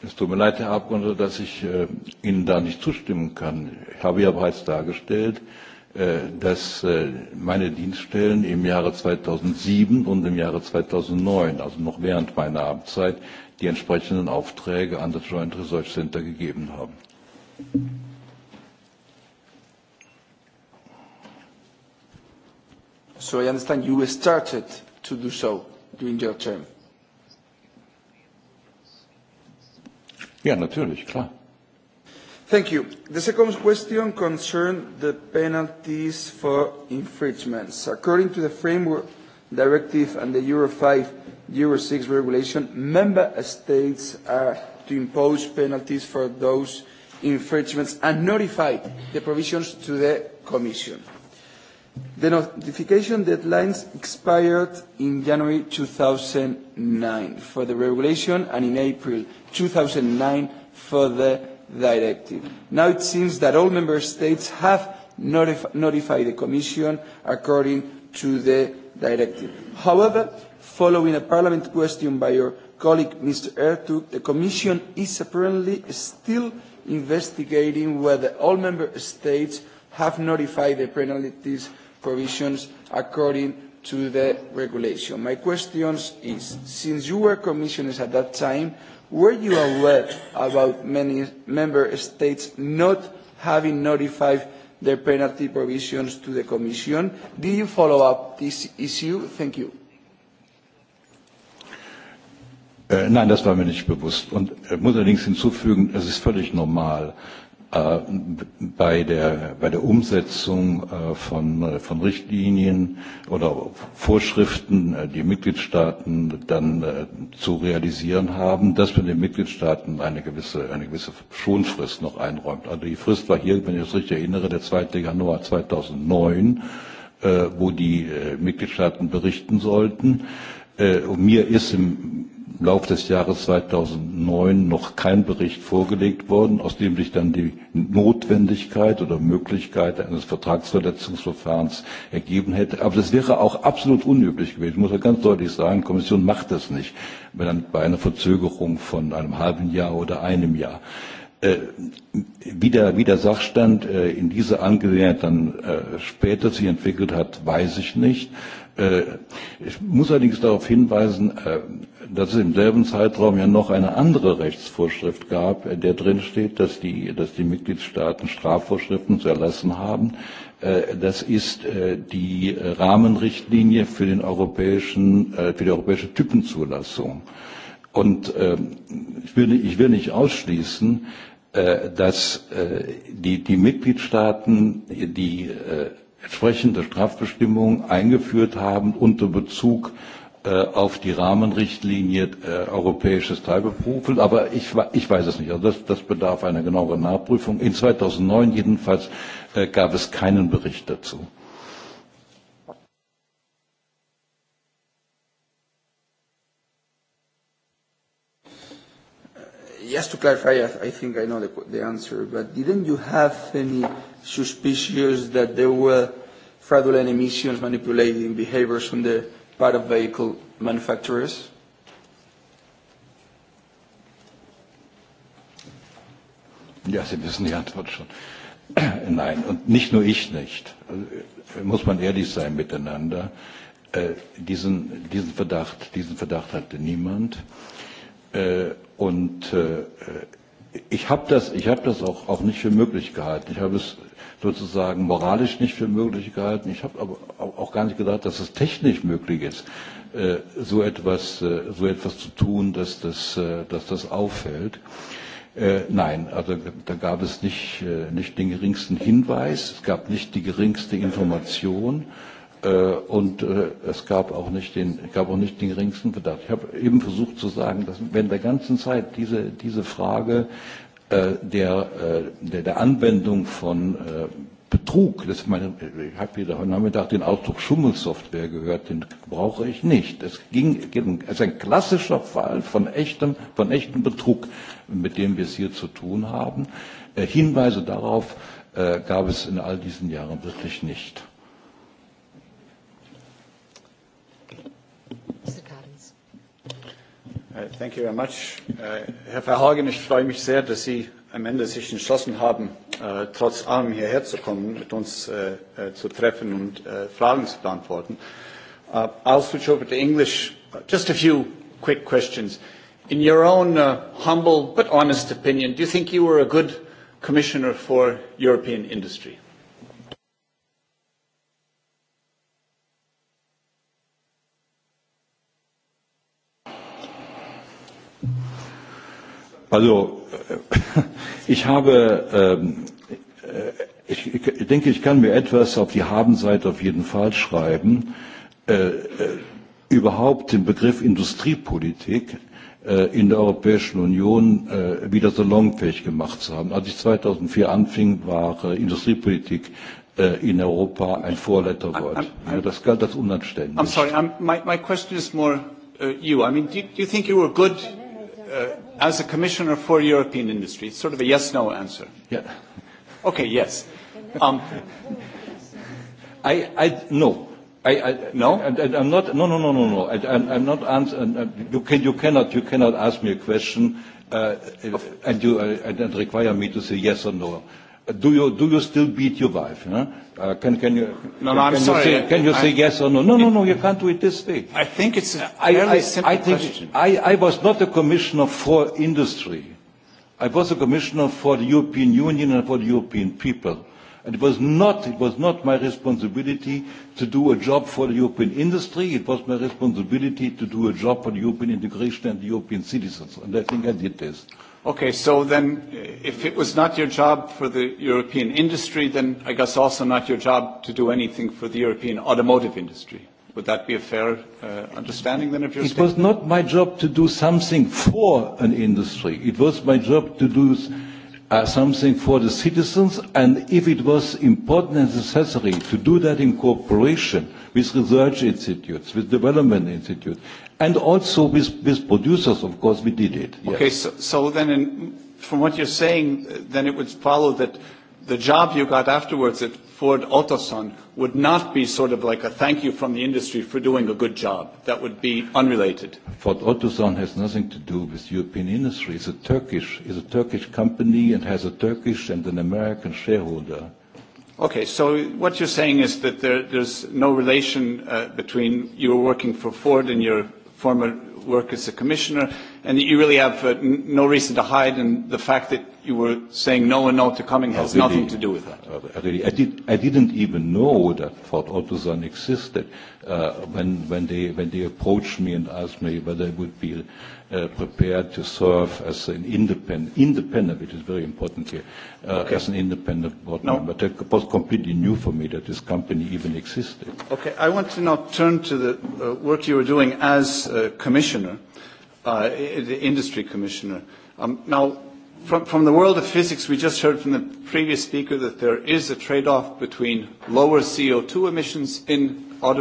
Es tut mir leid, Herr Abgeordneter, dass ich äh, Ihnen da nicht zustimmen kann. Ich habe ja bereits dargestellt, äh, dass äh, meine Dienststellen im Jahre 2007 und im Jahre 2009, also noch während meiner Amtszeit, die entsprechenden Aufträge an das Joint Research Center gegeben haben. So I understand you started to do so during your term. Ja, natürlich, klar. Thank you. The second question concerns the penalties for infringements. According to the framework directive and the Euro 5, Euro 6 regulation, member states are to impose penalties for those infringements and notify the provisions to the Commission. The notification deadlines expired in January 2009 for the regulation and in April 2009 for the directive. Now it seems that all member states have notif notified the Commission according to the directive. However, following a parliament question by your colleague Mr. Ertug, the Commission is apparently still investigating whether all member states have notified the penalties provisions according to the regulation. My question is, since you were commissioners at that time, were you aware about many member states not having notified their penalty provisions to the Commission? Did you follow up this issue? Thank you. Äh, nein, das war mir nicht bewusst. Und äh, muss allerdings hinzufügen, es ist völlig normal, Äh, bei, der, bei der Umsetzung äh, von, äh, von Richtlinien oder Vorschriften, die Mitgliedstaaten dann zu realisieren haben, dass man den Mitgliedstaaten eine gewisse, eine gewisse Schonfrist noch einräumt. Also die Frist war hier, wenn ich es richtig erinnere, der 2. Januar 2009, wo die Mitgliedstaaten berichten sollten. und mir ist im Laufe des Jahres 2009 noch kein Bericht vorgelegt worden, aus dem sich dann die Notwendigkeit oder Möglichkeit eines Vertragsverletzungsverfahrens ergeben hätte. Aber das wäre auch absolut unüblich gewesen. Ich muss ja ganz deutlich sagen, die Kommission macht das nicht wenn dann bei einer Verzögerung von einem halben Jahr oder einem Jahr. Äh, wie, der, wie der Sachstand äh, in dieser Angelegenheit dann äh, später sich entwickelt hat, weiß ich nicht. Äh, ich muss allerdings darauf hinweisen, äh, dass es im selben Zeitraum ja noch eine andere Rechtsvorschrift gab, in äh, der drin steht, dass die, dass die Mitgliedstaaten Strafvorschriften zu erlassen haben. Äh, das ist äh, die Rahmenrichtlinie für, den europäischen, für die europäische Typenzulassung. Und ähm, ich will, nicht, ich will nicht ausschließen, dass die, die Mitgliedstaaten die entsprechende Strafbestimmung eingeführt haben unter Bezug Äh, auf die Rahmenrichtlinie äh, europäisches Teilbeprüfen, aber ich, ich weiß es nicht. Also das, bedarf einer genaueren Nachprüfung. In 2009 jedenfalls äh, gab es keinen Bericht dazu. Just to clarify, I think I know the, the answer, but didn't you have any suspicions that there were fraudulent emissions manipulating behaviors on the part of vehicle manufacturers? Ja, Sie wissen die Antwort schon. [CLEARS THROAT] Nein, und nicht nur ich nicht. Also, muss man ehrlich sein miteinander. Äh, diesen, diesen, Verdacht, diesen Verdacht hatte niemand. Äh, und äh, Ich habe das, ich hab das auch, auch nicht für möglich gehalten. Ich habe es sozusagen moralisch nicht für möglich gehalten. Ich habe aber auch gar nicht gedacht, dass es technisch möglich ist, äh, so etwas, äh, so etwas zu tun, dass das, äh, dass das auffällt. Nein, also da gab es nicht, nicht den geringsten Hinweis, es gab nicht die geringste Information. Äh, und äh, es gab auch nicht den, gab auch nicht den geringsten Verdacht. Ich habe eben versucht zu sagen, dass wenn der ganzen Zeit diese, diese Frage äh, der, der, der Anwendung von Betrug, das meine, ich habe wieder heute Nachmittag den Ausdruck Schummelsoftware gehört, den brauche ich nicht. Es ging, es ist ein klassischer Fall von echtem, von echtem Betrug, mit dem wir es hier zu tun haben. Hinweise darauf gab es in all diesen Jahren wirklich nicht. Thank you very much. Uh, Herr Verhagen, ich freue mich sehr, dass Sie am Ende sich entschlossen haben, äh, trotz allem hierher zu kommen, mit uns äh, äh, zu treffen und Fragen zu beantworten. Uh, I'll switch over to English. Just a few quick questions. In your own uh, humble but honest opinion, do you think you were a good commissioner for European industry? Also, äh, [LAUGHS] ich habe, ähm, äh, ich denke, ich kann mir etwas auf die Habenseite auf jeden Fall schreiben. Äh, überhaupt den Begriff Industriepolitik in der Europäischen Union wieder salonfähig gemacht zu haben. Als ich 2004 anfing, war Industriepolitik in Europa ein Vorletterwort. Ja, das galt als unanständig. I'm sorry, I'm, my, my question is more uh, you. I mean, do, you think you were good... Uh, as a commissioner for European industry, it's sort of a yes-no answer. Yeah. Okay, yes. Um, I, I, no. I, I, no? I, I, I'm not, no, no, no, no, no. I, I'm, I'm not answering. Uh, uh, you, can, you, cannot, you cannot ask me a question uh, and you uh, and require me to say yes or no do you do you still beat your wife? Huh? Uh, can can you can You say, can you I, say yes or no? No, no, no. You can't do it this way. I think it's a I, I, simple I think question. I, I was not a commissioner for industry. I was a commissioner for the European Union and for the European people. And it was not it was not my responsibility to do a job for the European industry. It was my responsibility to do a job for the European integration and the European citizens. And I think I did this. Okay, so then if it was not your job for the European industry, then I guess also not your job to do anything for the European automotive industry. Would that be a fair uh, understanding then of your It statement? was not my job to do something for an industry. It was my job to do uh, something for the citizens, and if it was important and necessary to do that in cooperation with research institutes, with development institutes, and also with, with producers, of course, we did it. Okay, so, then from what you're saying, then it would follow that the job you got afterwards at Ford Autoson would not be sort of like a thank you from the industry for doing a good job. That would be unrelated. Ford Autoson has nothing to do with European industry. It's a Turkish, it's a Turkish company and has a Turkish and an American shareholder. Okay, so what you're saying is that there, there's no relation uh, between you working for Ford and your former work as a commissioner and that you really have uh, no reason to hide, and the fact that you were saying no and no to coming has nothing to do with that. Uh, I, did, I didn't even know that Fort existed uh, when, when, they, when they approached me and asked me whether I would be uh, prepared to serve as an independent, independent, which is very important here, uh, as an independent board no. member. That was completely new for me that this company even existed. Okay, I want to now turn to the uh, work you were doing as uh, commissioner. Uh, the industry commissioner. Um, now, from, from the world of physics, we just heard from the previous speaker that there is a trade-off between lower CO2 emissions in uh,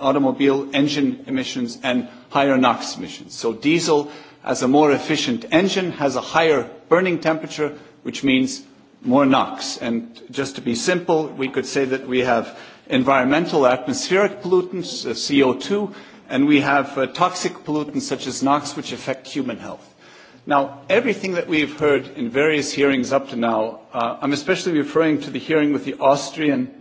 automobile, engine emissions and higher NOx emissions. So diesel, as a more efficient engine, has a higher burning temperature, which means more NOx. And just to be simple, we could say that we have environmental atmospheric pollutants, uh, CO2, and we have uh, toxic pollutants such as NOx which affect human health. Now, everything that we've heard in various hearings up to now, uh, I'm especially referring to the hearing with the Austrian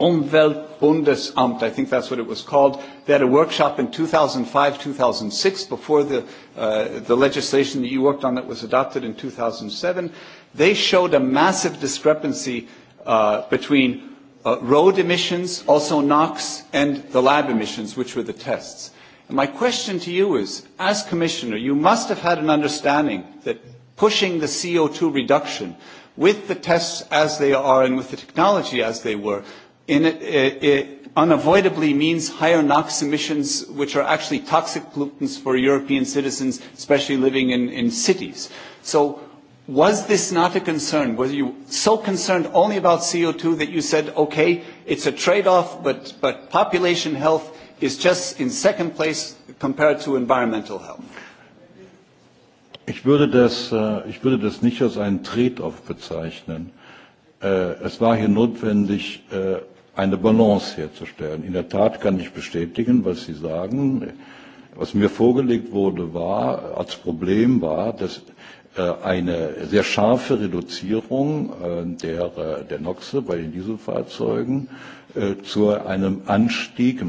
Umweltbundesamt, I think that's what it was called. They had a workshop in 2005, 2006, before the, uh, the legislation that you worked on that was adopted in 2007. They showed a massive discrepancy uh, between Uh, road emissions, also NOx, and the lab emissions, which were the tests. And my question to you is, as Commissioner, you must have had an understanding that pushing the CO2 reduction with the tests as they are and with the technology as they were, in unavoidably means higher NOx emissions, which are actually toxic pollutants for European citizens, especially living in, in cities. So was this not a concern? Were you so concerned only about CO2 that you said, okay, it's a trade-off, but, but population health is just in second place compared to environmental health? Ich würde das, äh, ich würde das nicht als einen Trade-off bezeichnen. Äh, es war hier notwendig, äh, eine Balance herzustellen. In der Tat kann ich bestätigen, was Sie sagen. Was mir vorgelegt wurde, war, als Problem war, dass Äh, eine sehr scharfe Reduzierung äh, der, äh, der Noxe bei den Dieselfahrzeugen zu einem Anstieg,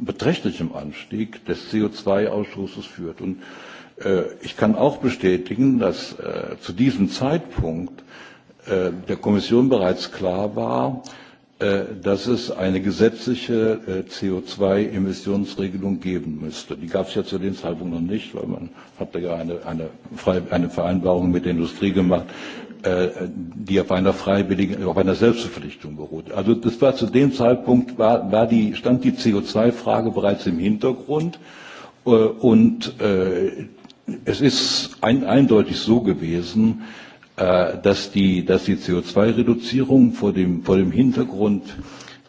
beträchtlichem Anstieg des CO2-Ausstoßes führt. Und ich kann auch bestätigen, dass zu diesem Zeitpunkt der Kommission bereits klar war, Äh, dass es eine gesetzliche äh, CO2-Emissionsregelung geben müsste. Die gab es ja zu dem Zeitpunkt noch nicht, weil man hatte ja eine, eine, eine Vereinbarung mit der Industrie gemacht, äh, die auf einer freiwilligen, auf einer Selbstverpflichtung beruht. Also das war zu dem Zeitpunkt, war, war die, stand die CO2-Frage bereits im Hintergrund und es ist eindeutig so gewesen, Äh, dass die, dass die CO2-Reduzierung vor dem, vor dem Hintergrund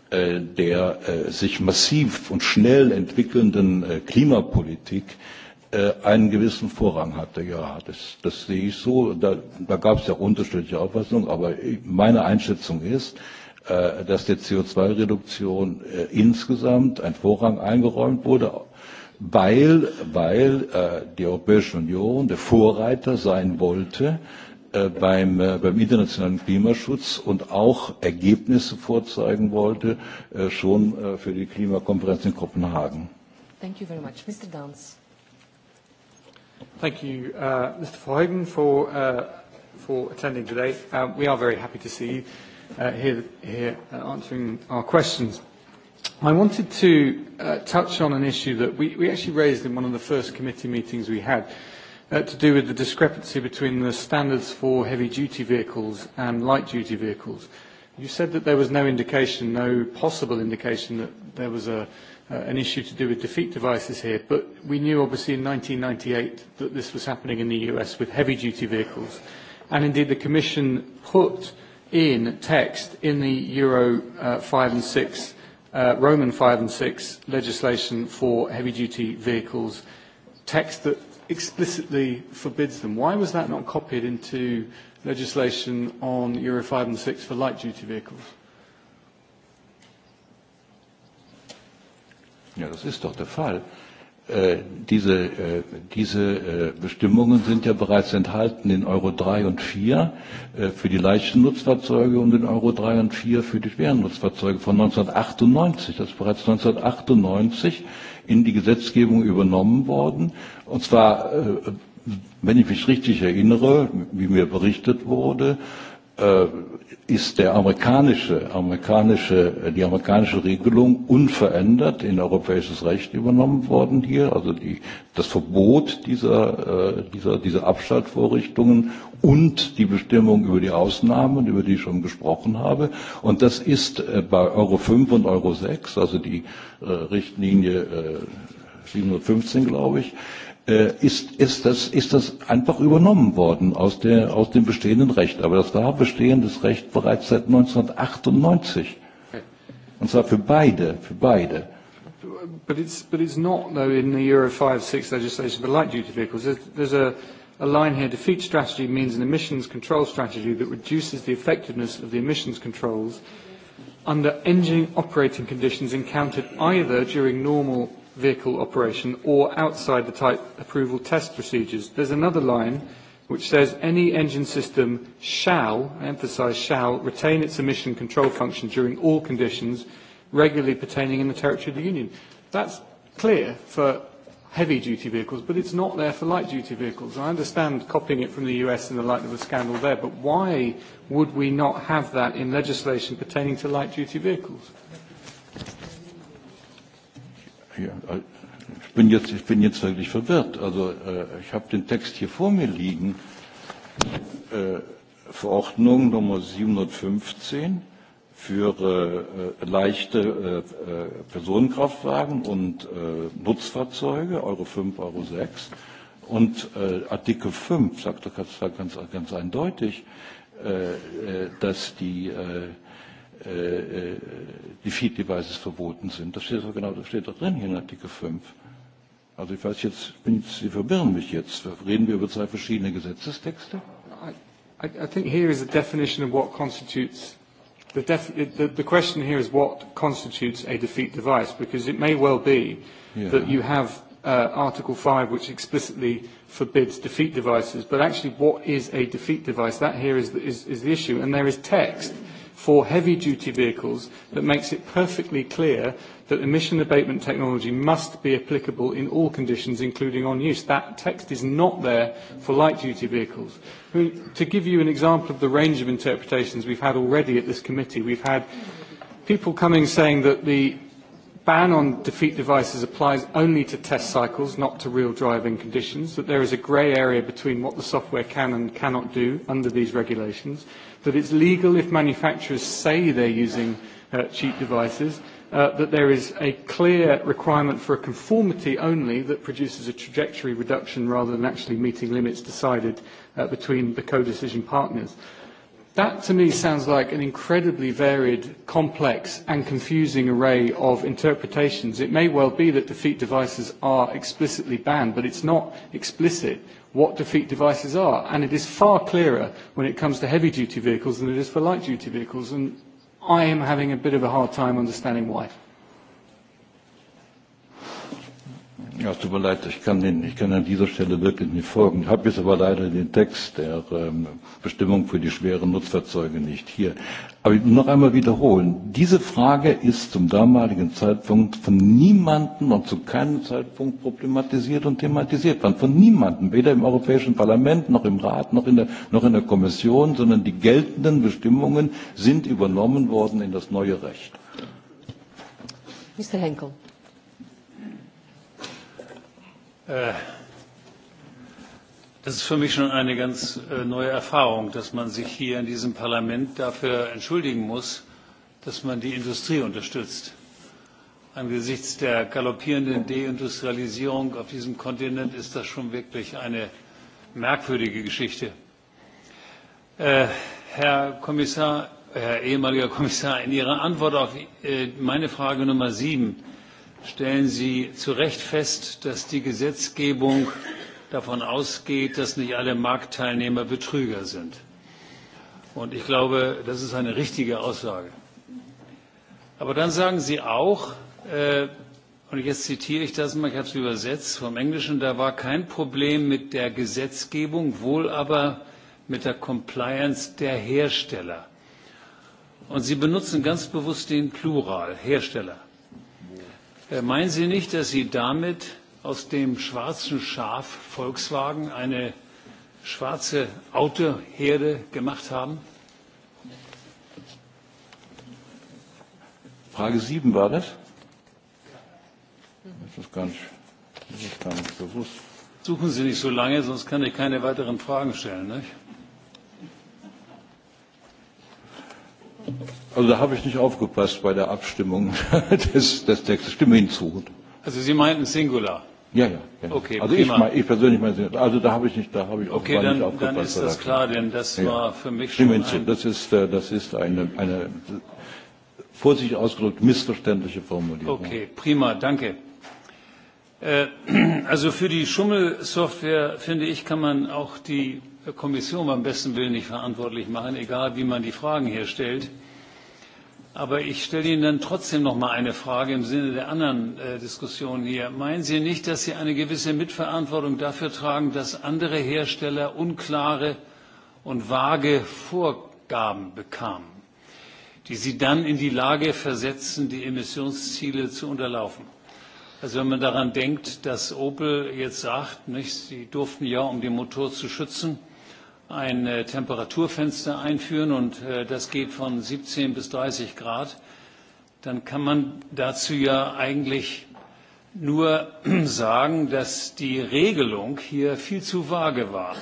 äh, der äh, sich massiv und schnell entwickelnden Klimapolitik einen gewissen Vorrang hatte. Ja, das, das sehe ich so. Da, da gab es ja unterschiedliche Auffassungen, aber meine Einschätzung ist, dass der CO2-Reduktion insgesamt ein Vorrang eingeräumt wurde, weil, weil die Europäische Union der Vorreiter sein wollte, Äh, beim, äh, beim internationalen Klimaschutz und auch Ergebnisse vorzeigen wollte, äh, schon für die Klimakonferenz in Kopenhagen. Thank you very much. Mr. Dance. Thank you, uh, Mr. Verheugen, for, uh, for attending today. Uh, we are very happy to see you uh, here, here uh, answering our questions. I wanted to uh, touch on an issue that we, we actually raised in one of the first committee meetings we had, Uh, to do with the discrepancy between the standards for heavy-duty vehicles and light-duty vehicles. You said that there was no indication, no possible indication that there was a, uh, an issue to do with defeat devices here, but we knew obviously in 1998 that this was happening in the US with heavy-duty vehicles. And indeed the Commission put in text in the Euro 5 uh, and 6, Roman 5 and 6 legislation for heavy-duty vehicles, text that explicitly forbids them. Why was that not copied into legislation on Euro 5 and 6 for light-duty vehicles? Ja, das ist doch der Fall. Äh, diese, äh, diese äh, Bestimmungen sind ja bereits enthalten in Euro 3 und 4 äh, für die leichten Nutzfahrzeuge und in Euro 3 und 4 für die schweren Nutzfahrzeuge von 1998. Das ist bereits 1998 in die Gesetzgebung übernommen worden Und zwar, äh, wenn ich mich richtig erinnere, wie mir berichtet wurde, äh, ist der amerikanische, amerikanische, die amerikanische Regelung unverändert in europäisches Recht übernommen worden hier, also die, das Verbot dieser, äh, dieser, dieser Abschaltvorrichtungen und die Bestimmung über die Ausnahmen, über die ich schon gesprochen habe. Und das ist bei Euro 5 und Euro 6, also die Richtlinie 715, glaube ich, Äh, ist, ist, das, ist das einfach übernommen worden aus, der, aus dem bestehenden Recht. Aber das war bestehendes Recht bereits seit 1998. Und zwar für beide, für beide. But it's, but it's not, though, in the Euro 5, 6 legislation for light-duty vehicles. There's, there's a, a line here, defeat strategy means an emissions control strategy that reduces the effectiveness of the emissions controls under engine operating conditions encountered either during normal vehicle operation or outside the type approval test procedures. There's another line which says any engine system shall, I emphasise shall, retain its emission control function during all conditions regularly pertaining in the territory of the Union. That's clear for heavy duty vehicles, but it's not there for light duty vehicles. I understand copying it from the US in the light of the scandal there, but why would we not have that in legislation pertaining to light duty vehicles? Ja, ich bin jetzt, ich bin jetzt wirklich verwirrt. Also äh, ich habe den Text hier vor mir liegen. Äh, Verordnung Nummer 715 für äh, äh leichte äh, äh, Personenkraftwagen und äh, Nutzfahrzeuge, Euro 5, Euro 6. Und äh, Artikel 5 sagt doch ganz, ganz, ganz eindeutig, äh, äh dass die äh, Äh, äh, die defeat Devices verboten sind. Das steht doch genau, das steht doch drin hier in Artikel 5. Also ich weiß jetzt, bin ich, Sie verwirren mich jetzt. Reden wir über zwei verschiedene Gesetzestexte? I, I think here is a definition of what constitutes the, def, the, the question here is what constitutes a defeat device because it may well be yeah. that you have uh, Article 5 which explicitly forbids defeat devices but actually what is a defeat device? That here is, the is, is the issue and there is text for heavy-duty vehicles that makes it perfectly clear that emission abatement technology must be applicable in all conditions, including on use. That text is not there for light-duty vehicles. I mean, to give you an example of the range of interpretations we've had already at this committee, we've had people coming saying that the ban on defeat devices applies only to test cycles, not to real driving conditions, that there is a grey area between what the software can and cannot do under these regulations that it's legal if manufacturers say they're using uh, cheap devices, uh, that there is a clear requirement for a conformity only that produces a trajectory reduction rather than actually meeting limits decided uh, between the co-decision partners. That to me sounds like an incredibly varied, complex and confusing array of interpretations. It may well be that defeat devices are explicitly banned, but it's not explicit what defeat devices are. And it is far clearer when it comes to heavy-duty vehicles than it is for light-duty vehicles. And I am having a bit of a hard time understanding why. Ja, tut mir leid, ich kann, den, ich kann an dieser Stelle wirklich nicht folgen. Ich habe jetzt aber leider den Text der ähm, Bestimmung für die schweren Nutzfahrzeuge nicht hier. Aber ich will noch einmal wiederholen, diese Frage ist zum damaligen Zeitpunkt von niemandem und zu keinem Zeitpunkt problematisiert und thematisiert worden. Von niemandem, weder im Europäischen Parlament, noch im Rat, noch in, der, noch in der Kommission, sondern die geltenden Bestimmungen sind übernommen worden in das neue Recht. Mr. Henkel. Äh, das ist für mich schon eine ganz äh, neue Erfahrung, dass man sich hier in diesem Parlament dafür entschuldigen muss, dass man die Industrie unterstützt. Angesichts der galoppierenden Deindustrialisierung auf diesem Kontinent ist das schon wirklich eine merkwürdige Geschichte. Äh, Herr Kommissar, Herr ehemaliger Kommissar, in Ihrer Antwort auf meine Frage Nummer sieben stellen Sie zu Recht fest, dass die Gesetzgebung davon ausgeht, dass nicht alle Marktteilnehmer Betrüger sind. Und ich glaube, das ist eine richtige Aussage. Aber dann sagen Sie auch, äh, und jetzt zitiere ich das mal, ich habe es übersetzt vom Englischen, da war kein Problem mit der Gesetzgebung, wohl aber mit der Compliance der Hersteller. Und Sie benutzen ganz bewusst den Plural, Hersteller. Äh, meinen Sie nicht, dass Sie damit aus dem schwarzen Schaf Volkswagen eine schwarze Autoherde gemacht haben? Frage 7 war das? Das ist gar nicht, das ist gar nicht bewusst. Suchen Sie nicht so lange, sonst kann ich keine weiteren Fragen stellen. Nicht? Also da habe ich nicht aufgepasst bei der Abstimmung [LAUGHS] des, des Textes. Stimme hinzu. Also Sie meinten Singular. Ja, ja. ja. Okay, also ich, mein, ich persönlich meine, also da habe ich nicht, da habe ich okay, dann, nicht aufgepasst. Dann ist das klar, denn das ja. war für mich Stimme schon hinzu. Das ist, äh, das ist eine, eine vorsichtig ausgedrückt missverständliche Formulierung. Okay, prima, danke. Äh, [CLEARS THROAT] also für die Schummelsoftware, finde ich, kann man auch die Kommission beim besten Willen nicht verantwortlich machen, egal wie man die Fragen hier stellt. Aber ich stelle Ihnen dann trotzdem noch mal eine Frage im Sinne der anderen äh, Diskussion hier. Meinen Sie nicht, dass Sie eine gewisse Mitverantwortung dafür tragen, dass andere Hersteller unklare und vage Vorgaben bekamen, die sie dann in die Lage versetzen, die Emissionsziele zu unterlaufen? Also wenn man daran denkt, dass Opel jetzt sagt, nicht, sie durften ja, um den Motor zu schützen, ein äh, Temperaturfenster einführen und äh, das geht von 17 bis 30 Grad, dann kann man dazu ja eigentlich nur [CLEARS THROAT] sagen, dass die Regelung hier viel zu vage war.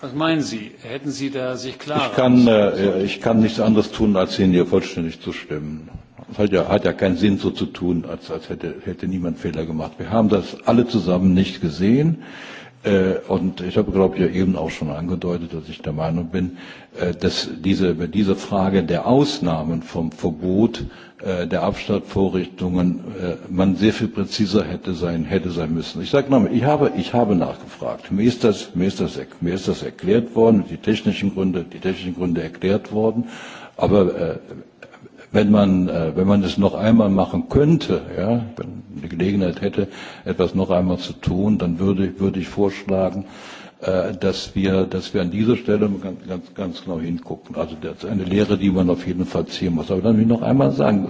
Was meinen Sie? Hätten Sie da sich klar? Ich kann, äh, ich kann nichts anderes tun, als Ihnen hier vollständig zu stimmen. Es hat ja, hat ja keinen Sinn, so zu tun, als, als hätte, hätte niemand Fehler gemacht. Wir haben das alle zusammen nicht gesehen. Äh, und ich habe, glaube ich, ja eben auch schon angedeutet, dass ich der Meinung bin, äh, dass diese, über diese Frage der Ausnahmen vom Verbot äh, der Abstandvorrichtungen man sehr viel präziser hätte sein, hätte sein müssen. Ich sage nochmal, ich habe, ich habe nachgefragt. Mir ist, das, mir, ist das, mir ist das erklärt worden, die technischen Gründe, die technischen Gründe erklärt worden. Aber wenn man, äh, wenn man es noch einmal machen könnte, ja, wenn die Gelegenheit hätte, etwas noch einmal zu tun, dann würde, würde ich vorschlagen, äh, dass wir, dass wir an dieser Stelle ganz, ganz, ganz genau hingucken. Also das ist eine Lehre, die man auf jeden Fall ziehen muss. Aber dann will ich noch einmal sagen,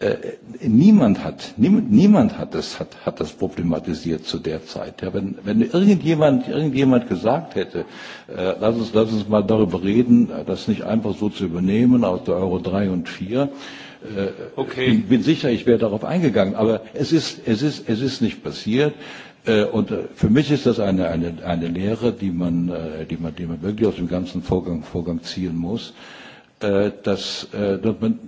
Äh, niemand hat, niemand hat das, hat, hat das problematisiert zu der Zeit. Ja, wenn, wenn irgendjemand, irgendjemand gesagt hätte, äh, lass, uns, lass uns mal darüber reden, äh, das nicht einfach so zu übernehmen aus der Euro 3 und 4, äh, okay. ich bin sicher, ich wäre darauf eingegangen. Aber es ist, es ist, es ist nicht passiert. Äh, und für mich ist das eine, eine, eine Lehre, die man, die, man, die man wirklich aus dem ganzen Vorgang, Vorgang ziehen muss, dass, dass man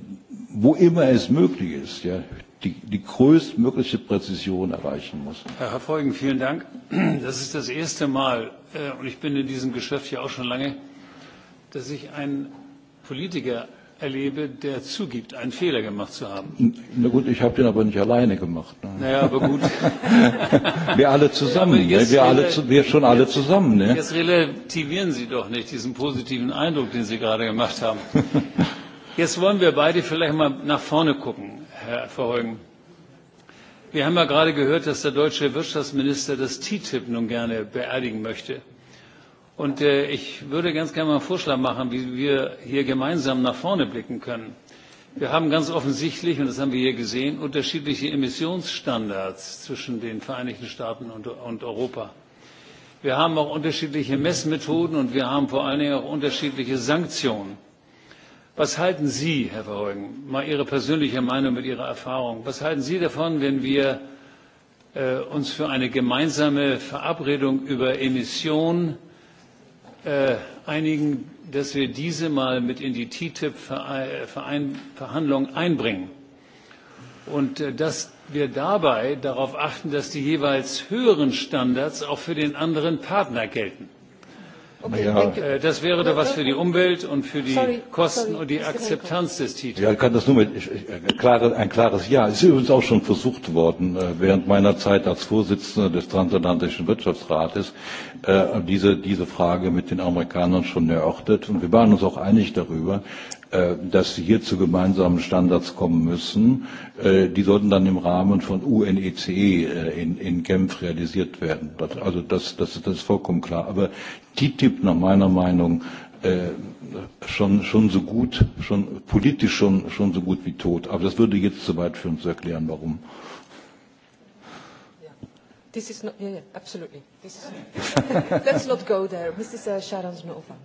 wo immer es möglich ist, ja, die, die größtmögliche Präzision erreichen muss. Herr Verfolgen, vielen Dank. Das ist das erste Mal, äh, und ich bin in diesem Geschäft ja auch schon lange, dass ich einen Politiker erlebe, der zugibt, einen Fehler gemacht zu haben. Na gut, ich habe den aber nicht alleine gemacht. Ne? Naja, aber gut. [LAUGHS] wir alle zusammen, ja, wir, alle, wir schon alle zusammen. Ne? Jetzt relativieren Sie doch nicht diesen positiven Eindruck, den Sie gerade gemacht haben. [LAUGHS] Jetzt wollen wir beide vielleicht mal nach vorne gucken, Herr Verheugen. Wir haben ja gerade gehört, dass der deutsche Wirtschaftsminister das TTIP nun gerne beerdigen möchte. Und äh, ich würde ganz gerne mal einen Vorschlag machen, wie wir hier gemeinsam nach vorne blicken können. Wir haben ganz offensichtlich, und das haben wir hier gesehen, unterschiedliche Emissionsstandards zwischen den Vereinigten Staaten und, und Europa. Wir haben auch unterschiedliche Messmethoden und wir haben vor allen Dingen auch unterschiedliche Sanktionen. Was halten Sie, Herr Verheugen, mal Ihre persönliche Meinung mit Ihrer Erfahrung, was halten Sie davon, wenn wir äh, uns für eine gemeinsame Verabredung über Emissionen äh, einigen, dass wir diese mal mit in die TTIP-Verhandlungen äh, einbringen und äh, dass wir dabei darauf achten, dass die jeweils höheren Standards auch für den anderen Partner gelten? Äh, das wäre doch was für die Umwelt und für die Kosten und die Akzeptanz des Titels. Ja, ich kann das nur mit ein klares Ja. Ist übrigens auch schon versucht worden, äh, während meiner Zeit als Vorsitzender des Transatlantischen Wirtschaftsrates, äh, diese, diese Frage mit den Amerikanern schon erörtert. Und wir waren uns auch einig darüber, Äh, dass sie hier zu gemeinsamen Standards kommen müssen. Äh, die sollten dann im Rahmen von UNECE äh, in, in Genf realisiert werden. Das, also das, das, das ist vollkommen klar. Aber TTIP nach meiner Meinung schon, schon so gut, schon politisch schon, schon so gut wie tot. Aber das würde jetzt zu weit führen zu erklären, warum. This is not, yeah, yeah, absolutely. This is, [LAUGHS] let's not go there. Mrs. Sharon Nova.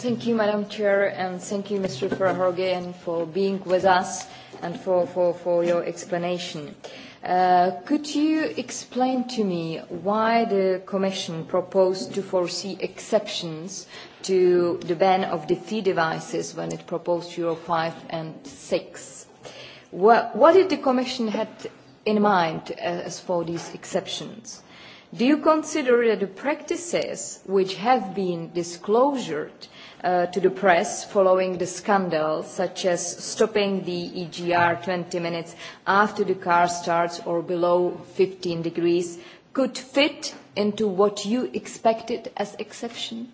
Thank you, Madam Chair, and thank you, Mr. Verhorgen, for being with us and for, for, for your explanation. Uh, could you explain to me why the Commission proposed to foresee exceptions to the ban of the fee devices when it proposed Euro 5 and 6? What, what did the Commission had in mind uh, as for these exceptions? Do you consider that the practices which have been disclosed Uh, to the press following the scandal, such as stopping the EGR 20 minutes after the car starts or below 15 degrees, could fit into what you expected as exception?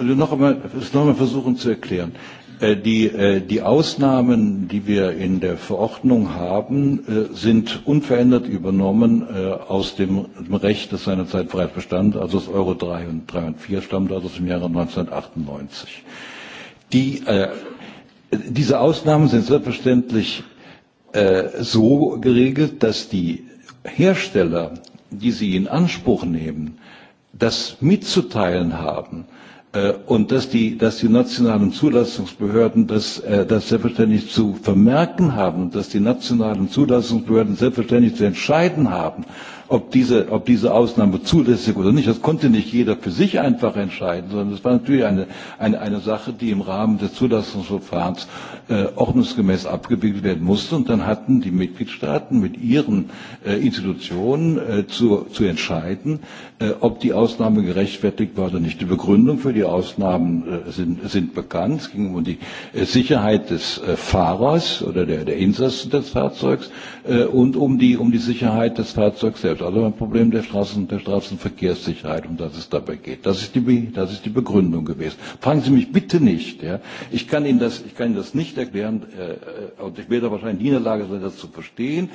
noch versuchen zu erklären. Äh, die, äh, die Ausnahmen, die wir in der Verordnung haben, äh, sind unverändert übernommen aus dem Recht, das seinerzeit frei bestand, also das Euro 3 und 3 und 4 stammt aus dem Jahre 1998. Die, diese Ausnahmen sind selbstverständlich so geregelt, dass die Hersteller, die sie in Anspruch nehmen, das mitzuteilen haben, Äh, und dass die, dass die nationalen Zulassungsbehörden das, äh, das selbstverständlich zu vermerken haben dass die nationalen Zulassungsbehörden selbstverständlich zu entscheiden haben, ob diese, ob diese Ausnahme zulässig oder nicht. Das konnte nicht jeder für sich einfach entscheiden, sondern es war natürlich eine, eine, eine Sache, die im Rahmen des Zulassungsverfahrens äh, ordnungsgemäß abgewickelt werden musste. Und dann hatten die Mitgliedstaaten mit ihren äh, Institutionen äh, zu, zu entscheiden, ob die Ausnahme gerechtfertigt war oder nicht. Die Begründung für die Ausnahmen sind, sind bekannt. Es ging um die Sicherheit des Fahrers oder der, der Insassen des Fahrzeugs und um die, um die Sicherheit des Fahrzeugs selbst. Also alle ein Problem der Straßen, der Straßenverkehrssicherheit, um das es dabei geht. Das ist die, das ist die Begründung gewesen. Fragen Sie mich bitte nicht, ja. Ich kann Ihnen das, ich kann Ihnen das nicht erklären, äh, und ich werde wahrscheinlich nie in der Lage sein, das zu verstehen.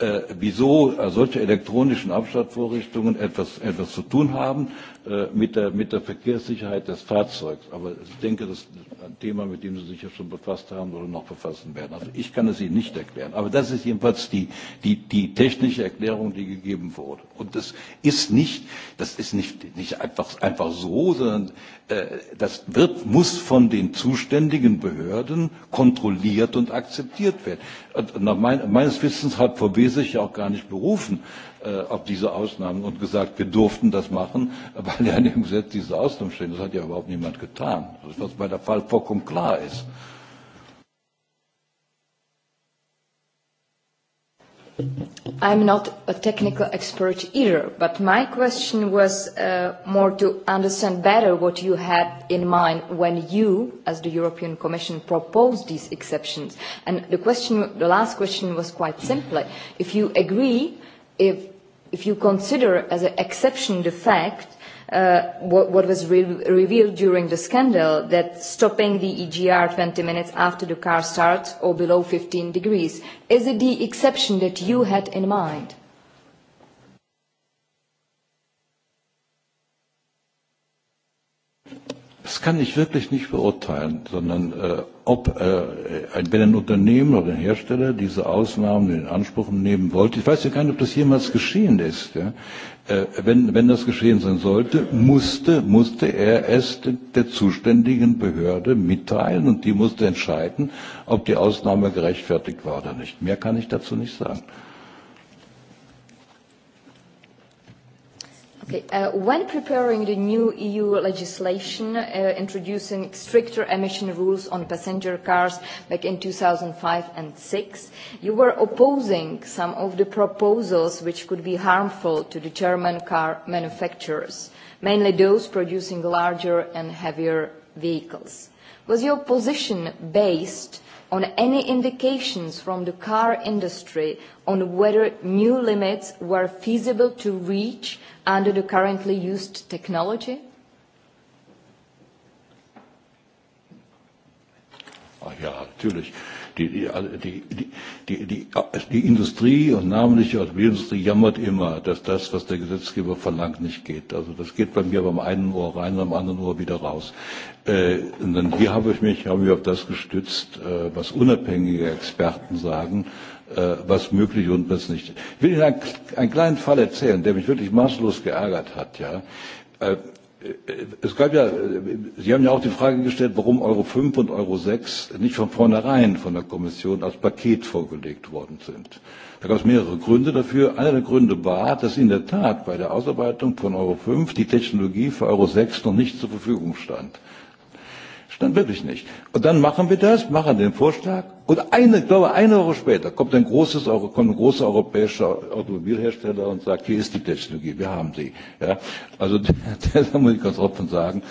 Äh, wieso solche elektronischen Abstandsvorrichtungen etwas, etwas zu tun haben Äh, mit der, mit der Verkehrssicherheit des Fahrzeugs. Aber ich denke, das ist ein Thema, mit dem Sie sich ja schon befasst haben oder noch befassen werden. Also ich kann es Ihnen nicht erklären. Aber das ist jedenfalls die, die, die technische Erklärung, die gegeben wurde. Und das ist nicht, das ist nicht, nicht einfach, einfach so, sondern äh, das wird, muss von den zuständigen Behörden kontrolliert und akzeptiert werden. Und nach mein, meines Wissens hat VW sich ja auch gar nicht berufen Äh, auf diese Ausnahmen und gesagt, wir durften das machen, [LAUGHS] weil ja in dem Gesetz diese Ausnahmen stehen. Das hat ja überhaupt niemand getan, was bei der Fall vollkommen klar ist. I'm not a technical expert either, but my question was uh, more to understand better what you had in mind when you, as the European Commission, proposed these exceptions. And the, question, the last question was quite simply, if you agree if if you consider as an exception the fact uh, what, was revealed during the scandal that stopping the EGR 20 minutes after the car starts or below 15 degrees, is it the exception that you had in mind? Das kann ich wirklich nicht beurteilen, sondern äh, ob äh, wenn ein Unternehmen oder ein Hersteller diese Ausnahmen in Anspruch nehmen wollte, ich weiß ja gar nicht, ob das jemals geschehen ist. Ja? Äh, wenn, wenn das geschehen sein sollte, musste, musste er es der zuständigen Behörde mitteilen und die musste entscheiden, ob die Ausnahme gerechtfertigt war oder nicht. Mehr kann ich dazu nicht sagen. Uh, when preparing the new EU legislation uh, introducing stricter emission rules on passenger cars back in 2005 and 2006, you were opposing some of the proposals which could be harmful to the German car manufacturers, mainly those producing larger and heavier vehicles. Was your position based on any indications from the car industry on whether new limits were feasible to reach under the currently used technology? ja, natürlich. Die, die, die, die, die, die Industrie und namentlich die Automobilindustrie jammert immer, dass das, was der Gesetzgeber verlangt, nicht geht. Also das geht bei mir beim einen Ohr rein und am anderen Ohr wieder raus. Äh, und dann hier habe ich mich habe ich auf das gestützt, äh, was unabhängige Experten sagen, äh, was möglich und was nicht. Ich will Ihnen einen, einen kleinen Fall erzählen, der mich wirklich maßlos geärgert hat. Ja? es gab ja, Sie haben ja auch die Frage gestellt, warum Euro 5 und Euro 6 nicht von vornherein von der Kommission als Paket vorgelegt worden sind. Da gab es mehrere Gründe dafür. Einer der Gründe war, dass in der Tat bei der Ausarbeitung von Euro 5 die Technologie für Euro 6 noch nicht zur Verfügung stand. Dann wirklich nicht. Und dann machen wir das, machen den Vorschlag und eine, ich glaube, eine Woche später kommt ein, großes, kommt ein großer europäischer Automobilhersteller und sagt, hier ist die Technologie, wir haben sie. Ja? Also [LAUGHS] da muss ich ganz offen sagen,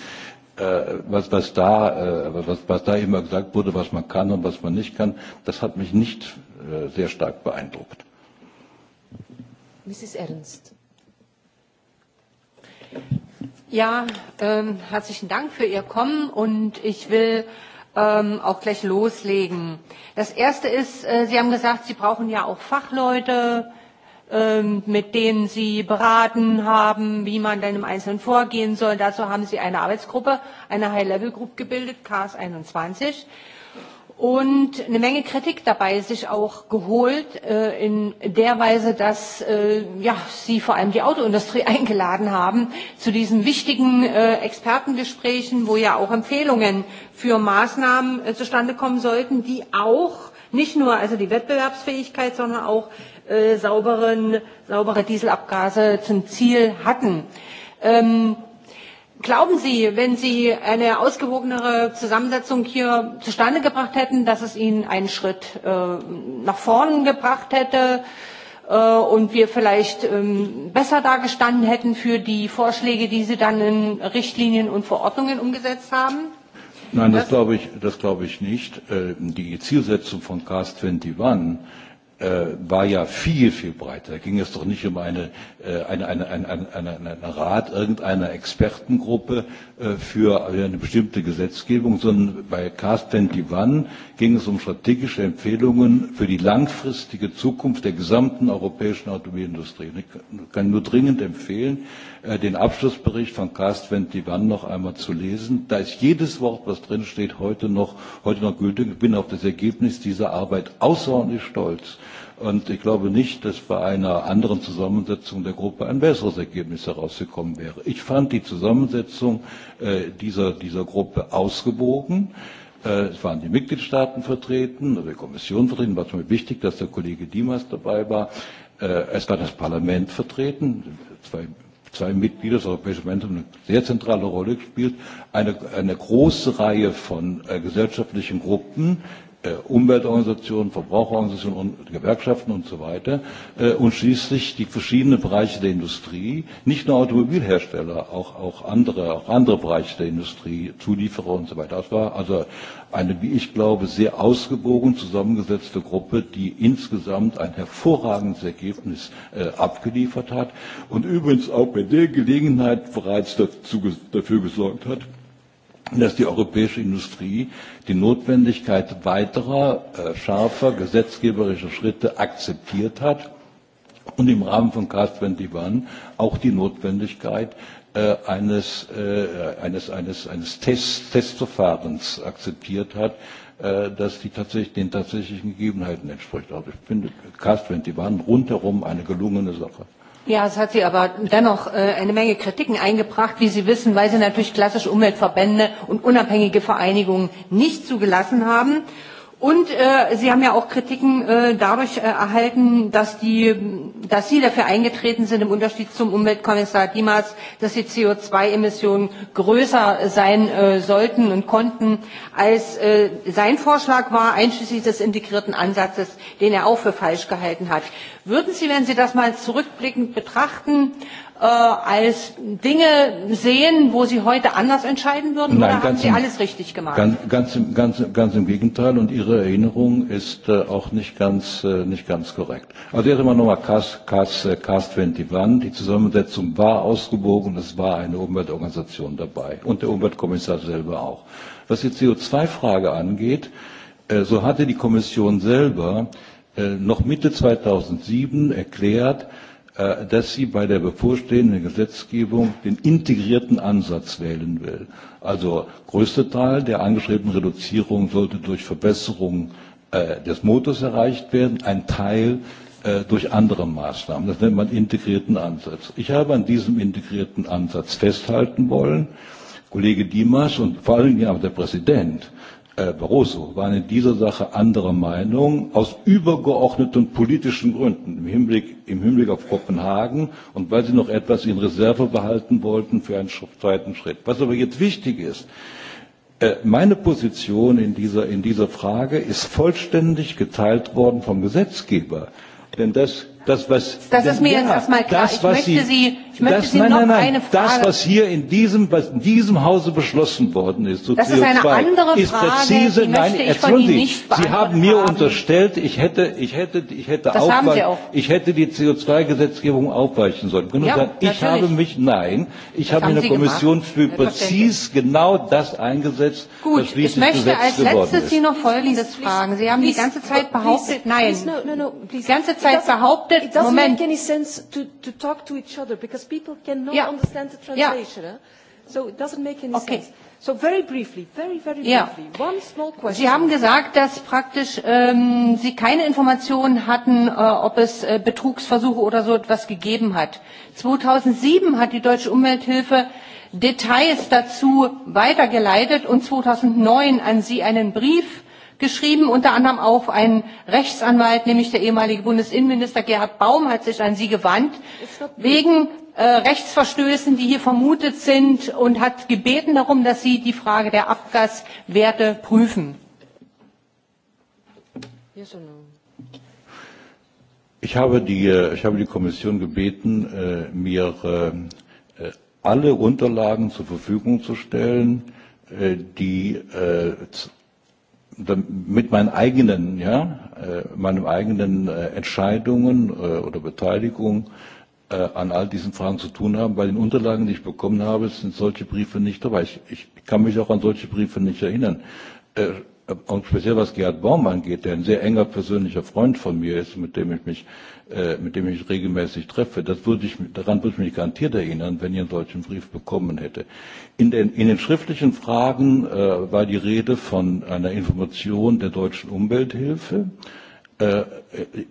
äh, was, was, da, äh, was, was da immer gesagt wurde, was man kann und was man nicht kann, das hat mich nicht äh, sehr stark beeindruckt. Mrs. Ernst. Ja, ähm, herzlichen Dank für Ihr Kommen und ich will ähm, auch gleich loslegen. Das Erste ist, äh, Sie haben gesagt, Sie brauchen ja auch Fachleute, ähm, mit denen Sie beraten haben, wie man dann im Einzelnen vorgehen soll. Dazu haben Sie eine Arbeitsgruppe, eine High-Level-Group gebildet, KS 21 und eine Menge Kritik dabei sich auch geholt, äh, in der Weise, dass äh, ja, Sie vor allem die Autoindustrie [LAUGHS] eingeladen haben zu diesen wichtigen äh, Expertengesprächen, wo ja auch Empfehlungen für Maßnahmen äh, zustande kommen sollten, die auch nicht nur also die Wettbewerbsfähigkeit, sondern auch äh, sauberen, saubere Dieselabgase zum Ziel hatten. Ähm, Glauben Sie, wenn Sie eine ausgewogenere Zusammensetzung hier zustande gebracht hätten, dass es Ihnen einen Schritt äh, nach vorn gebracht hätte äh, und wir vielleicht ähm, besser dagestanden hätten für die Vorschläge, die Sie dann in Richtlinien und Verordnungen umgesetzt haben? Nein, das, das glaube ich, das ich nicht. Äh, die Zielsetzung von CAS 21 Äh, war ja viel, viel breiter. Da ging es doch nicht um eine, äh, eine, eine, eine, eine, eine Rat irgendeiner Expertengruppe äh, für eine bestimmte Gesetzgebung, sondern bei Cast 21 ging es um strategische Empfehlungen für die langfristige Zukunft der gesamten europäischen Automobilindustrie. Ich kann nur dringend empfehlen, Äh, den Abschlussbericht von Cast 21 noch einmal zu lesen. Da ist jedes Wort, was drin steht, heute noch, heute noch gültig. Ich bin auf das Ergebnis dieser Arbeit außerordentlich stolz. Und ich glaube nicht, dass bei einer anderen Zusammensetzung der Gruppe ein besseres Ergebnis herausgekommen wäre. Ich fand die Zusammensetzung äh, dieser, dieser Gruppe ausgewogen. Äh, es waren die Mitgliedstaaten vertreten, oder die Kommission vertreten, war mir wichtig, dass der Kollege Dimas dabei war. Äh, es war das Parlament vertreten, zwei zwei Mitglied des Europäischen Parlaments eine sehr zentrale Rolle gespielt, eine, eine große Reihe von äh, gesellschaftlichen Gruppen, äh, Umweltorganisationen, Verbraucherorganisationen und Gewerkschaften und so weiter äh, und schließlich die verschiedenen Bereiche der Industrie, nicht nur Automobilhersteller, auch, auch, andere, auch andere Bereiche der Industrie, Zulieferer und so weiter. Das war also eine, wie ich glaube, sehr ausgewogen zusammengesetzte Gruppe, die insgesamt ein hervorragendes Ergebnis äh, abgeliefert hat und übrigens auch bei der Gelegenheit bereits dazu, dafür gesorgt hat, dass die europäische Industrie die Notwendigkeit weiterer, äh, scharfer gesetzgeberischer Schritte akzeptiert hat und im Rahmen von CAS 21 auch die Notwendigkeit Äh, eines, äh, eines, eines, eines Test, Testverfahrens akzeptiert hat, äh, dass die tatsächlich, den tatsächlichen Gegebenheiten entspricht. Also ich finde, Castwind, die waren rundherum eine gelungene Sache. Ja, es hat sie aber dennoch eine Menge Kritiken eingebracht, wie Sie wissen, weil sie natürlich klassische Umweltverbände und unabhängige Vereinigungen nicht zugelassen haben Und äh, Sie haben ja auch Kritiken äh, dadurch äh, erhalten, dass, die, dass Sie dafür eingetreten sind, im Unterschied zum Umweltkommissar Dimas, dass die CO2-Emissionen größer sein äh, sollten und konnten, als äh, sein Vorschlag war, einschließlich des integrierten Ansatzes, den er auch für falsch gehalten hat. Würden Sie, wenn Sie das mal zurückblickend betrachten, äh, äh, als Dinge sehen, wo Sie heute anders entscheiden würden? Nein, oder haben Sie im, alles richtig gemacht? Ganz, ganz, ganz, ganz im Gegenteil. Und Ihre Erinnerung ist äh, auch nicht ganz, äh, nicht ganz korrekt. Also erst einmal nochmal Cast, Cast, Cast 21. Die Zusammensetzung war ausgewogen. Es war eine Umweltorganisation dabei. Und der Umweltkommissar selber auch. Was die CO2-Frage angeht, äh, so hatte die Kommission selber äh, noch Mitte 2007 erklärt, Äh, dass sie bei der bevorstehenden Gesetzgebung den integrierten Ansatz wählen will. Also größte Teil der angestrebten Reduzierung sollte durch Verbesserung äh, des Motors erreicht werden, ein Teil äh, durch andere Maßnahmen. Das nennt man integrierten Ansatz. Ich habe an diesem integrierten Ansatz festhalten wollen. Kollege Dimas und vor allen Dingen auch der Präsident Äh, Barroso waren in dieser Sache anderer Meinung aus übergeordneten politischen Gründen im Hinblick, im Hinblick auf Kopenhagen und weil sie noch etwas in Reserve behalten wollten für einen zweiten Schritt. Was aber jetzt wichtig ist, äh, meine Position in dieser, in dieser Frage ist vollständig geteilt worden vom Gesetzgeber. Denn das das was das ist mir ja, jetzt erstmal klar das, was ich möchte sie, sie ich möchte das, sie nein, noch nein, nein, eine Frage das was hier in diesem was in diesem Hause beschlossen worden ist so das CO2 ist eine andere ist Frage präzise, die nein, möchte ich von Ihnen nicht Sie haben mir haben. unterstellt ich hätte ich hätte ich hätte das haben sie auch. ich hätte die CO2 Gesetzgebung aufweichen sollen genau ja, sagen, ich habe mich nein ich das habe in der Kommission gemacht. für präzise genau das eingesetzt Gut, was ich möchte Gesetz als letztes Sie noch folgendes fragen Sie haben die ganze Zeit behauptet nein die ganze Zeit behauptet moment... It doesn't moment... make any sense to, to talk to each other because people cannot yeah. understand the translation. Yeah. So it doesn't make any okay. sense. So very briefly, very, very briefly, yeah. one small question. Sie haben gesagt, dass praktisch ähm, Sie keine Informationen hatten, äh, ob es äh, Betrugsversuche oder so etwas gegeben hat. 2007 hat die Deutsche Umwelthilfe Details dazu weitergeleitet und 2009 an Sie einen Brief geschrieben, unter anderem auch ein Rechtsanwalt, nämlich der ehemalige Bundesinnenminister Gerhard Baum hat sich an Sie gewandt, wegen äh, Rechtsverstößen, die hier vermutet sind, und hat gebeten darum, dass Sie die Frage der Abgaswerte prüfen. Ich habe die, ich habe die Kommission gebeten, äh, mir äh, äh, alle Unterlagen zur Verfügung zu stellen, die mit meinen eigenen, ja, äh, meinen eigenen äh, Entscheidungen äh, oder Beteiligung an all diesen Fragen zu tun haben. Bei den Unterlagen, die ich bekommen habe, sind solche Briefe nicht dabei. Ich, ich kann mich auch an solche Briefe nicht erinnern. Und speziell was Gerhard Baum angeht, der ein sehr enger persönlicher Freund von mir ist, mit dem ich mich Äh, mit dem ich regelmäßig treffe, das würde ich, daran würde ich mich garantiert erinnern, wenn ihr einen solchen Brief bekommen hätte. In den, in den schriftlichen Fragen äh, war die Rede von einer Information der deutschen Umwelthilfe. Äh,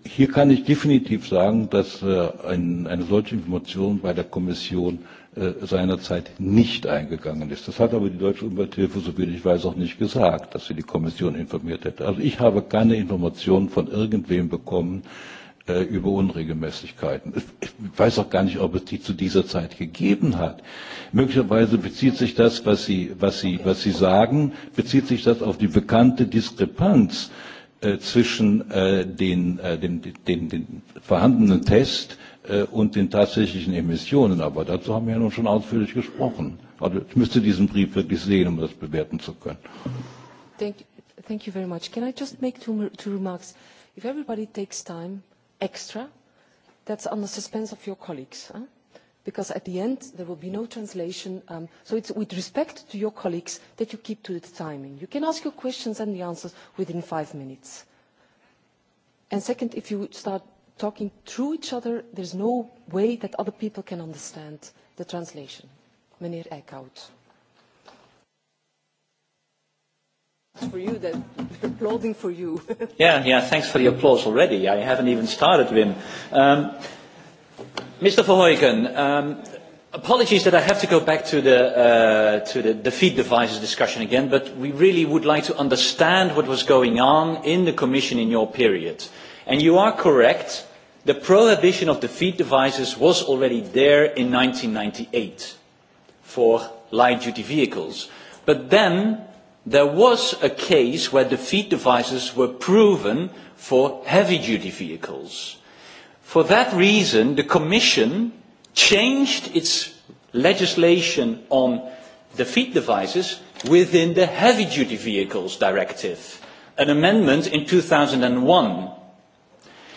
hier kann ich definitiv sagen, dass äh, ein, eine solche Information bei der Kommission äh, seinerzeit nicht eingegangen ist. Das hat aber die Deutsche Umwelthilfe, so wie ich weiß, auch nicht gesagt, dass sie die Kommission informiert hätte. Also ich habe keine Informationen von irgendwem bekommen, äh, über Unregelmäßigkeiten. Ich weiß auch gar nicht, ob es die zu dieser Zeit gegeben hat. Möglicherweise bezieht sich das, was Sie, was Sie, was Sie sagen, bezieht sich das auf die bekannte Diskrepanz äh, zwischen äh, den, äh, dem, den, den vorhandenen Test äh, und den tatsächlichen Emissionen. Aber dazu haben wir ja nun schon ausführlich gesprochen. Also ich müsste diesen Brief wirklich sehen, um das bewerten zu können. Thank you, thank you very much. Can I just make two, two remarks? If everybody takes time extra that's on the suspense of your colleagues because at the end there will be no translation um, so it's with respect to your colleagues that you keep to the timing you can ask your questions and the answers within five minutes and second if you start talking through each other there's no way that other people can understand the translation meneer Eickhout for you that applauding for you. [LAUGHS] yeah, yeah, thanks for the applause already. I haven't even started, Wim. Um, Mr. Verheugen, um, apologies that I have to go back to the, uh, to the defeat devices discussion again, but we really would like to understand what was going on in the Commission in your period. And you are correct, the prohibition of defeat devices was already there in 1998 for light-duty vehicles. But then there was a case where the feed devices were proven for heavy duty vehicles. For that reason, the Commission changed its legislation on the feed devices within the heavy duty vehicles directive, an amendment in 2001.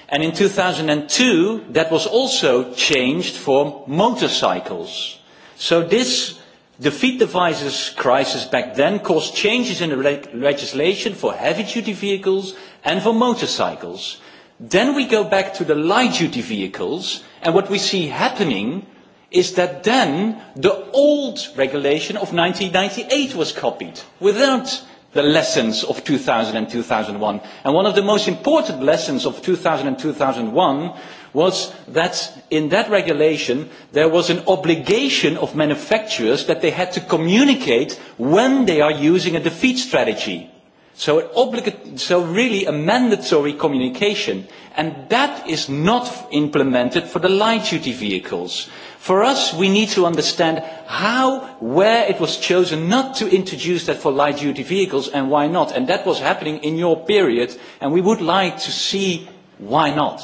And in 2002, that was also changed for motorcycles. So this The feed devices crisis back then caused changes in the legislation for heavy-duty vehicles and for motorcycles. Then we go back to the light-duty vehicles, and what we see happening is that then the old regulation of 1998 was copied without the lessons of 2000 and 2001. And one of the most important lessons of 2000 and 2001 was that in that regulation there was an obligation of manufacturers that they had to communicate when they are using a defeat strategy. So, an so really a mandatory communication. And that is not implemented for the light duty vehicles. For us, we need to understand how, where it was chosen not to introduce that for light duty vehicles and why not. And that was happening in your period. And we would like to see why not.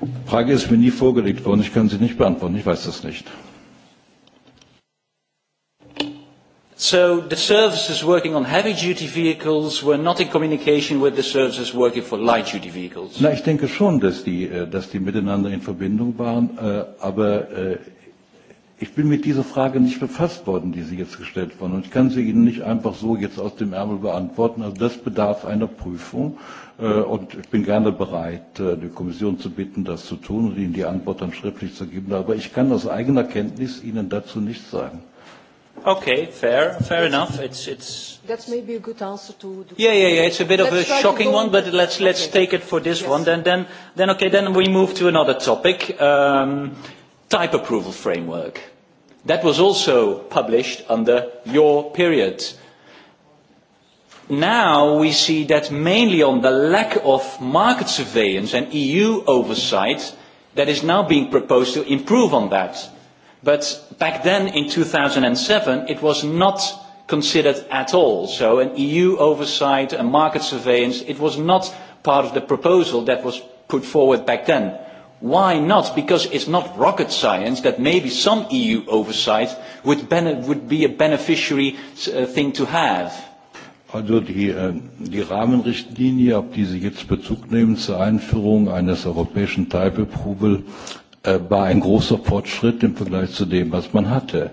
Die Frage ist mir nie vorgelegt worden. Ich kann sie nicht beantworten. Ich weiß das nicht. So the services working on heavy duty vehicles were not in communication with the services working for light duty vehicles. Na, ich denke schon, dass die, äh, dass die miteinander in Verbindung waren, äh, aber äh, Ich bin mit dieser Frage nicht befasst worden, die Sie jetzt gestellt haben. Und ich kann sie Ihnen nicht einfach so jetzt aus dem Ärmel beantworten. Also das bedarf einer Prüfung. Äh, und ich bin gerne bereit, äh, die Kommission zu bitten, das zu tun und Ihnen die Antwort dann schriftlich zu geben. Aber ich kann aus eigener Kenntnis Ihnen dazu nichts sagen. Okay, fair, fair enough. It's, it's. That's maybe a good answer to. The yeah, yeah, yeah. It's a bit let's of a shocking one, but let's let's okay. take it for this yes. one. Then, then, then, okay. Then we move to another topic. Um, type approval framework. That was also published under your period. Now we see that mainly on the lack of market surveillance and EU oversight that is now being proposed to improve on that. But back then in 2007 it was not considered at all. So an EU oversight and market surveillance, it was not part of the proposal that was put forward back then. Why not? Because it's not rocket science that maybe some EU oversight would, bene would be a beneficiary uh, thing to have. Also die, äh, die Rahmenrichtlinie, auf die Sie jetzt Bezug nehmen zur Einführung eines europäischen Type Approval, äh, war ein großer Fortschritt im Vergleich zu dem, was man hatte.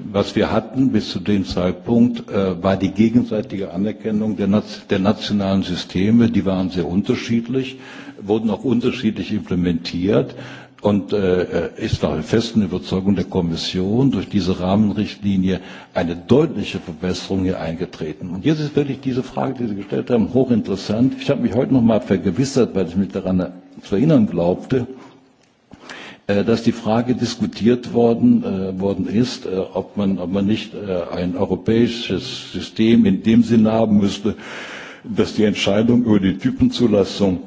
Was wir hatten bis zu dem Zeitpunkt äh, war die gegenseitige Anerkennung der, der nationalen Systeme. Die waren sehr unterschiedlich, wurden auch unterschiedlich implementiert und äh, äh ist nach der festen Überzeugung der Kommission durch diese Rahmenrichtlinie eine deutliche Verbesserung hier eingetreten. Und jetzt ist wirklich diese Frage, die Sie gestellt haben, hochinteressant. Ich habe mich heute noch mal vergewissert, weil ich mich daran zu erinnern glaubte, Äh, dass die Frage diskutiert worden, äh, worden ist, äh, ob, man, ob man nicht äh, ein europäisches System in dem Sinne haben müsste, dass die Entscheidung über die Typenzulassung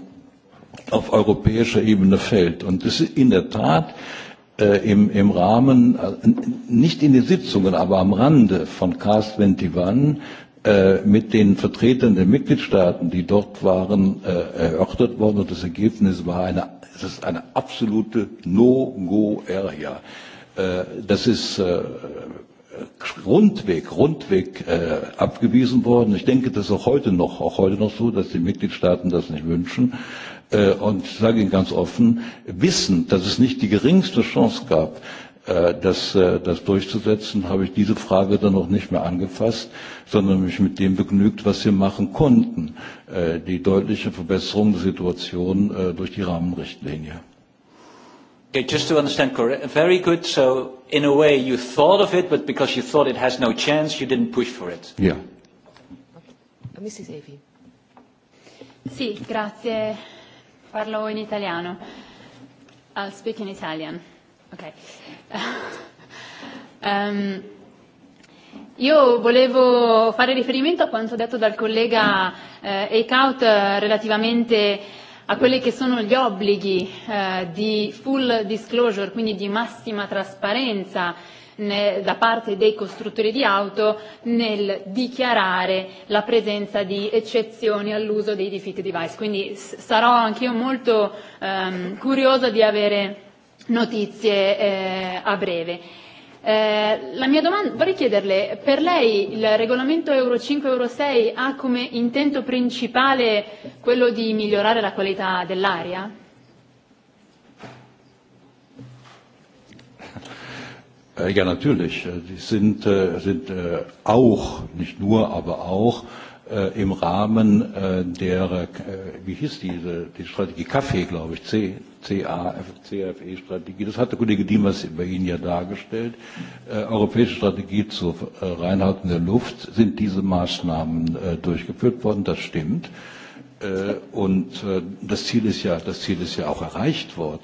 auf europäischer Ebene fällt. Und es ist in der Tat äh, im, im Rahmen, äh, nicht in den Sitzungen, aber am Rande von CAST 21 Äh, mit den Vertretern der Mitgliedstaaten, die dort waren, äh, erörtert worden. Und das Ergebnis war, eine, es ist eine absolute No-Go-Area. Äh, das ist rundweg, rundweg abgewiesen worden. Ich denke, das ist auch heute noch, auch heute noch so, dass die Mitgliedstaaten das nicht wünschen. Und ich sage Ihnen ganz offen, wissen, dass es nicht die geringste Chance gab, Äh, das, äh, das durchzusetzen, habe ich diese Frage dann noch nicht mehr angefasst, sondern mich mit dem begnügt, was wir machen konnten. Äh, die deutliche Verbesserung der Situation durch die Rahmenrichtlinie. Okay, just to understand correct, very good. So in a way you thought of it, but because you thought it has no chance, you didn't push for it. Yeah. Okay. Mrs. Avey. Sì, grazie. Parlo in italiano. I'll speak in Italian. Okay. um, [LAUGHS] io volevo fare riferimento a quanto detto dal collega eh, eh relativamente a quelli che sono gli obblighi eh, di full disclosure, quindi di massima trasparenza da parte dei costruttori di auto nel dichiarare la presenza di eccezioni all'uso dei defeat device. Quindi sarò anch'io molto ehm, curiosa di avere notizie eh, a breve. Eh, la mia domanda vorrei chiederle per lei il regolamento Euro 5 Euro 6 ha come intento principale quello di migliorare la qualità dell'aria? Äh, ja, natürlich. sie sind, äh, sind äh, auch, nicht nur, aber auch im Rahmen der, wie hieß diese, die Strategie Kaffee, glaube ich, C, CA, CFE-Strategie. Das hat der Kollege Diemers bei Ihnen ja dargestellt. Äh, europäische Strategie zur äh, Reinhalten der Luft sind diese Maßnahmen äh, durchgeführt worden, das stimmt. Äh, und äh, das, Ziel ist ja, das Ziel ist ja auch erreicht worden.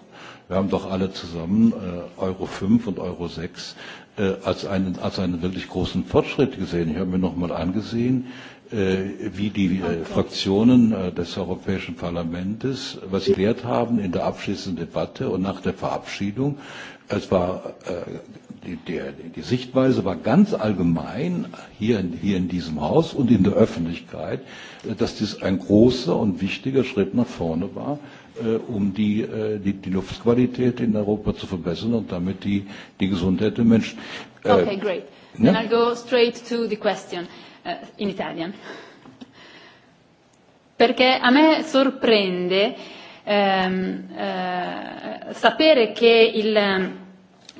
Wir haben doch alle zusammen äh, Euro 5 und Euro 6 äh, als, einen, als einen wirklich großen Fortschritt gesehen. Ich habe mir noch mal angesehen, Äh, wie die äh, Fraktionen äh, des Europäischen Parlaments, was sie gelehrt haben in der abschließenden Debatte und nach der Verabschiedung. Es war, die, die, Sichtweise war ganz allgemein hier in, hier in diesem Haus und in der Öffentlichkeit, dass dies ein großer und wichtiger Schritt nach vorne war, um die, die, Luftqualität in Europa zu verbessern und damit die, die Gesundheit der Menschen. Okay, great. Then I'll go straight to the question. Eh, in Italian. Perché a me sorprende ehm, eh, sapere che il ehm,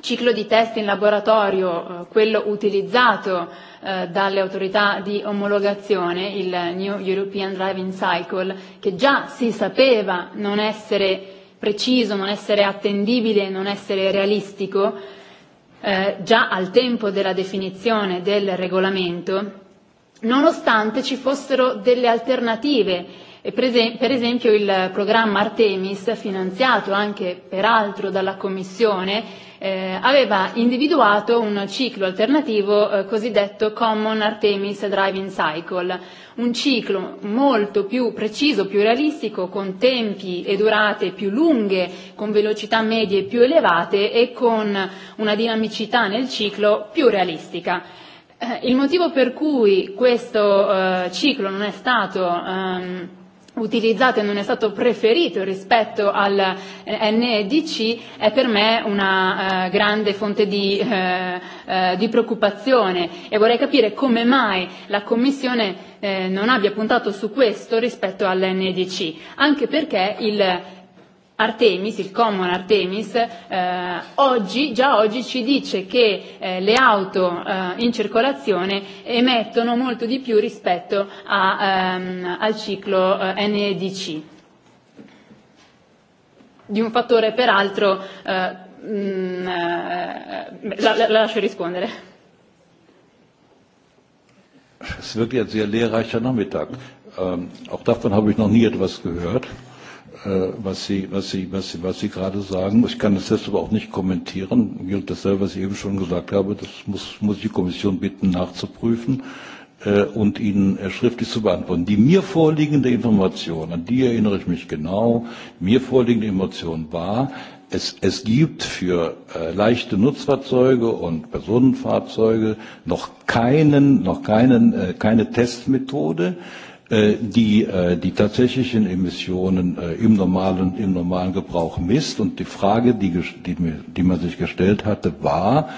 ciclo di test in laboratorio, eh, quello utilizzato eh, dalle autorità di omologazione, il New European Driving Cycle, che già si sapeva non essere preciso, non essere attendibile, non essere realistico, eh, già al tempo della definizione del regolamento, nonostante ci fossero delle alternative e per esempio il programma Artemis finanziato anche peraltro dalla commissione eh, aveva individuato un ciclo alternativo eh, cosiddetto Common Artemis Driving Cycle, un ciclo molto più preciso, più realistico, con tempi e durate più lunghe, con velocità medie più elevate e con una dinamicità nel ciclo più realistica. Il motivo per cui questo eh, ciclo non è stato ehm, utilizzato e non è stato preferito rispetto al eh, NDC e è per me una eh, grande fonte di, di preoccupazione e vorrei capire come mai la Commissione non abbia puntato su questo rispetto all'NDC, e anche perché il Artemis, il common Artemis, eh, oggi, già oggi ci dice che eh, le auto eh, in circolazione emettono molto di più rispetto a, ehm, al ciclo eh, NEDC, di un fattore peraltro, mh, eh, mm, eh, la, la lascio rispondere. Es wirklich ein sehr lehrreicher Nachmittag. Ähm, auch davon habe ich noch nie etwas gehört. Äh, was Sie, was Sie, was Sie, was Sie gerade sagen. Ich kann das jetzt aber auch nicht kommentieren. Gilt dasselbe, was ich eben schon gesagt habe. Das muss, muss die Kommission bitten, nachzuprüfen äh, und Ihnen äh, schriftlich zu beantworten. Die mir vorliegende Information, an die erinnere ich mich genau, mir vorliegende Information war, es, es gibt für äh, leichte Nutzfahrzeuge und Personenfahrzeuge noch keinen, noch keinen, äh, keine Testmethode. Äh, die äh, die tatsächlichen Emissionen äh, im normalen, im normalen Gebrauch misst. Und die Frage, die, die, die man sich gestellt hatte, war,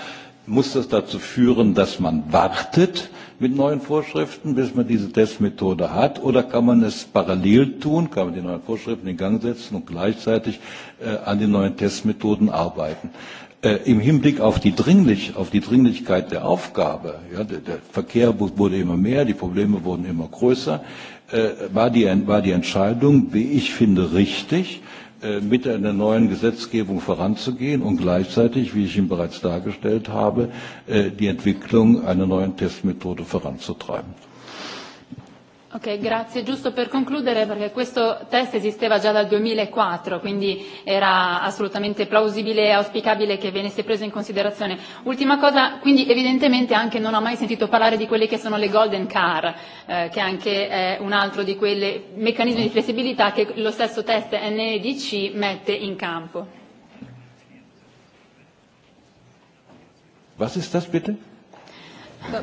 muss das dazu führen, dass man wartet mit neuen Vorschriften, bis man diese Testmethode hat, oder kann man es parallel tun, kann man die neuen Vorschriften in Gang setzen und gleichzeitig an den neuen Testmethoden arbeiten? Äh, im Hinblick auf die, Dringlich, auf die Dringlichkeit der Aufgabe, ja, der, der Verkehr wurde immer mehr, die Probleme wurden immer größer, äh, war, die, war die Entscheidung, wie ich finde, richtig, äh, mit einer neuen Gesetzgebung voranzugehen und gleichzeitig, wie ich Ihnen bereits dargestellt habe, äh, die Entwicklung einer neuen Testmethode voranzutreiben. Ok, grazie. Giusto per concludere, perché questo test esisteva già dal 2004, e quindi era assolutamente plausibile e auspicabile che venisse preso in considerazione. Ultima cosa, quindi evidentemente anche non ho mai sentito parlare di quelle che sono le golden car, eh, che anche è un altro di quei meccanismi di flessibilità che lo stesso test NEDC mette in campo. Was ist das bitte?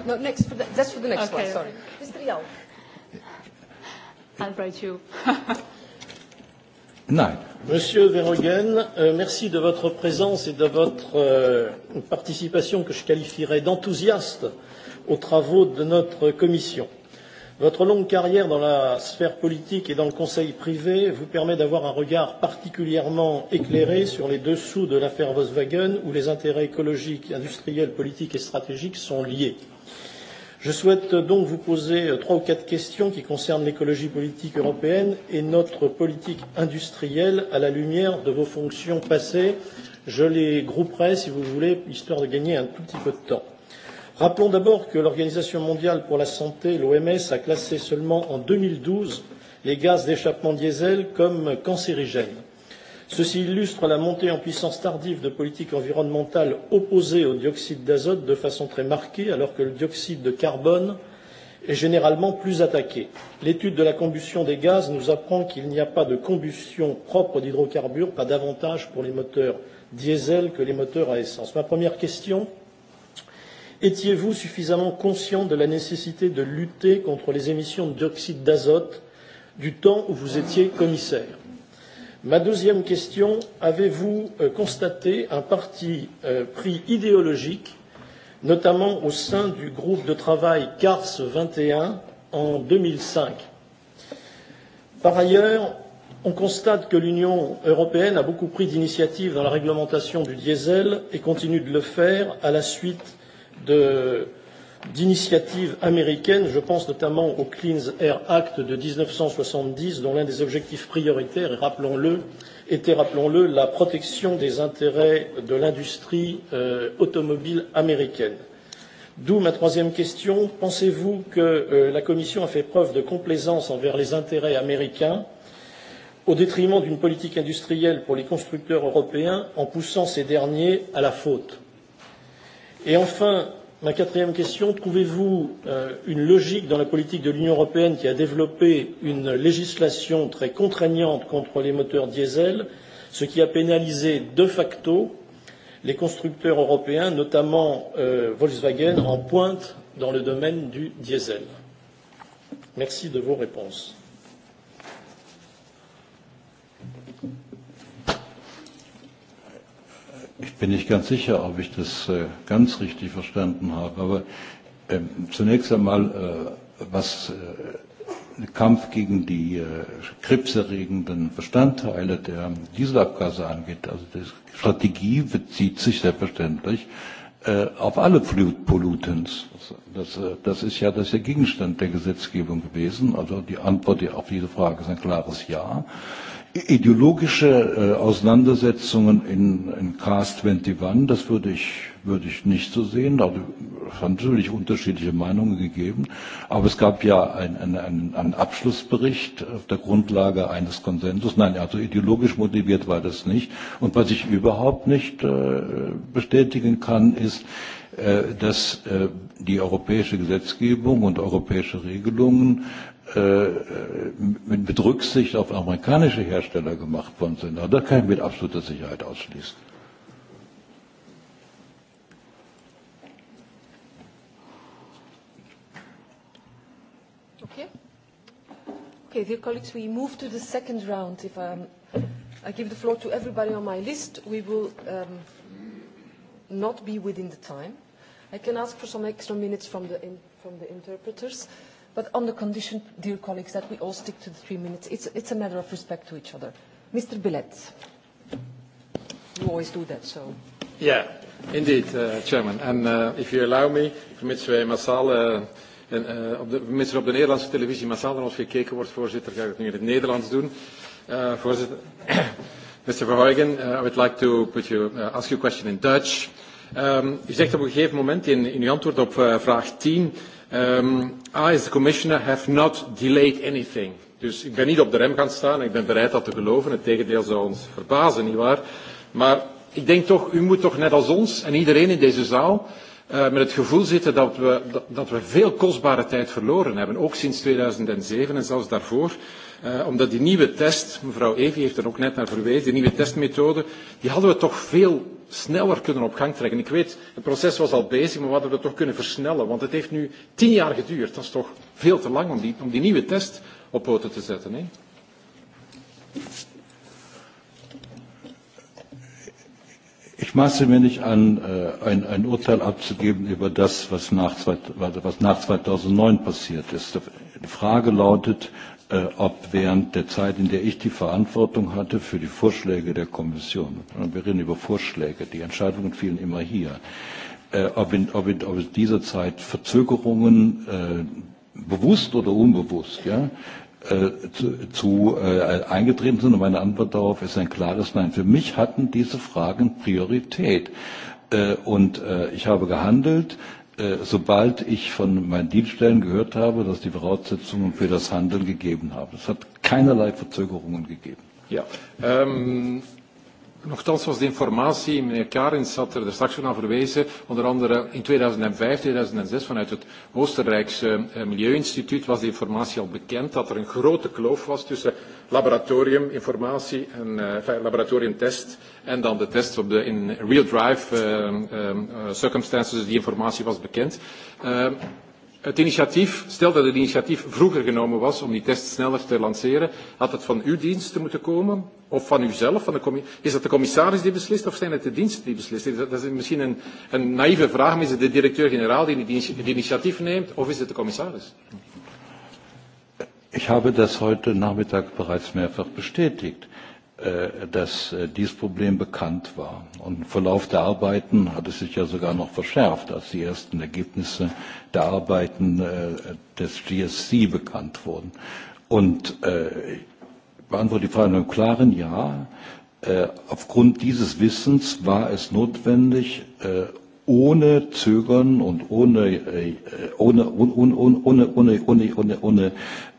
No, next, that's for the next okay. one, sorry. Albright, you. [LAUGHS] Monsieur Verhoeven, euh, merci de votre présence et de votre euh, participation que je qualifierais d'enthousiaste aux travaux de notre commission. Votre longue carrière dans la sphère politique et dans le conseil privé vous permet d'avoir un regard particulièrement éclairé sur les dessous de l'affaire Volkswagen où les intérêts écologiques, industriels, politiques et stratégiques sont liés. Je souhaite donc vous poser trois ou quatre questions qui concernent l'écologie politique européenne et notre politique industrielle à la lumière de vos fonctions passées. Je les grouperai, si vous voulez, histoire de gagner un tout petit peu de temps. Rappelons d'abord que l'Organisation mondiale pour la santé, l'OMS, a classé seulement en 2012 les gaz d'échappement diesel comme cancérigènes Ceci illustre la montée en puissance tardive de politiques environnementales opposées au dioxyde d'azote de façon très marquée, alors que le dioxyde de carbone est généralement plus attaqué. L'étude de la combustion des gaz nous apprend qu'il n'y a pas de combustion propre d'hydrocarbures, pas davantage pour les moteurs diesel que les moteurs à essence. Ma première question étiez-vous suffisamment conscient de la nécessité de lutter contre les émissions de dioxyde d'azote du temps où vous étiez commissaire Ma deuxième question, avez-vous euh, constaté un parti euh, pris idéologique, notamment au sein du groupe de travail CARS 21 en 2005 Par ailleurs, on constate que l'Union européenne a beaucoup pris d'initiatives dans la réglementation du diesel et continue de le faire à la suite de d'initiatives américaines, je pense notamment au Clean Air Act de 1970, dont l'un des objectifs prioritaires, rappelons-le, était, rappelons-le, la protection des intérêts de l'industrie euh, automobile américaine. D'où ma troisième question. Pensez-vous que euh, la Commission a fait preuve de complaisance envers les intérêts américains au détriment d'une politique industrielle pour les constructeurs européens en poussant ces derniers à la faute Et enfin, Ma quatrième question, trouvez-vous euh, une logique dans la politique de l'Union européenne qui a développé une législation très contraignante contre les moteurs diesel, ce qui a pénalisé de facto les constructeurs européens, notamment euh, Volkswagen, en pointe dans le domaine du diesel Merci de vos réponses. Ich bin nicht ganz sicher, ob ich das äh, ganz richtig verstanden habe, aber ähm, zunächst einmal, äh, was äh, Kampf gegen die krebserregenden Bestandteile der Dieselabgase angeht, also die Strategie bezieht sich selbstverständlich auf alle Pollutants. Das, das ist ja das Gegenstand der Gesetzgebung gewesen. Also die Antwort auf diese Frage ist ein klares Ja ideologische äh, Auseinandersetzungen in, in Cars 21, das würde ich, würde ich nicht so sehen. Da hat natürlich unterschiedliche Meinungen gegeben. Aber es gab ja ein, ein, ein, einen Abschlussbericht auf der Grundlage eines Konsensus. Nein, also ideologisch motiviert war das nicht. Und was ich überhaupt nicht äh, bestätigen kann, ist, äh, dass die europäische Gesetzgebung und europäische Regelungen Äh, mit Rücksicht auf amerikanische Hersteller gemacht worden sind. Da kann ich mit absoluter Sicherheit ausschließen. Okay. Okay, dear colleagues, we move to the second round. If um, I give the floor to everybody on my list, we will um, not be within the time. I can ask for some extra minutes from the, in, from the interpreters but on the condition, dear colleagues, that we all stick to the three minutes. It's, it's a matter of respect to each other. Mr. Billet, you always do that, so. Yeah, indeed, uh, Chairman. And uh, if you allow me, vermits wij massaal, uh, en, uh, op de, vermits er op de Nederlandse televisie massaal naar ons gekeken wordt, voorzitter, ga ik het nu in het Nederlands doen. Uh, voorzitter, [COUGHS] Mr. Verheugen, uh, I would like to put you, uh, ask you a question in Dutch. Um, u zegt op een gegeven moment in, in uw antwoord op uh, vraag 10 Um, I, as the commissioner, have not delayed anything. Dus ik ben niet op de rem gaan staan. Ik ben bereid dat te geloven. Het tegendeel zou ons verbazen, waar, Maar ik denk toch, u moet toch net als ons en iedereen in deze zaal uh, met het gevoel zitten dat we, dat we veel kostbare tijd verloren hebben. Ook sinds 2007 en zelfs daarvoor Uh, omdat die nieuwe test, mevrouw Evi heeft er ook net naar verwezen, die nieuwe testmethode, die hadden we toch veel sneller kunnen op gang trekken. Ik weet, het proces was al bezig, maar we hadden het toch kunnen versnellen. Want het heeft nu tien jaar geduurd. Dat is toch veel te lang om die, om die nieuwe test op poten te zetten. Hè? Ich maße mir nicht an, ein, ein Urteil abzugeben über das, was nach, was nach 2009 passiert is. De vraag lautet, ob äh, während der Zeit, in der ich die Verantwortung hatte für die Vorschläge der Kommission. Wir reden über Vorschläge, die Entscheidungen fielen immer hier. Äh, ob in, ob in, ob in dieser Zeit Verzögerungen, äh, bewusst oder unbewusst, ja, zu, zu äh, eingetreten sind. Und meine Antwort darauf ist ein klares Nein. Für mich hatten diese Fragen Priorität. Äh, und äh, ich habe gehandelt Äh, sobald ich von meinen Dienststellen gehört habe, dass die Voraussetzungen für das Handeln gegeben haben. Es hat keinerlei Verzögerungen gegeben. Ja, ähm, Nochtans was de informatie, meneer Karins had er, er straks aan verwezen, onder andere in 2005, 2006 vanuit het Oostenrijkse eh, Milieuinstituut was de informatie al bekend dat er een grote kloof was tussen laboratoriuminformatie en uh, laboratoriumtest en dan de test op de in real drive uh, eh, uh, circumstances, die informatie was bekend. Uh, Het initiatief, stel dat het initiatief vroeger genomen was om die test sneller te lanceren, had het van uw diensten moeten komen of van uzelf? Van de is dat de commissaris die beslist of zijn het de diensten die beslissen? Dat is misschien een, een naïeve vraag, maar is het de directeur-generaal die het initiatief neemt of is het de commissaris? Ik heb dat heute Nachmittag bereits mehrfach bestätigt. Äh, dass äh, dieses Problem bekannt war. Und im Verlauf der Arbeiten hat es sich ja sogar noch verschärft, als die ersten Ergebnisse der Arbeiten äh, des GSC bekannt wurden. Und ich beantworte die Frage mit einem klaren Ja. Aufgrund dieses Wissens war es notwendig, ohne Zögern und ohne, ohne, ohne, ohne, ohne, ohne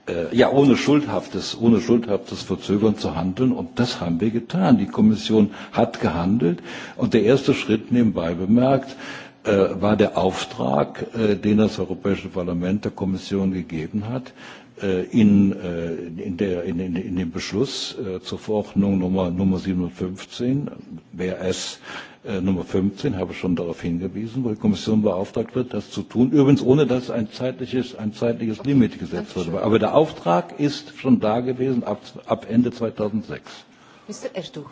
Äh, ja, ohne schuldhaftes, ohne schuldhaftes Verzögern zu handeln. Und das haben wir getan. Die Kommission hat gehandelt. Und der erste Schritt nebenbei bemerkt, äh, war der Auftrag, äh, den das Europäische Parlament der Kommission gegeben hat, äh, in, äh, in, der, in, in, in dem Beschluss äh, zur Verordnung Nummer, Nummer 715, es Äh, Nummer 15, habe schon darauf hingewiesen, wo die Kommission beauftragt wird, das zu tun. Übrigens, ohne dass ein zeitliches, ein zeitliches Limit gesetzt wurde. Aber der Auftrag ist schon da gewesen ab, Ende 2006. Mr. Ertuch.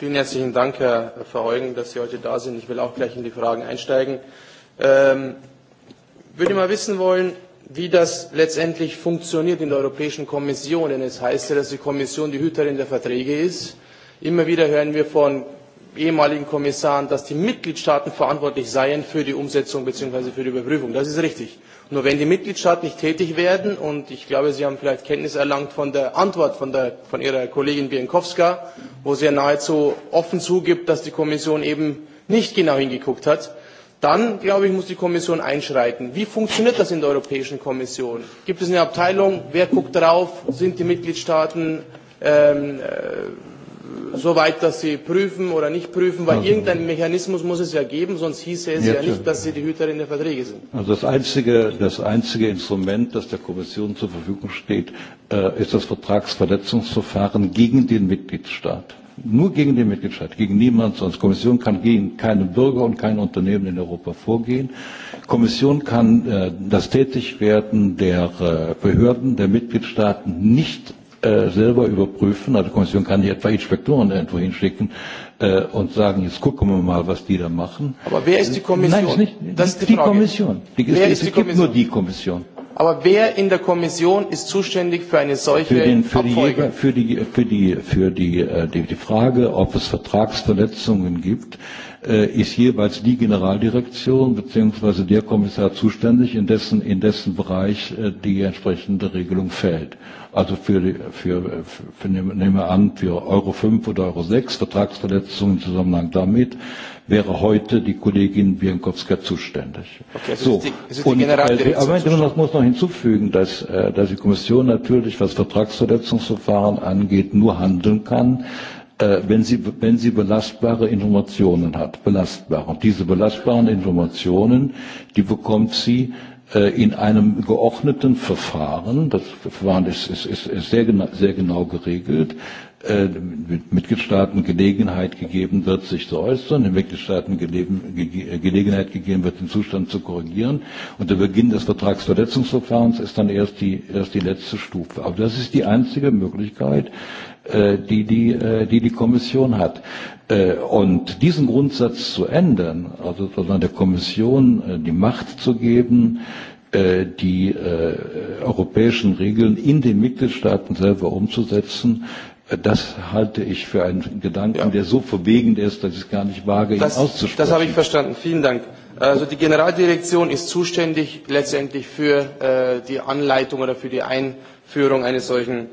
Vielen herzlichen Dank, Herr Verheugen, dass Sie heute da sind. Ich will auch gleich in die Fragen einsteigen. Ähm, würde mal wissen wollen, wie das letztendlich funktioniert in der europäischen kommission denn es heißt ja dass die kommission die hüterin der verträge ist. immer wieder hören wir von ehemaligen kommissaren dass die mitgliedstaaten verantwortlich seien für die umsetzung bzw. für die überprüfung. das ist richtig. nur wenn die mitgliedstaaten nicht tätig werden und ich glaube sie haben vielleicht kenntnis erlangt von der antwort von, der, von ihrer kollegin biekowska wo sie ja nahezu offen zugibt dass die kommission eben nicht genau hingeguckt hat dann glaube ich muss die kommission einschreiten. wie funktioniert das in der europäischen kommission? gibt es eine abteilung? wer guckt darauf? sind die mitgliedstaaten ähm, äh, so weit dass sie prüfen oder nicht prüfen? weil also, irgendeinen mechanismus muss es ja geben sonst hieße es ja nicht dass sie die hüterin der verträge sind. also das einzige, das einzige instrument das der kommission zur verfügung steht äh, ist das vertragsverletzungsverfahren gegen den mitgliedstaat nur gegen den Mitgliedstaat, gegen niemand sonst. Kommission kann gegen keinen Bürger und kein Unternehmen in Europa vorgehen. Kommission kann äh, das Tätigwerden der äh, Behörden der Mitgliedstaaten nicht äh, selber überprüfen. Also die Kommission kann nicht etwa Inspektoren irgendwo hinschicken äh, und sagen, jetzt gucken wir mal, was die da machen. Aber wer ist die Kommission? Nein, ist nicht, das ist die, die Kommission. Die, wer es, ist es die gibt nur die Kommission. Aber wer in der Kommission ist zuständig für eine solche für den, für Abfolge? Die, für die, für die, für die, äh, die, die Frage, ob es Vertragsverletzungen gibt, Äh, ist jeweils die Generaldirektion bzw. der Kommissar zuständig, in dessen, in dessen Bereich äh, die entsprechende Regelung fällt. Also für, für, für nehmen wir an, für Euro 5 oder Euro 6 Vertragsverletzungen im Zusammenhang damit wäre heute die Kollegin Bienkowska zuständig. Okay, also so, ist die, ist die äh, aber das muss noch hinzufügen, dass, dass die Kommission natürlich, was Vertragsverletzungsverfahren angeht, nur handeln kann, Äh, wenn sie, wenn sie belastbare Informationen hat, belastbare. Und diese belastbaren Informationen, die bekommt sie äh, in einem geordneten Verfahren, das Verfahren ist, ist, ist, sehr, genau, sehr genau geregelt, äh, mit Mitgliedstaaten Gelegenheit gegeben wird, sich zu äußern, den Mitgliedstaaten Gelegenheit gegeben wird, den Zustand zu korrigieren. Und der Beginn des Vertragsverletzungsverfahrens ist dann erst die, erst die letzte Stufe. Aber das ist die einzige Möglichkeit, Äh, die die, äh, die, die Kommission hat. Äh, und diesen Grundsatz zu ändern, also sondern der Kommission die Macht zu geben, die europäischen Regeln in den Mitgliedstaaten selber umzusetzen, Das halte ich für einen Gedanken, ja. der so verwegend ist, dass ich es gar nicht wage, das, ihn auszusprechen. Das habe ich verstanden. Vielen Dank. Also die Generaldirektion ist zuständig letztendlich für die Anleitung oder für die Einführung eines solchen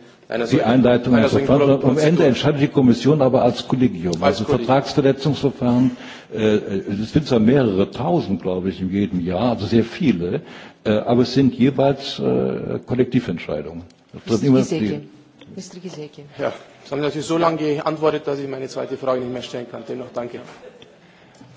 die Einleitung eines Verfahrens. Am Ende entscheidet die Kommission aber als Kollegium. Als also Vertragsverletzungsverfahren, äh, äh, es sind zwar mehrere tausend, glaube ich, in jedem Jahr, also sehr viele, äh, aber es sind jeweils äh, Kollektiventscheidungen. Das Mr. Giseke. Ja, Sie haben natürlich so lange geantwortet, dass ich meine zweite Frage nicht mehr stellen kann. Dennoch danke.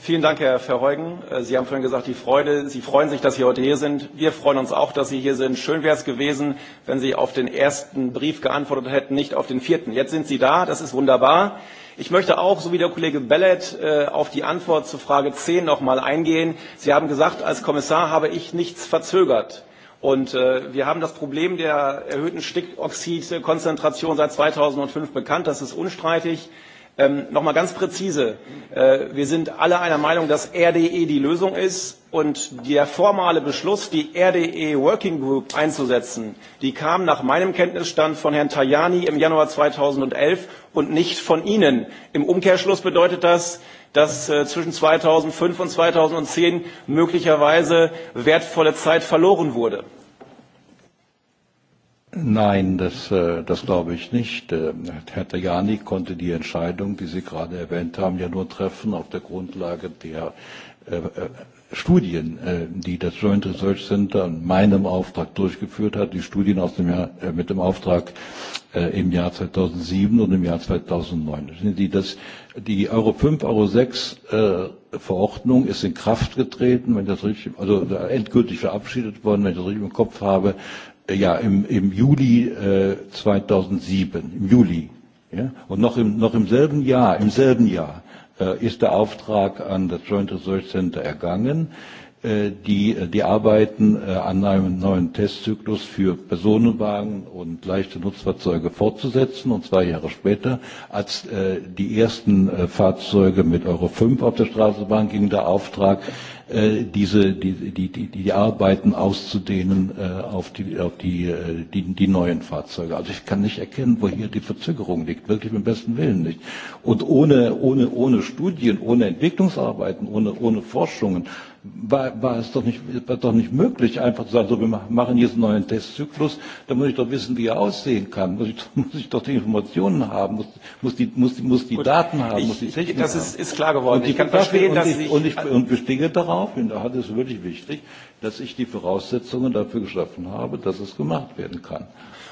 Vielen Dank, Herr Verheugen. Äh, Sie haben vorhin gesagt, die Freude, Sie freuen sich, dass Sie heute hier sind. Wir freuen uns auch, dass Sie hier sind. Schön wäre es gewesen, wenn Sie auf den ersten Brief geantwortet hätten, nicht auf den vierten. Jetzt sind Sie da, das ist wunderbar. Ich möchte auch, so wie der Kollege Bellet, äh, auf die Antwort zu Frage 10 noch mal eingehen. Sie haben gesagt, als Kommissar habe ich nichts verzögert. Und äh, wir haben das Problem der erhöhten Stickoxidkonzentration seit 2005 bekannt. Das ist unstreitig. Ähm, noch mal ganz präzise. Äh, wir sind alle einer Meinung, dass RDE die Lösung ist. Und der formale Beschluss, die RDE Working Group einzusetzen, die kam nach meinem Kenntnisstand von Herrn Tajani im Januar 2011 und nicht von Ihnen. Im Umkehrschluss bedeutet das, dass äh, zwischen 2005 und 2010 möglicherweise wertvolle Zeit verloren wurde. Nein, das, äh, das glaube ich nicht. Äh, Herr Tajani konnte die Entscheidung, die Sie gerade erwähnt haben, ja nur treffen auf der Grundlage der äh, Studien, die das Joint Research Center in meinem Auftrag durchgeführt hat, die Studien aus dem Jahr, mit dem Auftrag im Jahr 2007 und im Jahr 2009. Die, das, die Euro 5, Euro 6 Verordnung ist in Kraft getreten, wenn das richtig, also endgültig verabschiedet worden, wenn ich das richtig im Kopf habe, Äh, ja, im, im Juli äh, 2007, im Juli. Ja? Und noch im, noch im selben Jahr, im selben Jahr äh, ist der Auftrag an das Joint Research Center ergangen, äh, die, äh, die Arbeiten äh, an einem neuen Testzyklus für Personenwagen und leichte Nutzfahrzeuge fortzusetzen. Und zwei Jahre später, als äh, die ersten äh, Fahrzeuge mit Euro 5 auf der Straße waren, ging der Auftrag Äh, diese, die, die, die, die Arbeiten auszudehnen äh, auf, die, auf die, äh, die, die neuen Fahrzeuge. Also ich kann nicht erkennen, wo hier die Verzögerung liegt, wirklich mit besten Willen nicht. Und ohne, ohne, ohne Studien, ohne Entwicklungsarbeiten, ohne, ohne Forschungen war, war es doch nicht, war doch nicht möglich, einfach zu sagen, so, wir machen jetzt einen neuen Testzyklus, da muss ich doch wissen, wie er aussehen kann, muss ich, [LAUGHS] muss ich doch die Informationen haben, muss, muss die, muss, muss die Gut, Daten haben, ich, muss die Technik das haben. Das ist, ist klar geworden. Und ich kann verstehen, dass und ich, ich, und ich bestehe darauf, auf. Und da hat es wirklich wichtig, dass ich die Voraussetzungen dafür geschaffen habe, dass es gemacht werden kann.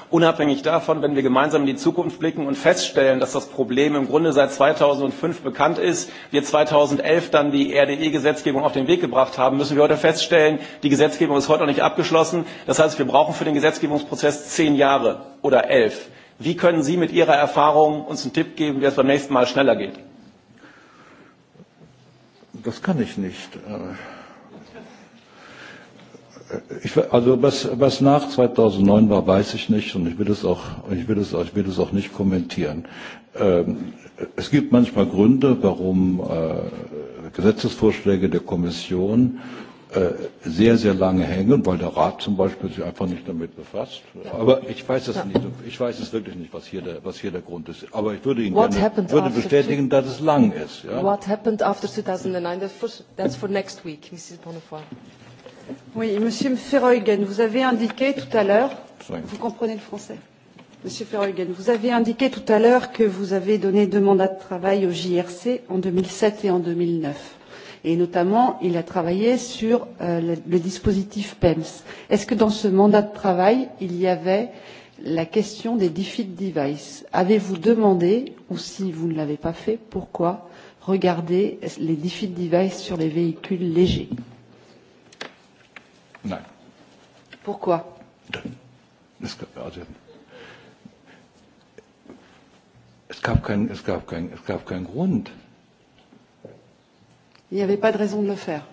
Unabhängig davon, wenn wir gemeinsam in die Zukunft blicken und feststellen, dass das Problem im Grunde seit 2005 bekannt ist, wir 2011 dann die RDE-Gesetzgebung auf den Weg gebracht haben, müssen wir heute feststellen, die Gesetzgebung ist heute noch nicht abgeschlossen. Das heißt, wir brauchen für den Gesetzgebungsprozess zehn Jahre oder elf. Wie können Sie mit Ihrer Erfahrung uns einen Tipp geben, wie es beim nächsten Mal schneller geht? das kann ich nicht. Ich, also was, was nach 2009 war, weiß ich nicht und ich will es auch, ich will es, ich will es auch nicht kommentieren. Ähm, es gibt manchmal Gründe, warum äh, Gesetzesvorschläge der Kommission äh, Äh, sehr, sehr lange hängen, weil der Rat zum Beispiel sich einfach nicht damit befasst. Aber ich weiß es nicht, ich weiß es wirklich nicht, was hier der, was hier der Grund ist. Aber ich würde Ihnen gerne, würde bestätigen, dass es lang ist. Ja? What happened after 2009? That's for, that's for next week, Mrs. Bonnefoy. Oui, Monsieur Verheugen, vous avez indiqué tout à l'heure, vous comprenez le français. Monsieur Verheugen, vous avez indiqué tout à l'heure que vous avez donné deux mandats de travail au JRC en 2007 et en 2009 et notamment il a travaillé sur euh, le, le dispositif PEMS. Est-ce que dans ce mandat de travail, il y avait la question des defeat devices Avez-vous demandé, ou si vous ne l'avez pas fait, pourquoi regarder les defeat devices sur les véhicules légers Non. Pourquoi Es gab keinen, es gab Grund. Il n'y avait pas de raison de le faire.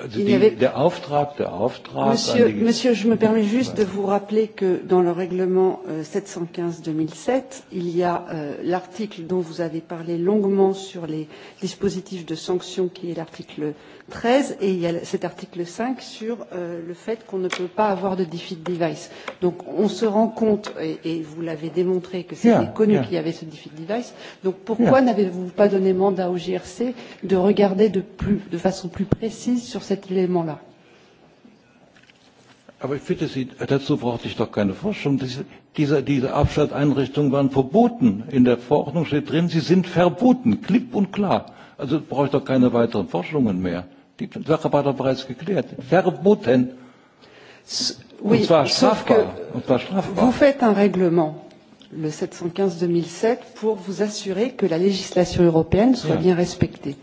Euh, il die, avait... Der Auftrag, der Auftrag Monsieur, Monsieur, je me permets juste de vous rappeler que dans le règlement euh, 715-2007, il y a euh, l'article dont vous avez parlé longuement sur les dispositifs de sanctions, qui est l'article 13 et il y a cet article 5 sur euh, le fait qu'on ne peut pas avoir de defeat device. Donc on se rend compte, et, vous l'avez démontré, que c'était connu qu'il y avait ce defeat device. Donc pourquoi n'avez-vous pas donné mandat au GRC de regarder de, plus, de façon plus précise sur cet élément-là Aber ich bitte Sie, dazu brauchte ich doch keine Forschung. Diese, diese, diese Abschalteinrichtungen waren verboten. In der Verordnung steht drin, sie sind verboten, klipp und klar. Also brauche ich doch keine weiteren Forschungen mehr. Die Sache war doch bereits geklärt. Verboten. Oui, und zwar strafbar. Que und zwar strafbar. Vous faites un règlement le 715-2007 pour vous assurer que la législation européenne soit bien respectée.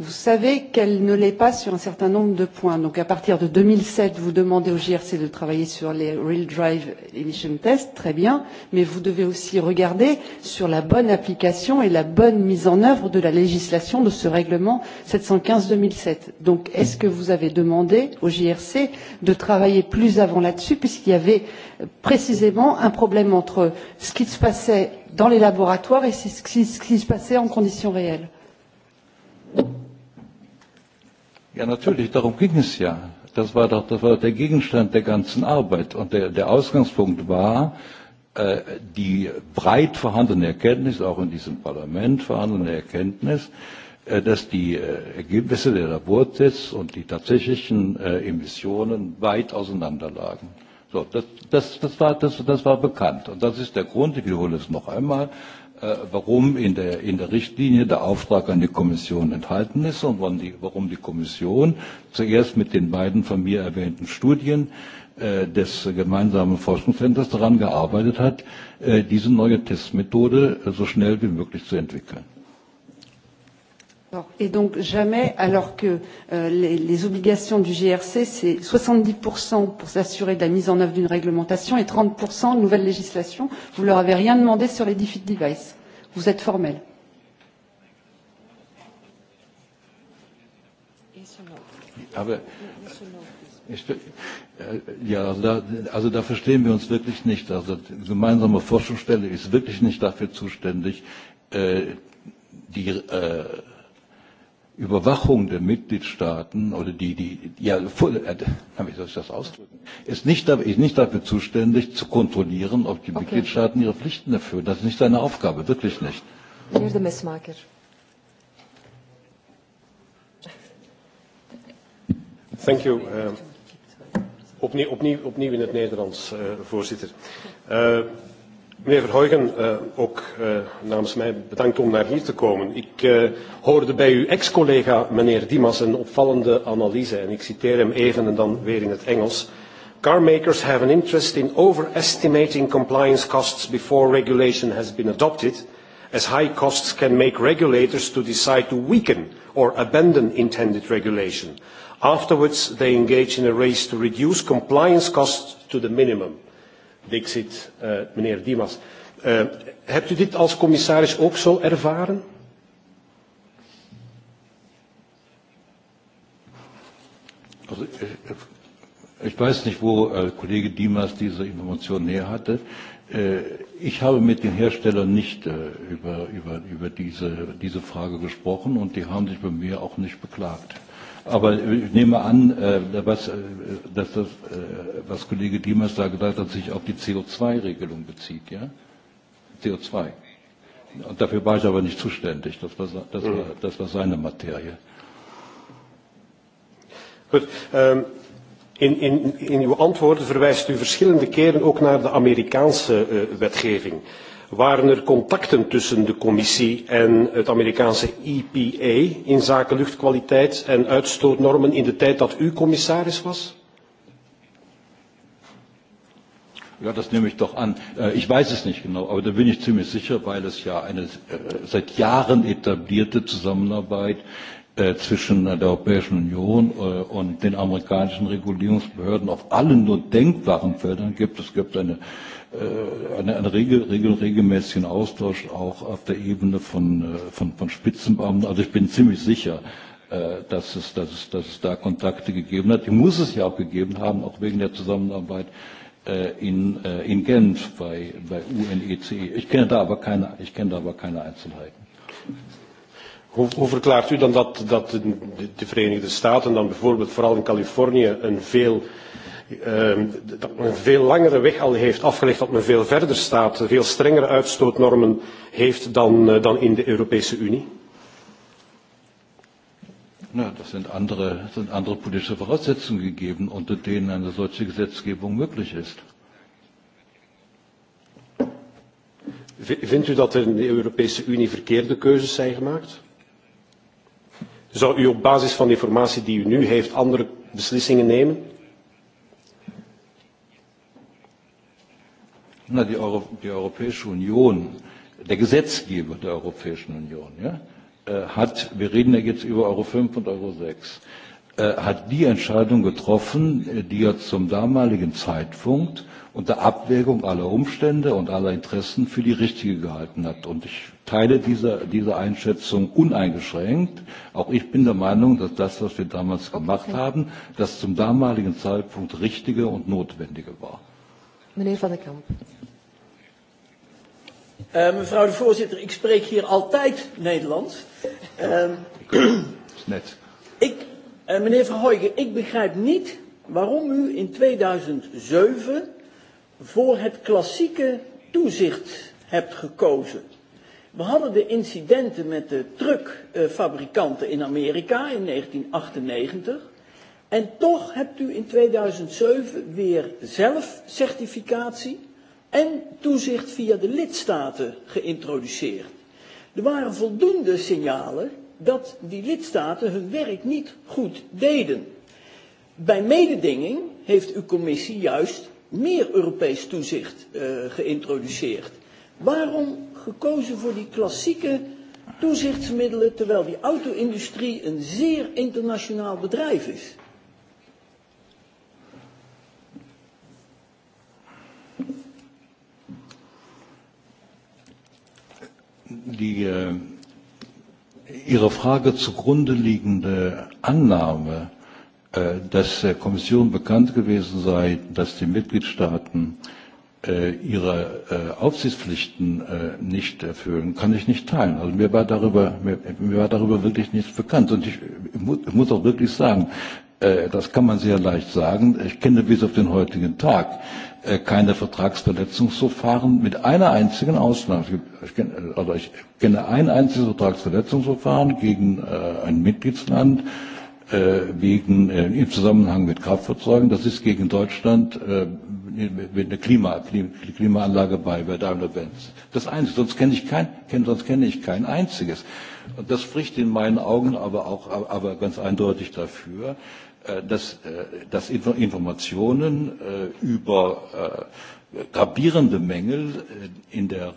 Vous savez qu'elle ne l'est pas sur un certain nombre de points. Donc à partir de 2007, vous demandez au GRC de travailler sur les Real Drive Emission Tests, très bien, mais vous devez aussi regarder sur la bonne application et la bonne mise en œuvre de la législation de ce règlement 715-2007. Donc est-ce que vous avez demandé au GRC de travailler plus avant là-dessus, puisqu'il y avait euh, précisément un problème entre ce qui se passait dans les laboratoires et ce qui se passait en conditions réelles Ja, natürlich, darum ging es ja. Das war doch das war der Gegenstand der ganzen Arbeit. Und der, der Ausgangspunkt war, äh, die breit vorhandene Erkenntnis, auch in diesem Parlament vorhandene Erkenntnis, äh, dass die äh, Ergebnisse der Labortests und die tatsächlichen Emissionen weit auseinanderlagen. So, das, das, das, war, das, das war bekannt. Und das ist der Grund, ich wiederhole es noch einmal, Äh, warum in der, in der Richtlinie der Auftrag an die Kommission enthalten ist und warum die, warum die Kommission zuerst mit den beiden von mir erwähnten Studien äh, des gemeinsamen Forschungszentrums daran gearbeitet hat, äh, diese neue Testmethode so schnell wie möglich zu entwickeln. Et donc jamais, alors que euh, les, les obligations du GRC, c'est 70% pour s'assurer de la mise en œuvre d'une réglementation et 30% de nouvelle législation, vous ne leur avez rien demandé sur les defeat devices. Vous êtes formel. Aber ah ich, äh, ja, da, also da verstehen wir uns wirklich nicht. Also die gemeinsame Forschungsstelle ist wirklich nicht dafür zuständig, äh, die äh, Überwachung der Mitgliedstaaten oder die, die, ja, äh, wie soll ich das ausdrücken, ist nicht, ist nicht dafür zuständig, zu kontrollieren, ob die okay. Mitgliedstaaten ihre Pflichten erfüllen. Das ist nicht seine Aufgabe, wirklich nicht. Here's the Thank you. Uh, opnieuw, opnieuw, opnieuw in het Nederlands, uh, voorzitter. Uh, Meneer Verheugen, uh, ook uh, namens mij bedankt om naar hier te komen. Ik uh, hoorde bij uw ex-collega meneer Dimas een opvallende analyse en ik citeer hem even en dan weer in het Engels. Car have an interest in overestimating compliance costs before regulation has been adopted, as high costs can make regulators to decide to weaken or abandon intended regulation. Afterwards, they engage in a race to reduce compliance costs to the minimum Dixit, uh, eh, meneer Dimas. Uh, hebt u dit als commissaris ook zo ervaren? Also, eh, ich weiß nicht, wo Kollege Dimas diese Information näher hatte. ich habe mit den Herstellern nicht über, über, über diese, diese Frage gesprochen und die haben sich bei mir auch nicht beklagt. Aber ich nehme an, äh, was, äh, dass das, äh, was Kollege Diemers da gesagt hat, sich auf die CO2-Regelung bezieht, ja? CO2. Und dafür war ich aber nicht zuständig. Das war, das war, mhm. das war seine Materie. Gut. Ähm in, in, in uw antwoorden verwijst u verschillende keren ook naar de Amerikaanse uh, wetgeving waren er contacten tussen de commissie en het Amerikaanse EPA in zaken luchtkwaliteit en uitstootnormen in de tijd dat u commissaris was? Ja, das nehme ich doch an. Eh, ich weiß es nicht genau, aber da bin ich ziemlich sicher, weil es ja eine eh, seit Jahren etablierte Zusammenarbeit eh, zwischen der Europäischen Union und den amerikanischen Regulierungsbehörden auf allen nur denkbaren Feldern gibt. Es gibt eine einen äh, eine regel, regelmäßigen Austausch auch auf der Ebene von, äh, von, von Spitzenbeamten. Also ich bin ziemlich sicher, äh, dass es, dass, es, dass es da Kontakte gegeben hat. Die muss es ja auch gegeben haben, auch wegen der Zusammenarbeit in, in Genf bei, bei UNECE. E. Ich kenne da aber keine, ich kenne da aber keine Einzelheiten. Hoe, hoe verklaart u dan dat, dat de, de Verenigde Staten dan bijvoorbeeld vooral in Californië een veel Ehm, dat men een veel langere weg al heeft afgelegd, dat men veel verder staat, veel strengere uitstootnormen heeft dan, eh, dan in de Europese Unie? Ja, dat zijn andere, zijn andere politieke Voraussetzungen gegeven, onder denen een solche Gesetzgebung mogelijk is. Vindt u dat er in de Europese Unie verkeerde keuzes zijn gemaakt? Zou u op basis van de informatie die u nu heeft andere beslissingen nemen? na die, Euro die Europäische Union, der Gesetzgeber der Europäischen Union, ja, äh, hat, wir reden ja jetzt über Euro 5 und Euro 6, äh, hat die Entscheidung getroffen, äh, die er zum damaligen Zeitpunkt unter Abwägung aller Umstände und aller Interessen für die richtige gehalten hat. Und ich teile diese, diese Einschätzung uneingeschränkt. Auch ich bin der Meinung, dass das, was wir damals gemacht okay. haben, das zum damaligen Zeitpunkt richtige und notwendige war. Meneer van der Kamp. Uh, mevrouw de voorzitter, ik spreek hier altijd Nederlands. Uh, Net. Ik, eh, meneer Verhooyen, ik begrijp niet waarom u in 2007 voor het klassieke toezicht hebt gekozen. We hadden de incidenten met de truckfabrikanten in Amerika in 1998. En toch hebt u in 2007 weer zelf certificatie en toezicht via de lidstaten geïntroduceerd. Er waren voldoende signalen dat die lidstaten hun werk niet goed deden. Bij mededinging heeft uw commissie juist meer Europees toezicht uh, geïntroduceerd. Waarom gekozen voor die klassieke toezichtsmiddelen terwijl die auto-industrie een zeer internationaal bedrijf is? die, äh, Ihre Frage zugrunde liegende Annahme, äh, dass der Kommission bekannt gewesen sei, dass die Mitgliedstaaten äh, ihre Aufsichtspflichten nicht erfüllen, kann ich nicht teilen. Also mir war darüber, mir, war darüber wirklich nichts bekannt. Und ich, ich muss auch wirklich sagen, das kann man sehr leicht sagen. Ich kenne bis auf den heutigen Tag Äh, keine Vertragsverletzungsverfahren mit einer einzigen Ausnahme. Ich kenne, also ich kenne ein einziges Vertragsverletzungsverfahren gegen äh, ein Mitgliedsland äh, wegen, äh, im Zusammenhang mit Kraftfahrzeugen. Das ist gegen Deutschland äh, mit einer Klima, Klimaanlage bei, bei Daimler-Benz. Das einzige, sonst kenne ich kein, kenn, sonst kenne ich kein einziges. Und das spricht in meinen Augen aber auch, aber ganz eindeutig dafür, Äh, dass, äh, dass Informationen äh, über gravierende Mängel in der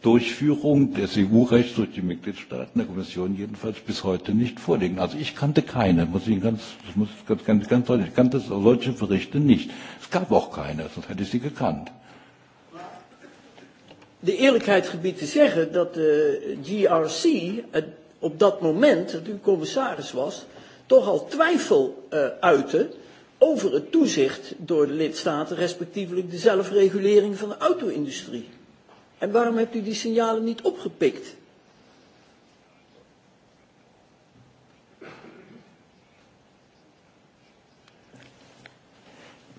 Durchführung des EU-Rechts durch die Mitgliedstaaten der Kommission jedenfalls bis heute nicht vorliegen. Also ich kannte keine, muss ich ganz, das muss ich ganz, ganz, ganz deutlich, ich kannte solche Berichte nicht. Es gab auch keine, sonst hätte ich sie gekannt. De eerlijkheid gebied te zeggen dat de eh, GRC eh, op dat moment, dat u commissaris was, toch al twijfel uh, uiten over het toezicht door de lidstaten, respectievelijk de zelfregulering van de auto-industrie. En waarom hebt u die signalen niet opgepikt?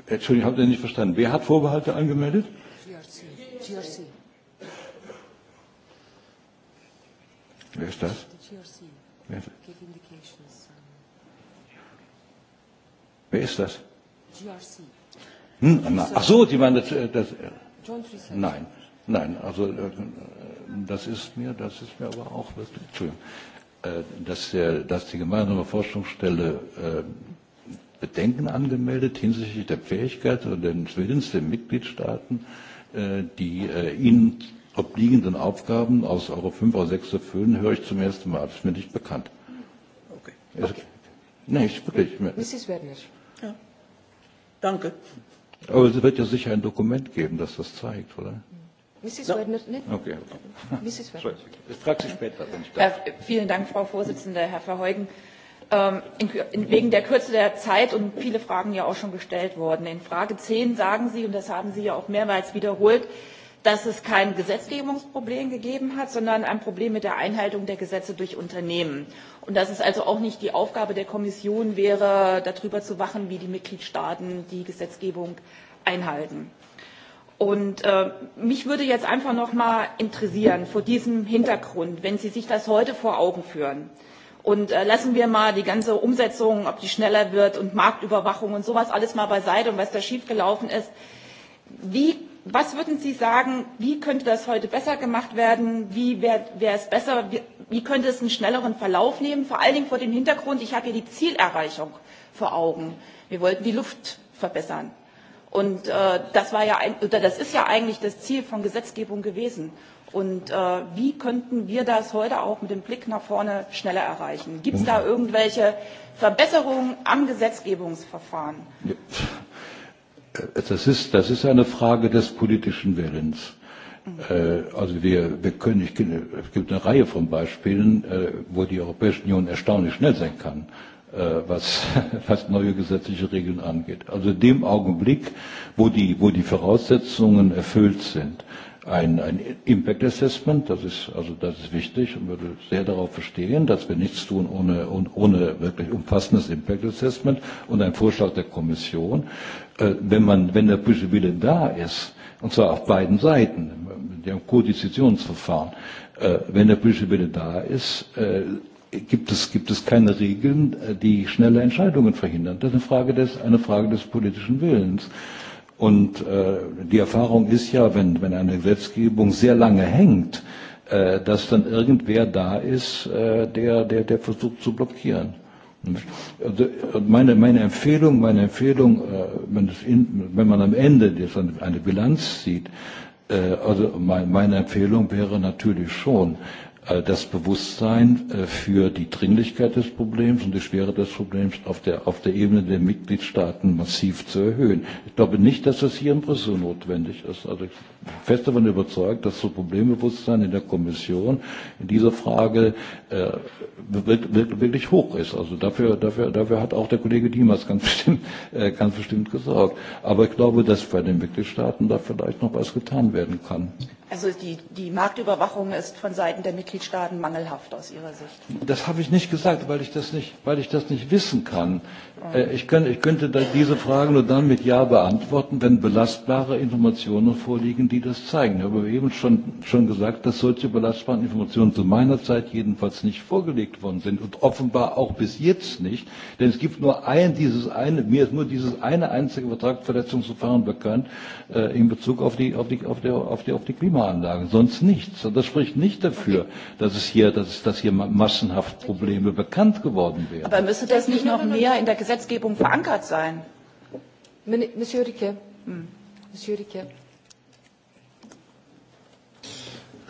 Eh, sorry, ik had het niet verstaan. Wie had voorbehouden angemeldet? GRC. is dat? GRC. Wer ist das? GRC. Hm, ach so, die meinen das, äh, das äh, Nein, nein, also äh, das ist mir, das ist mir aber auch, Entschuldigung, dass, der, dass die gemeinsame Forschungsstelle Bedenken angemeldet hinsichtlich der Fähigkeit und den Willens der Mitgliedstaaten, die ihnen obliegenden Aufgaben aus Euro 5 oder 6 zu füllen, höre ich zum ersten Mal. Das ist mir nicht bekannt. Okay. okay. Nein, ich wirklich. Mrs. Werner. Danke. Aber es wird ja sicher ein Dokument geben, das das zeigt, oder? Mrs. No. Werner, nicht? okay. Mrs. Werner. Ich frage Sie später, wenn ich darf. Herr, vielen Dank, Frau Vorsitzende, Herr Verheugen. Ähm, in, in, wegen der Kürze der Zeit und viele Fragen ja auch schon gestellt worden. In Frage 10 sagen Sie, und das haben Sie ja auch mehrmals wiederholt, dass es kein Gesetzgebungsproblem gegeben hat, sondern ein Problem mit der Einhaltung der Gesetze durch Unternehmen. Und dass es also auch nicht die Aufgabe der Kommission wäre, darüber zu wachen, wie die Mitgliedstaaten die Gesetzgebung einhalten. Und äh, mich würde jetzt einfach noch mal interessieren, vor diesem Hintergrund, wenn Sie sich das heute vor Augen führen, und äh, lassen wir mal die ganze Umsetzung, ob die schneller wird und Marktüberwachung und sowas alles mal beiseite und was da schiefgelaufen ist, wie was würden Sie sagen, wie könnte das heute besser gemacht werden? Wie wäre es besser? Wie, wie könnte es einen schnelleren Verlauf nehmen? Vor allen Dingen vor dem Hintergrund, ich habe hier die Zielerreichung vor Augen. Wir wollten die Luft verbessern. Und äh, das, war ja ein, oder das ist ja eigentlich das Ziel von Gesetzgebung gewesen. Und äh, wie könnten wir das heute auch mit dem Blick nach vorne schneller erreichen? Gibt es da irgendwelche Verbesserungen am Gesetzgebungsverfahren? Ja das ist, das ist eine Frage des politischen Willens. Äh, also wir, wir können, ich, es gibt eine Reihe von Beispielen, äh, wo die Europäische Union erstaunlich schnell sein kann, äh, was, [LAUGHS] was neue gesetzliche Regeln angeht. Also in dem Augenblick, wo die, wo die Voraussetzungen erfüllt sind, ein, ein Impact Assessment, das ist, also das ist wichtig und würde sehr darauf verstehen, dass wir nichts tun ohne, ohne wirklich umfassendes Impact Assessment und ein Vorschlag der Kommission. Äh, wenn man, wenn der politische Wille da ist, und zwar auf beiden Seiten, dem Kodizitionsverfahren, äh, wenn der politische Wille da ist, äh, gibt es, gibt es keine Regeln, äh, die schnelle Entscheidungen verhindern. Das ist eine Frage des, eine Frage des politischen Willens. Und äh, die Erfahrung ist ja, wenn, wenn eine Gesetzgebung sehr lange hängt, äh, dass dann irgendwer da ist, äh, der, der, der versucht zu blockieren. Also meine, meine Empfehlung, meine Empfehlung, äh, wenn, das in, wenn man am Ende eine Bilanz sieht, äh, also mein, meine Empfehlung wäre natürlich schon, Äh, das Bewusstsein äh, für die Dringlichkeit des Problems und die Schwere des Problems auf der, auf der Ebene der Mitgliedstaaten massiv zu erhöhen. Ich glaube nicht, dass das hier in Brüssel notwendig ist. Also ich bin fest davon überzeugt, dass das Problembewusstsein in der Kommission in dieser Frage äh, wirklich hoch ist. Also dafür, dafür, dafür hat auch der Kollege Dimas ganz bestimmt, ganz bestimmt gesorgt. Aber ich glaube, dass bei den Mitgliedstaaten da vielleicht noch was getan werden kann. Also die, die Marktüberwachung ist von Seiten der Mitgliedstaaten mangelhaft aus Ihrer Sicht. Das habe ich nicht gesagt, weil ich das nicht, weil ich das nicht wissen kann. Äh, ich, kann, ich könnte diese Frage nur dann mit Ja beantworten, wenn belastbare Informationen vorliegen, die das zeigen. Aber wir eben schon, schon gesagt, dass solche belastbaren Informationen zu meiner Zeit jedenfalls nicht vorgelegt worden sind und offenbar auch bis jetzt nicht. Denn es gibt nur ein, dieses eine, mir ist nur dieses eine einzige Vertragsverletzungsverfahren bekannt äh, in Bezug auf die, auf, die, auf, der, auf, die, auf die Klimaanlage. Sonst nichts. Und das spricht nicht dafür, dass es hier, dass, es, dass hier massenhaft Probleme bekannt geworden wären. Aber müsste das nicht noch mehr in der Gesetz Gesetzgebung verankert sein. Monsieur Riquet. Hm. Monsieur Riquet.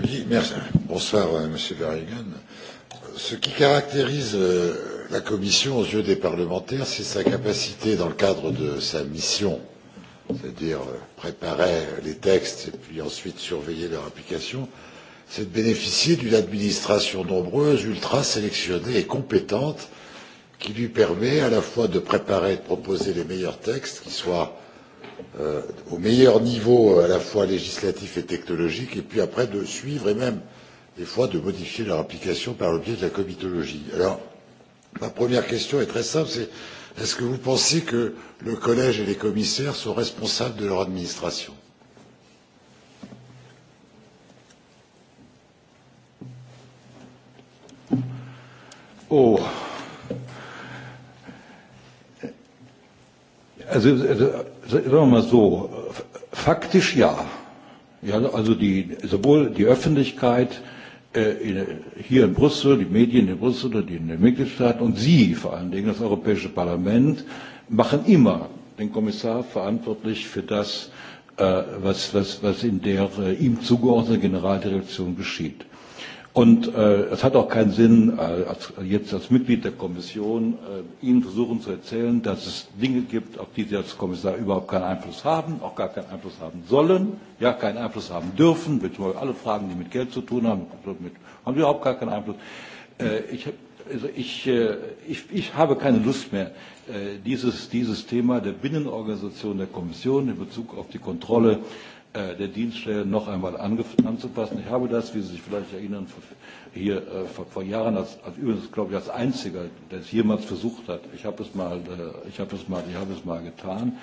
Oui, merci. Bonsoir, euh, Monsieur Verheyen. Ce qui caractérise euh, la Commission aux yeux des parlementaires, c'est sa capacité, dans le cadre de sa mission, c'est-à-dire euh, préparer les textes et puis ensuite surveiller leur application, c'est de bénéficier d'une administration nombreuse, ultra sélectionnée et compétente, qui lui permet à la fois de préparer et de proposer les meilleurs textes qui soient euh, au meilleur niveau à la fois législatif et technologique et puis après de suivre et même des fois de modifier leur application par le biais de la comitologie. Alors, ma première question est très simple, c'est est-ce que vous pensez que le collège et les commissaires sont responsables de leur administration Oh, Also, sagen wir mal so, faktisch ja. ja also die, sowohl die Öffentlichkeit äh, in, hier in Brüssel, die Medien in Brüssel oder in den Mitgliedstaaten und Sie vor allen Dingen, das Europäische Parlament, machen immer den Kommissar verantwortlich für das, äh, was, was, was in der äh, ihm zugeordneten Generaldirektion geschieht. Und äh, es hat auch keinen Sinn, äh, als, jetzt als Mitglied der Kommission äh, Ihnen versuchen zu erzählen, dass es Dinge gibt, auf die Sie als Kommissar überhaupt keinen Einfluss haben, auch gar keinen Einfluss haben sollen, ja keinen Einfluss haben dürfen, beziehungsweise alle Fragen, die mit Geld zu tun haben, mit, haben überhaupt gar keinen Einfluss. Äh, ich also ich, äh, ich, ich habe keine Lust mehr, äh, dieses, dieses Thema der Binnenorganisation der Kommission in Bezug auf die Kontrolle Äh, der Dienststellen noch einmal anzupassen. Ich habe das, wie Sie sich vielleicht erinnern, hier äh, vor, vor Jahren als, als übrigens, glaube ich, als einziger, der es jemals versucht hat. Ich habe äh, es mal, ich habe es mal, ich habe es mal getan.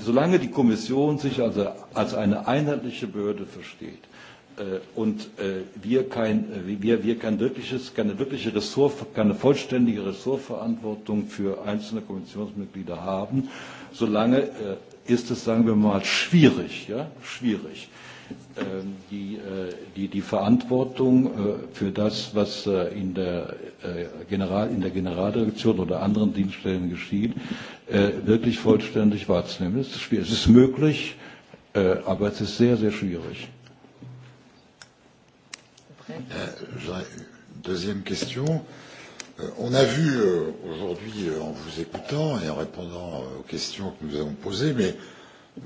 Solange die Kommission sich also als eine einheitliche Behörde versteht, und wir kein, wir, wir kein wirkliches, keine wirkliche Ressort, keine vollständige Ressortverantwortung für einzelne Kommissionsmitglieder haben, solange ist es, sagen wir mal, schwierig, ja, schwierig, ähm, die, äh, die, die Verantwortung äh, für das, was äh, in der, General, in der Generaldirektion oder anderen Dienststellen geschieht, wirklich vollständig wahrzunehmen. Es ist, es ist möglich, aber es ist sehr, sehr schwierig. Deuxième question. Euh, on a vu euh, aujourd'hui, euh, en vous écoutant et en répondant aux questions que nous avons posées, mais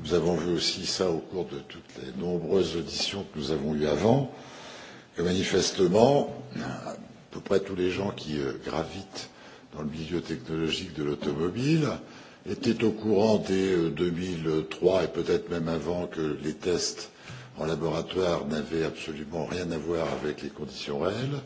nous avons vu aussi ça au cours de toutes les nombreuses auditions que nous avons eues avant, que manifestement, à peu près tous les gens qui gravitent dans le milieu technologique de l'automobile étaient au courant dès 2003 et peut-être même avant que les tests en laboratoire n'avaient absolument rien à voir avec les conditions réelles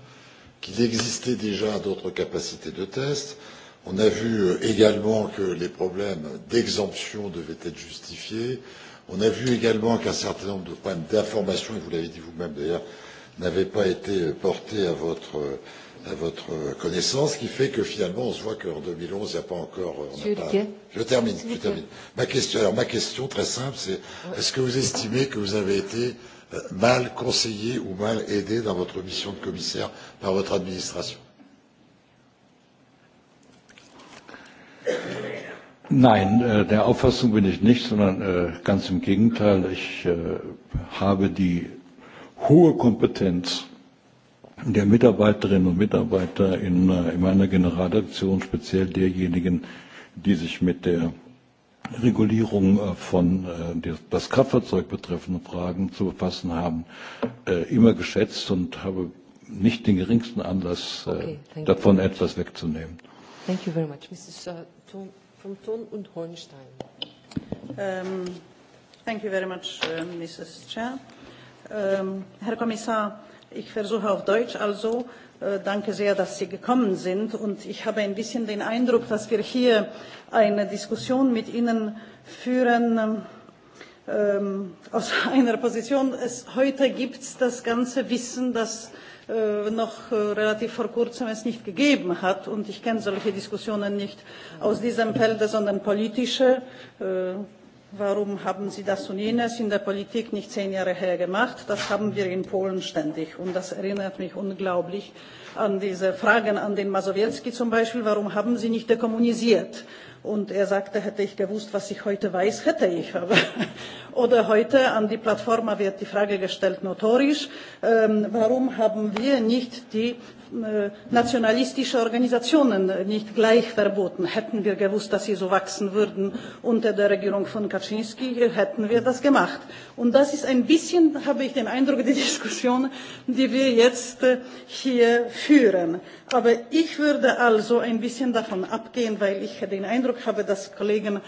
qu'il existait déjà d'autres capacités de test. On a vu euh, également que les problèmes d'exemption devaient être justifiés. On a vu également qu'un certain nombre de problèmes d'information, et vous l'avez dit vous-même d'ailleurs, n'avaient pas été euh, portés à votre, euh, à votre connaissance, ce qui fait que finalement, on se voit qu'en 2011, il n'y a pas encore... On a pas... Je termine, je termine. Ma question, alors, ma question très simple, c'est est-ce que vous estimez que vous avez été mal conseillé ou mal aidé dans votre mission de commissaire par votre administration Nein, äh, der Auffassung bin ich nicht, sondern äh, ganz im Gegenteil. Ich äh, habe die hohe Kompetenz der Mitarbeiterinnen und Mitarbeiter in, in meiner Generaldirektion, speziell derjenigen, die sich mit der Regulierung von das Kraftfahrzeug betreffenden Fragen zu befassen haben, immer geschätzt und habe nicht den geringsten Anlass, äh, okay, davon etwas wegzunehmen. Thank you very much. Mrs. Thun, from Thun und Hornstein. Um, thank you very much, uh, Mrs. Chair. Um, Herr Kommissar, ich versuche auf Deutsch also. Uh, danke sehr, dass Sie gekommen sind. Und ich habe ein bisschen den Eindruck, dass wir hier eine Diskussion mit Ihnen führen, ähm, aus [LAUGHS] einer Position. Es, heute gibt das ganze Wissen, das Äh, noch äh, relativ vor kurzem es nicht gegeben hat. Und ich kenne solche Diskussionen nicht aus diesem Felde, sondern politische. Äh, warum haben Sie das und jenes in der Politik nicht zehn Jahre her gemacht? Das haben wir in Polen ständig. Und das erinnert mich unglaublich an diese Fragen an den Masowiecki zum Beispiel. Warum haben Sie nicht dekommunisiert? und er sagte, hätte ich gewusst, was ich heute weiß, hätte ich. Aber [LAUGHS] Oder heute an die Plattform wird die Frage gestellt, notorisch, ähm, warum haben wir nicht die äh, nationalistische Organisationen nicht gleich verboten? Hätten wir gewusst, dass sie so wachsen würden unter der Regierung von Kaczynski, hätten wir das gemacht. Und das ist ein bisschen, habe ich den Eindruck, die Diskussion, die wir jetzt äh, hier führen. Aber ich würde also ein bisschen davon abgehen, weil ich den Eindruck Eindruck habe, dass Kollegen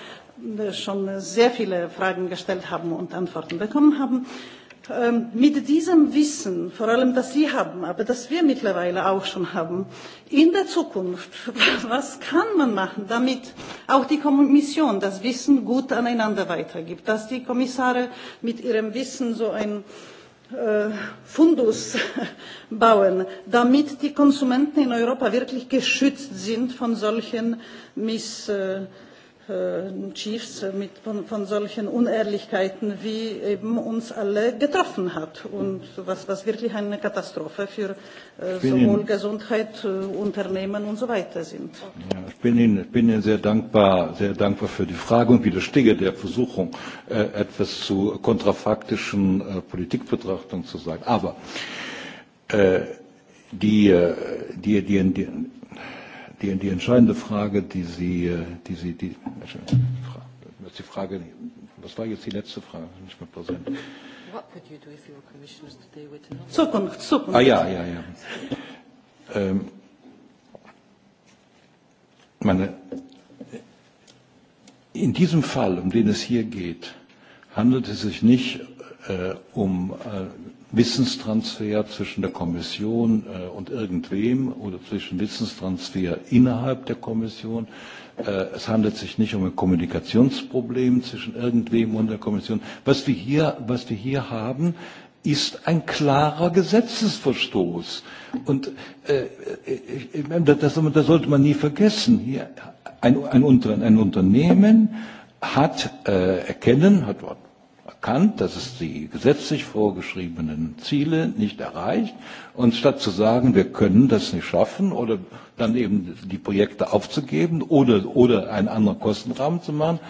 äh, schon sehr viele Fragen gestellt haben und Antworten bekommen haben. Ähm, mit diesem Wissen, vor allem das Sie haben, aber das wir mittlerweile auch schon haben, in der Zukunft, [LAUGHS] was kann man machen, damit auch die Kommission das Wissen gut aneinander weitergibt, dass die Kommissare mit ihrem Wissen so ein Fundus bauen, damit die Konsumenten in Europa wirklich geschützt sind von solchen Miss äh, Äh, Chiefs mit, von, von solchen Unehrlichkeiten wie eben uns alle getroffen hat und was, was wirklich eine Katastrophe für äh, sowohl Gesundheit, äh, Unternehmen und so weiter sind. Ja, ich, bin Ihnen, ich bin Ihnen sehr dankbar, sehr dankbar für die Frage und widerstehe der Versuchung, äh, etwas zu kontrafaktischen äh, Politikbetrachtungen zu sagen. Aber äh, die, äh, die, die, die die, die entscheidende Frage, die Sie, äh, die Sie, die, die Frage, was war jetzt die letzte Frage? Nicht mehr präsent. Zukunft, Zukunft. Ah ja, ja, ja. Ähm, meine, in diesem Fall, um den es hier geht, handelt es sich nicht äh, um äh, Wissenstransfer zwischen der Kommission äh, und irgendwem oder zwischen Wissenstransfer innerhalb der Kommission. Äh, es handelt sich nicht um ein Kommunikationsproblem zwischen irgendwem und der Kommission. Was wir hier, was wir hier haben, ist ein klarer Gesetzesverstoß. Und äh, ich, äh, das, das sollte man nie vergessen. Hier ein, ein, ein Unternehmen hat erkennen, hat erkannt, dass es die gesetzlich vorgeschriebenen Ziele nicht erreicht. Und statt zu sagen, wir können das nicht schaffen oder dann eben die Projekte aufzugeben oder, oder einen anderen Kostenrahmen zu machen,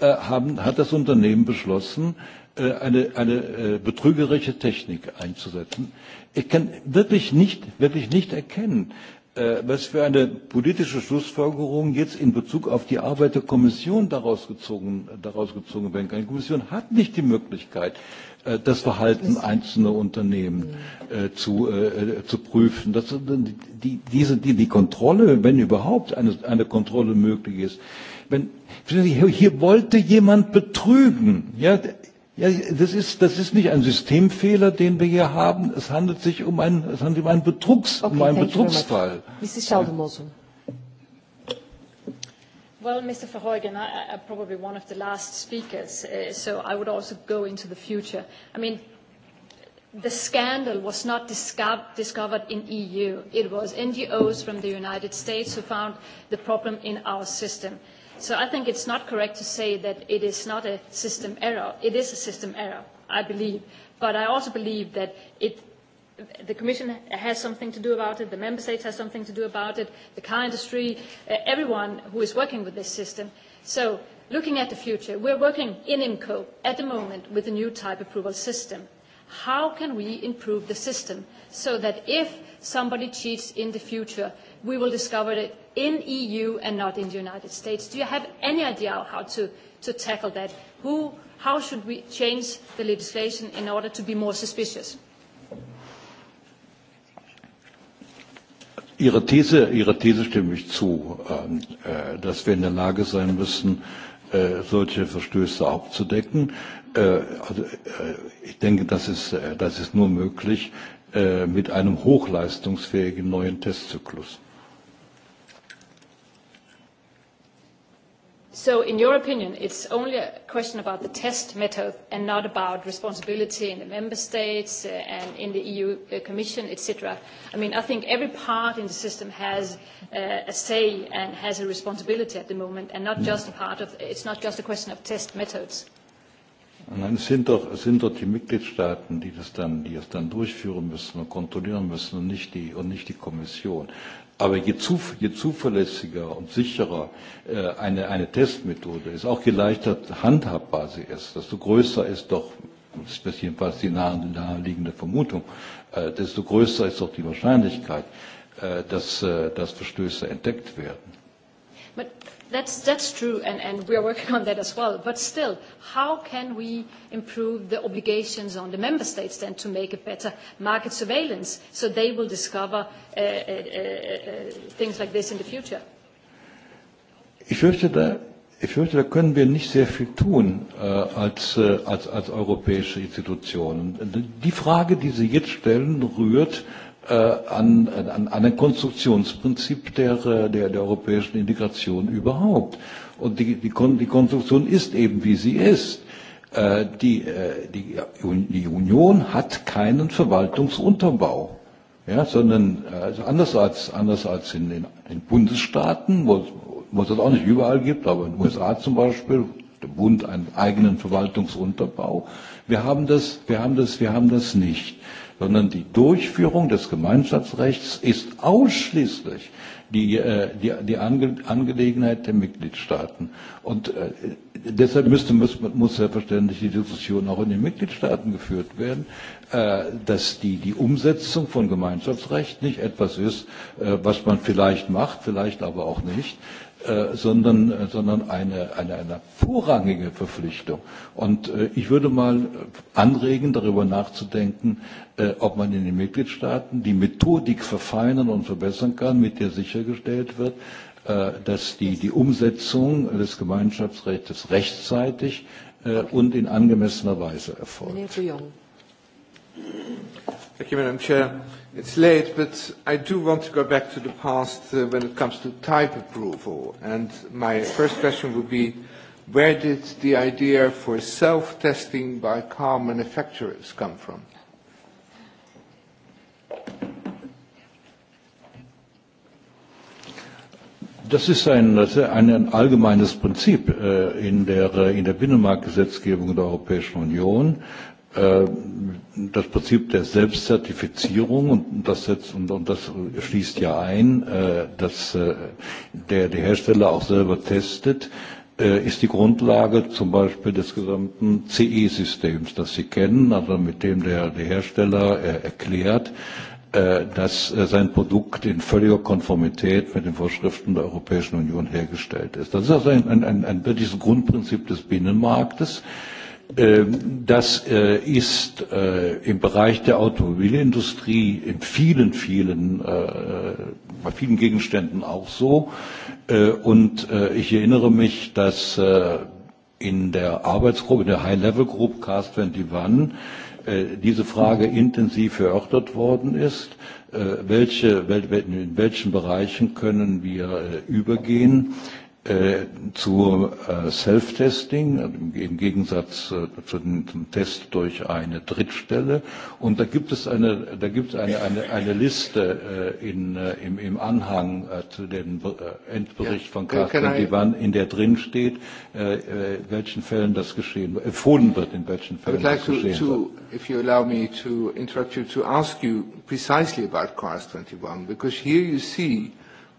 äh, haben, hat das Unternehmen beschlossen, äh, eine, eine äh, betrügerische Technik einzusetzen. Ich kann wirklich nicht, wirklich nicht erkennen, Äh, was für eine politische Schlussfolgerung jetzt in Bezug auf die Arbeit der Kommission daraus gezogen, daraus gezogen werden kann. Die Kommission hat nicht die Möglichkeit, äh, das Verhalten einzelner Unternehmen äh, zu, zu prüfen. Das, die, diese, die, die Kontrolle, wenn überhaupt eine, eine Kontrolle möglich ist. Wenn, hier wollte jemand betrügen. Ja, ja, das ist, das ist nicht ein Systemfehler, den wir hier haben. Es handelt sich um einen, es handelt um, um einen, Betrugs, okay, um einen Betrugsfall. Mrs. Sheldon Well, Mr. Verheugen, I, I'm probably one of the last speakers, uh, so I would also go into the future. I mean, the scandal was not discovered in EU. It was NGOs from the United States who found the problem in our system So I think it's not correct to say that it is not a system error. It is a system error, I believe. But I also believe that it, the Commission has something to do about it, the Member States has something to do about it, the car industry, uh, everyone who is working with this system. So looking at the future, we're working in IMCO at the moment with a new type approval system. How can we improve the system so that if somebody cheats in the future, we will discover it in EU and not in the United States. Do you have any idea how to, to tackle that? Who, how should we change the legislation in order to be more suspicious? Ihre These, Ihre These stimme ich zu, ähm, äh, dass wir in der Lage sein müssen, äh, solche Verstöße aufzudecken. Äh, also, ich denke, das ist, das ist nur möglich mit einem hochleistungsfähigen neuen Testzyklus. So in your opinion, it's only a question about the test method and not about responsibility in the member states uh, and in the EU uh, Commission, etc. I mean, I think every part in the system has uh, a say and has a responsibility at the moment, and not just a part of. It's not just a question of test methods. Nein, es sind doch, sind doch die Mitgliedstaaten, die das, dann, die das dann durchführen müssen und kontrollieren müssen und nicht die, und nicht die Kommission. Aber je, zu, je zuverlässiger und sicherer äh, eine, eine Testmethode ist, auch je leichter handhabbar sie ist, desto größer ist doch, das ist jedenfalls die naheliegende Vermutung, äh, desto größer ist doch die Wahrscheinlichkeit, äh, dass, äh, dass Verstöße entdeckt werden that's, that's true, and, and we are working on that as well. But still, how can we improve the obligations on the member states then to make a better market surveillance so they will discover uh, uh, uh things like this in the future? Ich fürchte, da, ich fürchte, da können wir nicht sehr viel tun äh, als, äh, als, als europäische Institutionen. Die Frage, die Sie jetzt stellen, rührt Äh, an, an, an ein Konstruktionsprinzip der, äh, der, der europäischen Integration überhaupt. Und die, die, Kon die Konstruktion ist eben, wie sie ist. Äh, die, äh, die, die Union hat keinen Verwaltungsunterbau. Ja, sondern äh, also anders als, anders als in den in Bundesstaaten, wo, es das auch nicht überall gibt, aber in den USA zum Beispiel, der Bund einen eigenen Verwaltungsunterbau. Wir haben das, wir haben das, wir haben das nicht sondern die Durchführung des Gemeinschaftsrechts ist ausschließlich die, äh, die, Angelegenheit der Mitgliedstaaten. Und äh, deshalb müsste, muss, muss selbstverständlich die Diskussion auch in den Mitgliedstaaten geführt werden, äh, dass die, die Umsetzung von Gemeinschaftsrecht nicht etwas ist, was man vielleicht macht, vielleicht aber auch nicht, Äh, sondern, äh, sondern eine, eine, eine vorrangige Verpflichtung. Und äh, ich würde mal anregen, darüber nachzudenken, ob man in den Mitgliedstaaten die Methodik verfeinern und verbessern kann, mit der sichergestellt wird, dass die, die Umsetzung des Gemeinschaftsrechts rechtzeitig und in angemessener Weise erfolgt. Thank you, Madam Chair. It's late, but I do want to go back to the past uh, when it comes to type approval. And my first question would be, where did the idea for self-testing by car manufacturers come from? Das ist ein, ein, ein allgemeines Prinzip äh, in der, äh, in der Binnenmarktgesetzgebung der Europäischen Union, das Prinzip der Selbstzertifizierung und das, setzt, und das schließt ja ein, dass der, der Hersteller auch selber testet, ist die Grundlage zum Beispiel des gesamten CE-Systems, das Sie kennen, also mit dem der, der Hersteller erklärt, dass sein Produkt in völliger Konformität mit den Vorschriften der Europäischen Union hergestellt ist. Das ist also ein, ein, ein, ein wirkliches Grundprinzip des Binnenmarktes. Ähm, das äh, ist äh, im Bereich der Automobilindustrie in vielen, vielen, äh, bei vielen Gegenständen auch so. Und ich erinnere mich, dass in der Arbeitsgruppe, in der High-Level-Group Cast 21, diese Frage intensiv erörtert worden ist. Welche, in welchen Bereichen können wir übergehen? Äh, zu äh, Self-Testing, im Gegensatz äh, zu dem, zum Test durch eine Drittstelle. Und da gibt es eine, da gibt es eine, eine, eine Liste in, im, im Anhang zu dem Endbericht ja, von Carsten er- wann in der drin steht, in welchen Fällen das geschehen, empfohlen wird, in welchen Fällen like das to, geschehen to, wird. If you allow me to interrupt you, to ask you precisely about CARS 21, because here you see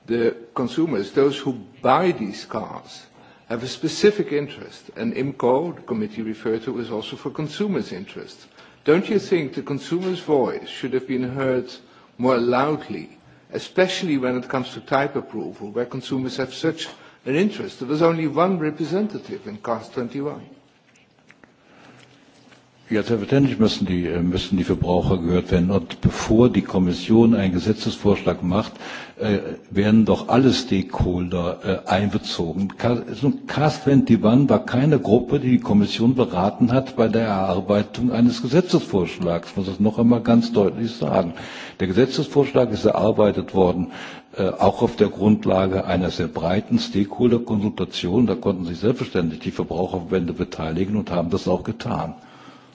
the consumers, those who buy these cars, have a specific interest, and IMCO, the committee referred to, is also for consumers' interest. Don't you think the consumer's voice should have been heard more loudly, especially when it comes to type approval, where consumers have such an interest? There was only one representative in CARS 21. Ja, selbstverständlich müssen die, äh, müssen die Verbraucher gehört werden. Und bevor die Kommission einen Gesetzesvorschlag macht, äh, werden doch alle Stakeholder äh, einbezogen. Cast 21 war keine Gruppe, die die Kommission beraten hat bei der Erarbeitung eines Gesetzesvorschlags. Ich muss das noch einmal ganz deutlich sagen. Der Gesetzesvorschlag ist erarbeitet worden äh, auch auf der Grundlage einer sehr breiten Stakeholder-Konsultation. Da konnten sich selbstverständlich die Verbraucherverbände beteiligen und haben das auch getan.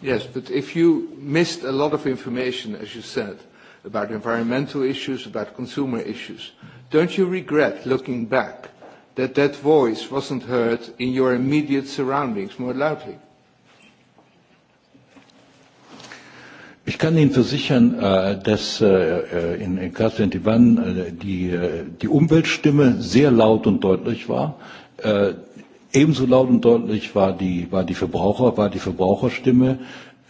Yes, but if you missed a lot of information, as you said, about environmental issues, about consumer issues, don't you regret looking back that that voice wasn't heard in your immediate surroundings more loudly? Ich kann Ihnen versichern, äh, dass äh, äh, in 21 die Umweltstimme sehr laut und deutlich war Ebenso laut und deutlich war die, war die Verbraucher, war die Verbraucherstimme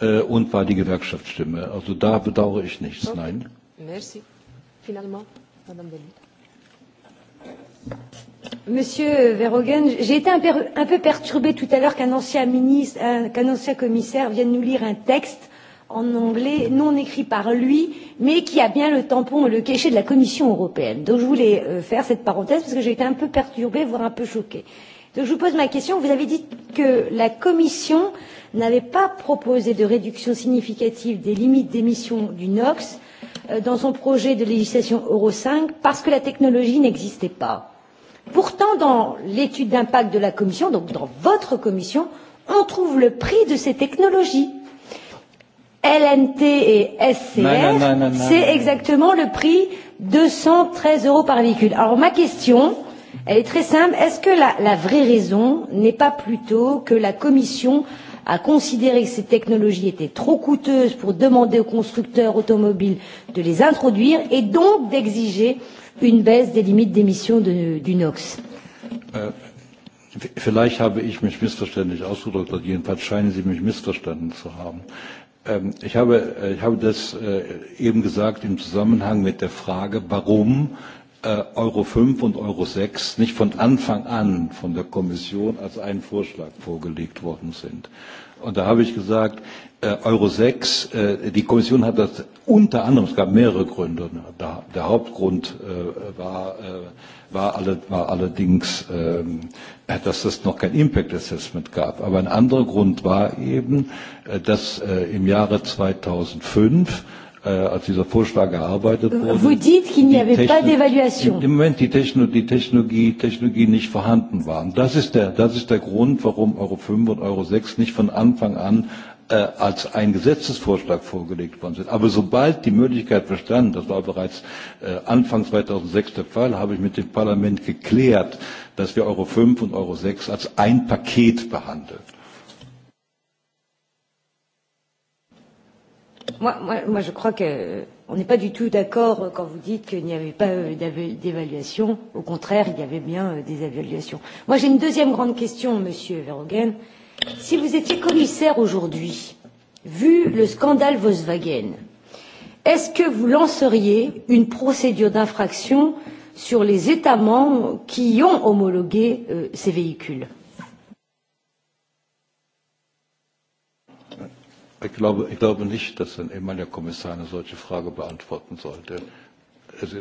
äh, und war die Gewerkschaftsstimme. Also da bedauere ich nichts, okay. nein. Merci. Finalement, Madame Delis. Monsieur Verhoeven, j'ai été un, un peu perturbé tout à l'heure qu'un ancien ministre, euh, qu'un ancien commissaire vienne nous lire un texte en anglais non écrit par lui, mais qui a bien le tampon et le cachet de la Commission européenne. Donc je voulais euh, faire cette parenthèse parce que j'ai été un peu perturbée, voire un peu choquée. Donc je vous pose ma question. Vous avez dit que la Commission n'avait pas proposé de réduction significative des limites d'émission du NOx euh, dans son projet de législation Euro 5 parce que la technologie n'existait pas. Pourtant, dans l'étude d'impact de la Commission, donc dans votre Commission, on trouve le prix de ces technologies. LNT et SCR, c'est exactement le prix de 213 euros par véhicule. Alors ma question, Elle est très simple. Est-ce que la, la vraie raison n'est pas plutôt que la Commission a considéré que ces technologies étaient trop coûteuses pour demander aux constructeurs automobiles de les introduire et donc d'exiger une baisse des limites d'émission de, du NOx äh, Vielleicht habe ich mich missverständlich ausgedrückt, oder jedenfalls scheinen Sie mich missverstanden zu haben. Ähm, ich, habe, äh, ich habe das äh, eben gesagt im Zusammenhang mit der Frage, warum Äh, Euro 5 und Euro 6 nicht von Anfang an von der Kommission als einen Vorschlag vorgelegt worden sind. Und da habe ich gesagt, äh, Euro 6, äh, die Kommission hat das unter anderem, es gab mehrere Gründe. Der Hauptgrund war, war, alle, war allerdings, ähm, dass es noch kein Impact Assessment gab. Aber ein anderer Grund war eben, dass im Jahre 2005 Äh, als dieser Vorschlag erarbeitet wurde. Im Moment die Technologie, nicht vorhanden waren. Das ist der, das ist der Grund, warum Euro 5 und Euro 6 nicht von Anfang an äh, als ein Gesetzesvorschlag vorgelegt worden sind. Aber sobald die Möglichkeit verstanden das war bereits äh, Anfang 2006 der Fall, habe ich mit dem Parlament geklärt, dass wir Euro 5 und Euro 6 als ein Paket behandeln Moi, moi, moi je crois qu'on euh, n'est pas du tout d'accord quand vous dites qu'il n'y avait pas euh, d'évaluation. Au contraire, il y avait bien euh, des évaluations. Moi, j'ai une deuxième grande question, Monsieur Verhoeven. Si vous étiez commissaire aujourd'hui, vu le scandale Volkswagen, est-ce que vous lanceriez une procédure d'infraction sur les États membres qui ont homologué euh, ces véhicules Ich glaube, ich glaube nicht, dass ein ehemaliger Kommissar eine solche Frage beantworten sollte. Also,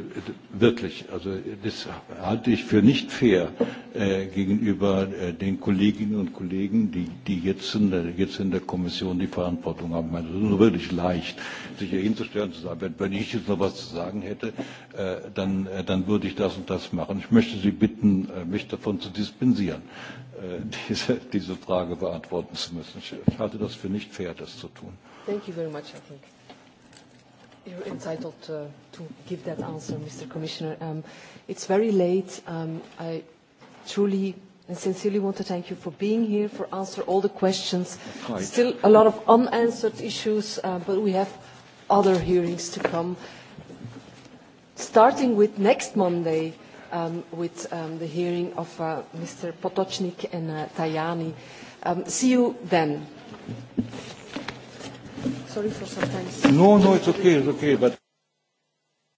wirklich, also das halte ich für nicht fair äh, gegenüber äh, den Kolleginnen und Kollegen, die, die jetzt, in der, jetzt in der Kommission die Verantwortung haben. es ist wirklich leicht, sich hier hinzustellen und zu sagen, wenn, wenn ich jetzt noch was zu sagen hätte, äh, dann, äh, dann würde ich das und das machen. Ich möchte Sie bitten, äh, mich davon zu dispensieren. Äh, [LAUGHS] diese, diese Frage beantworten zu müssen. Ich halte das für nicht fair, das zu tun. Thank you very much, I think. You're entitled to, uh, to give that answer, Mr. Commissioner. Um, it's very late. Um, I truly and sincerely want to thank you for being here, for answering all the questions. Right. Still a lot of unanswered issues, uh, but we have other hearings to come, starting with next Monday um, with um, the hearing of uh, Mr. Potocnik and uh, Tajani. Um, see you then. Sorry for sometimes. No, no, it's okay, it's okay, but...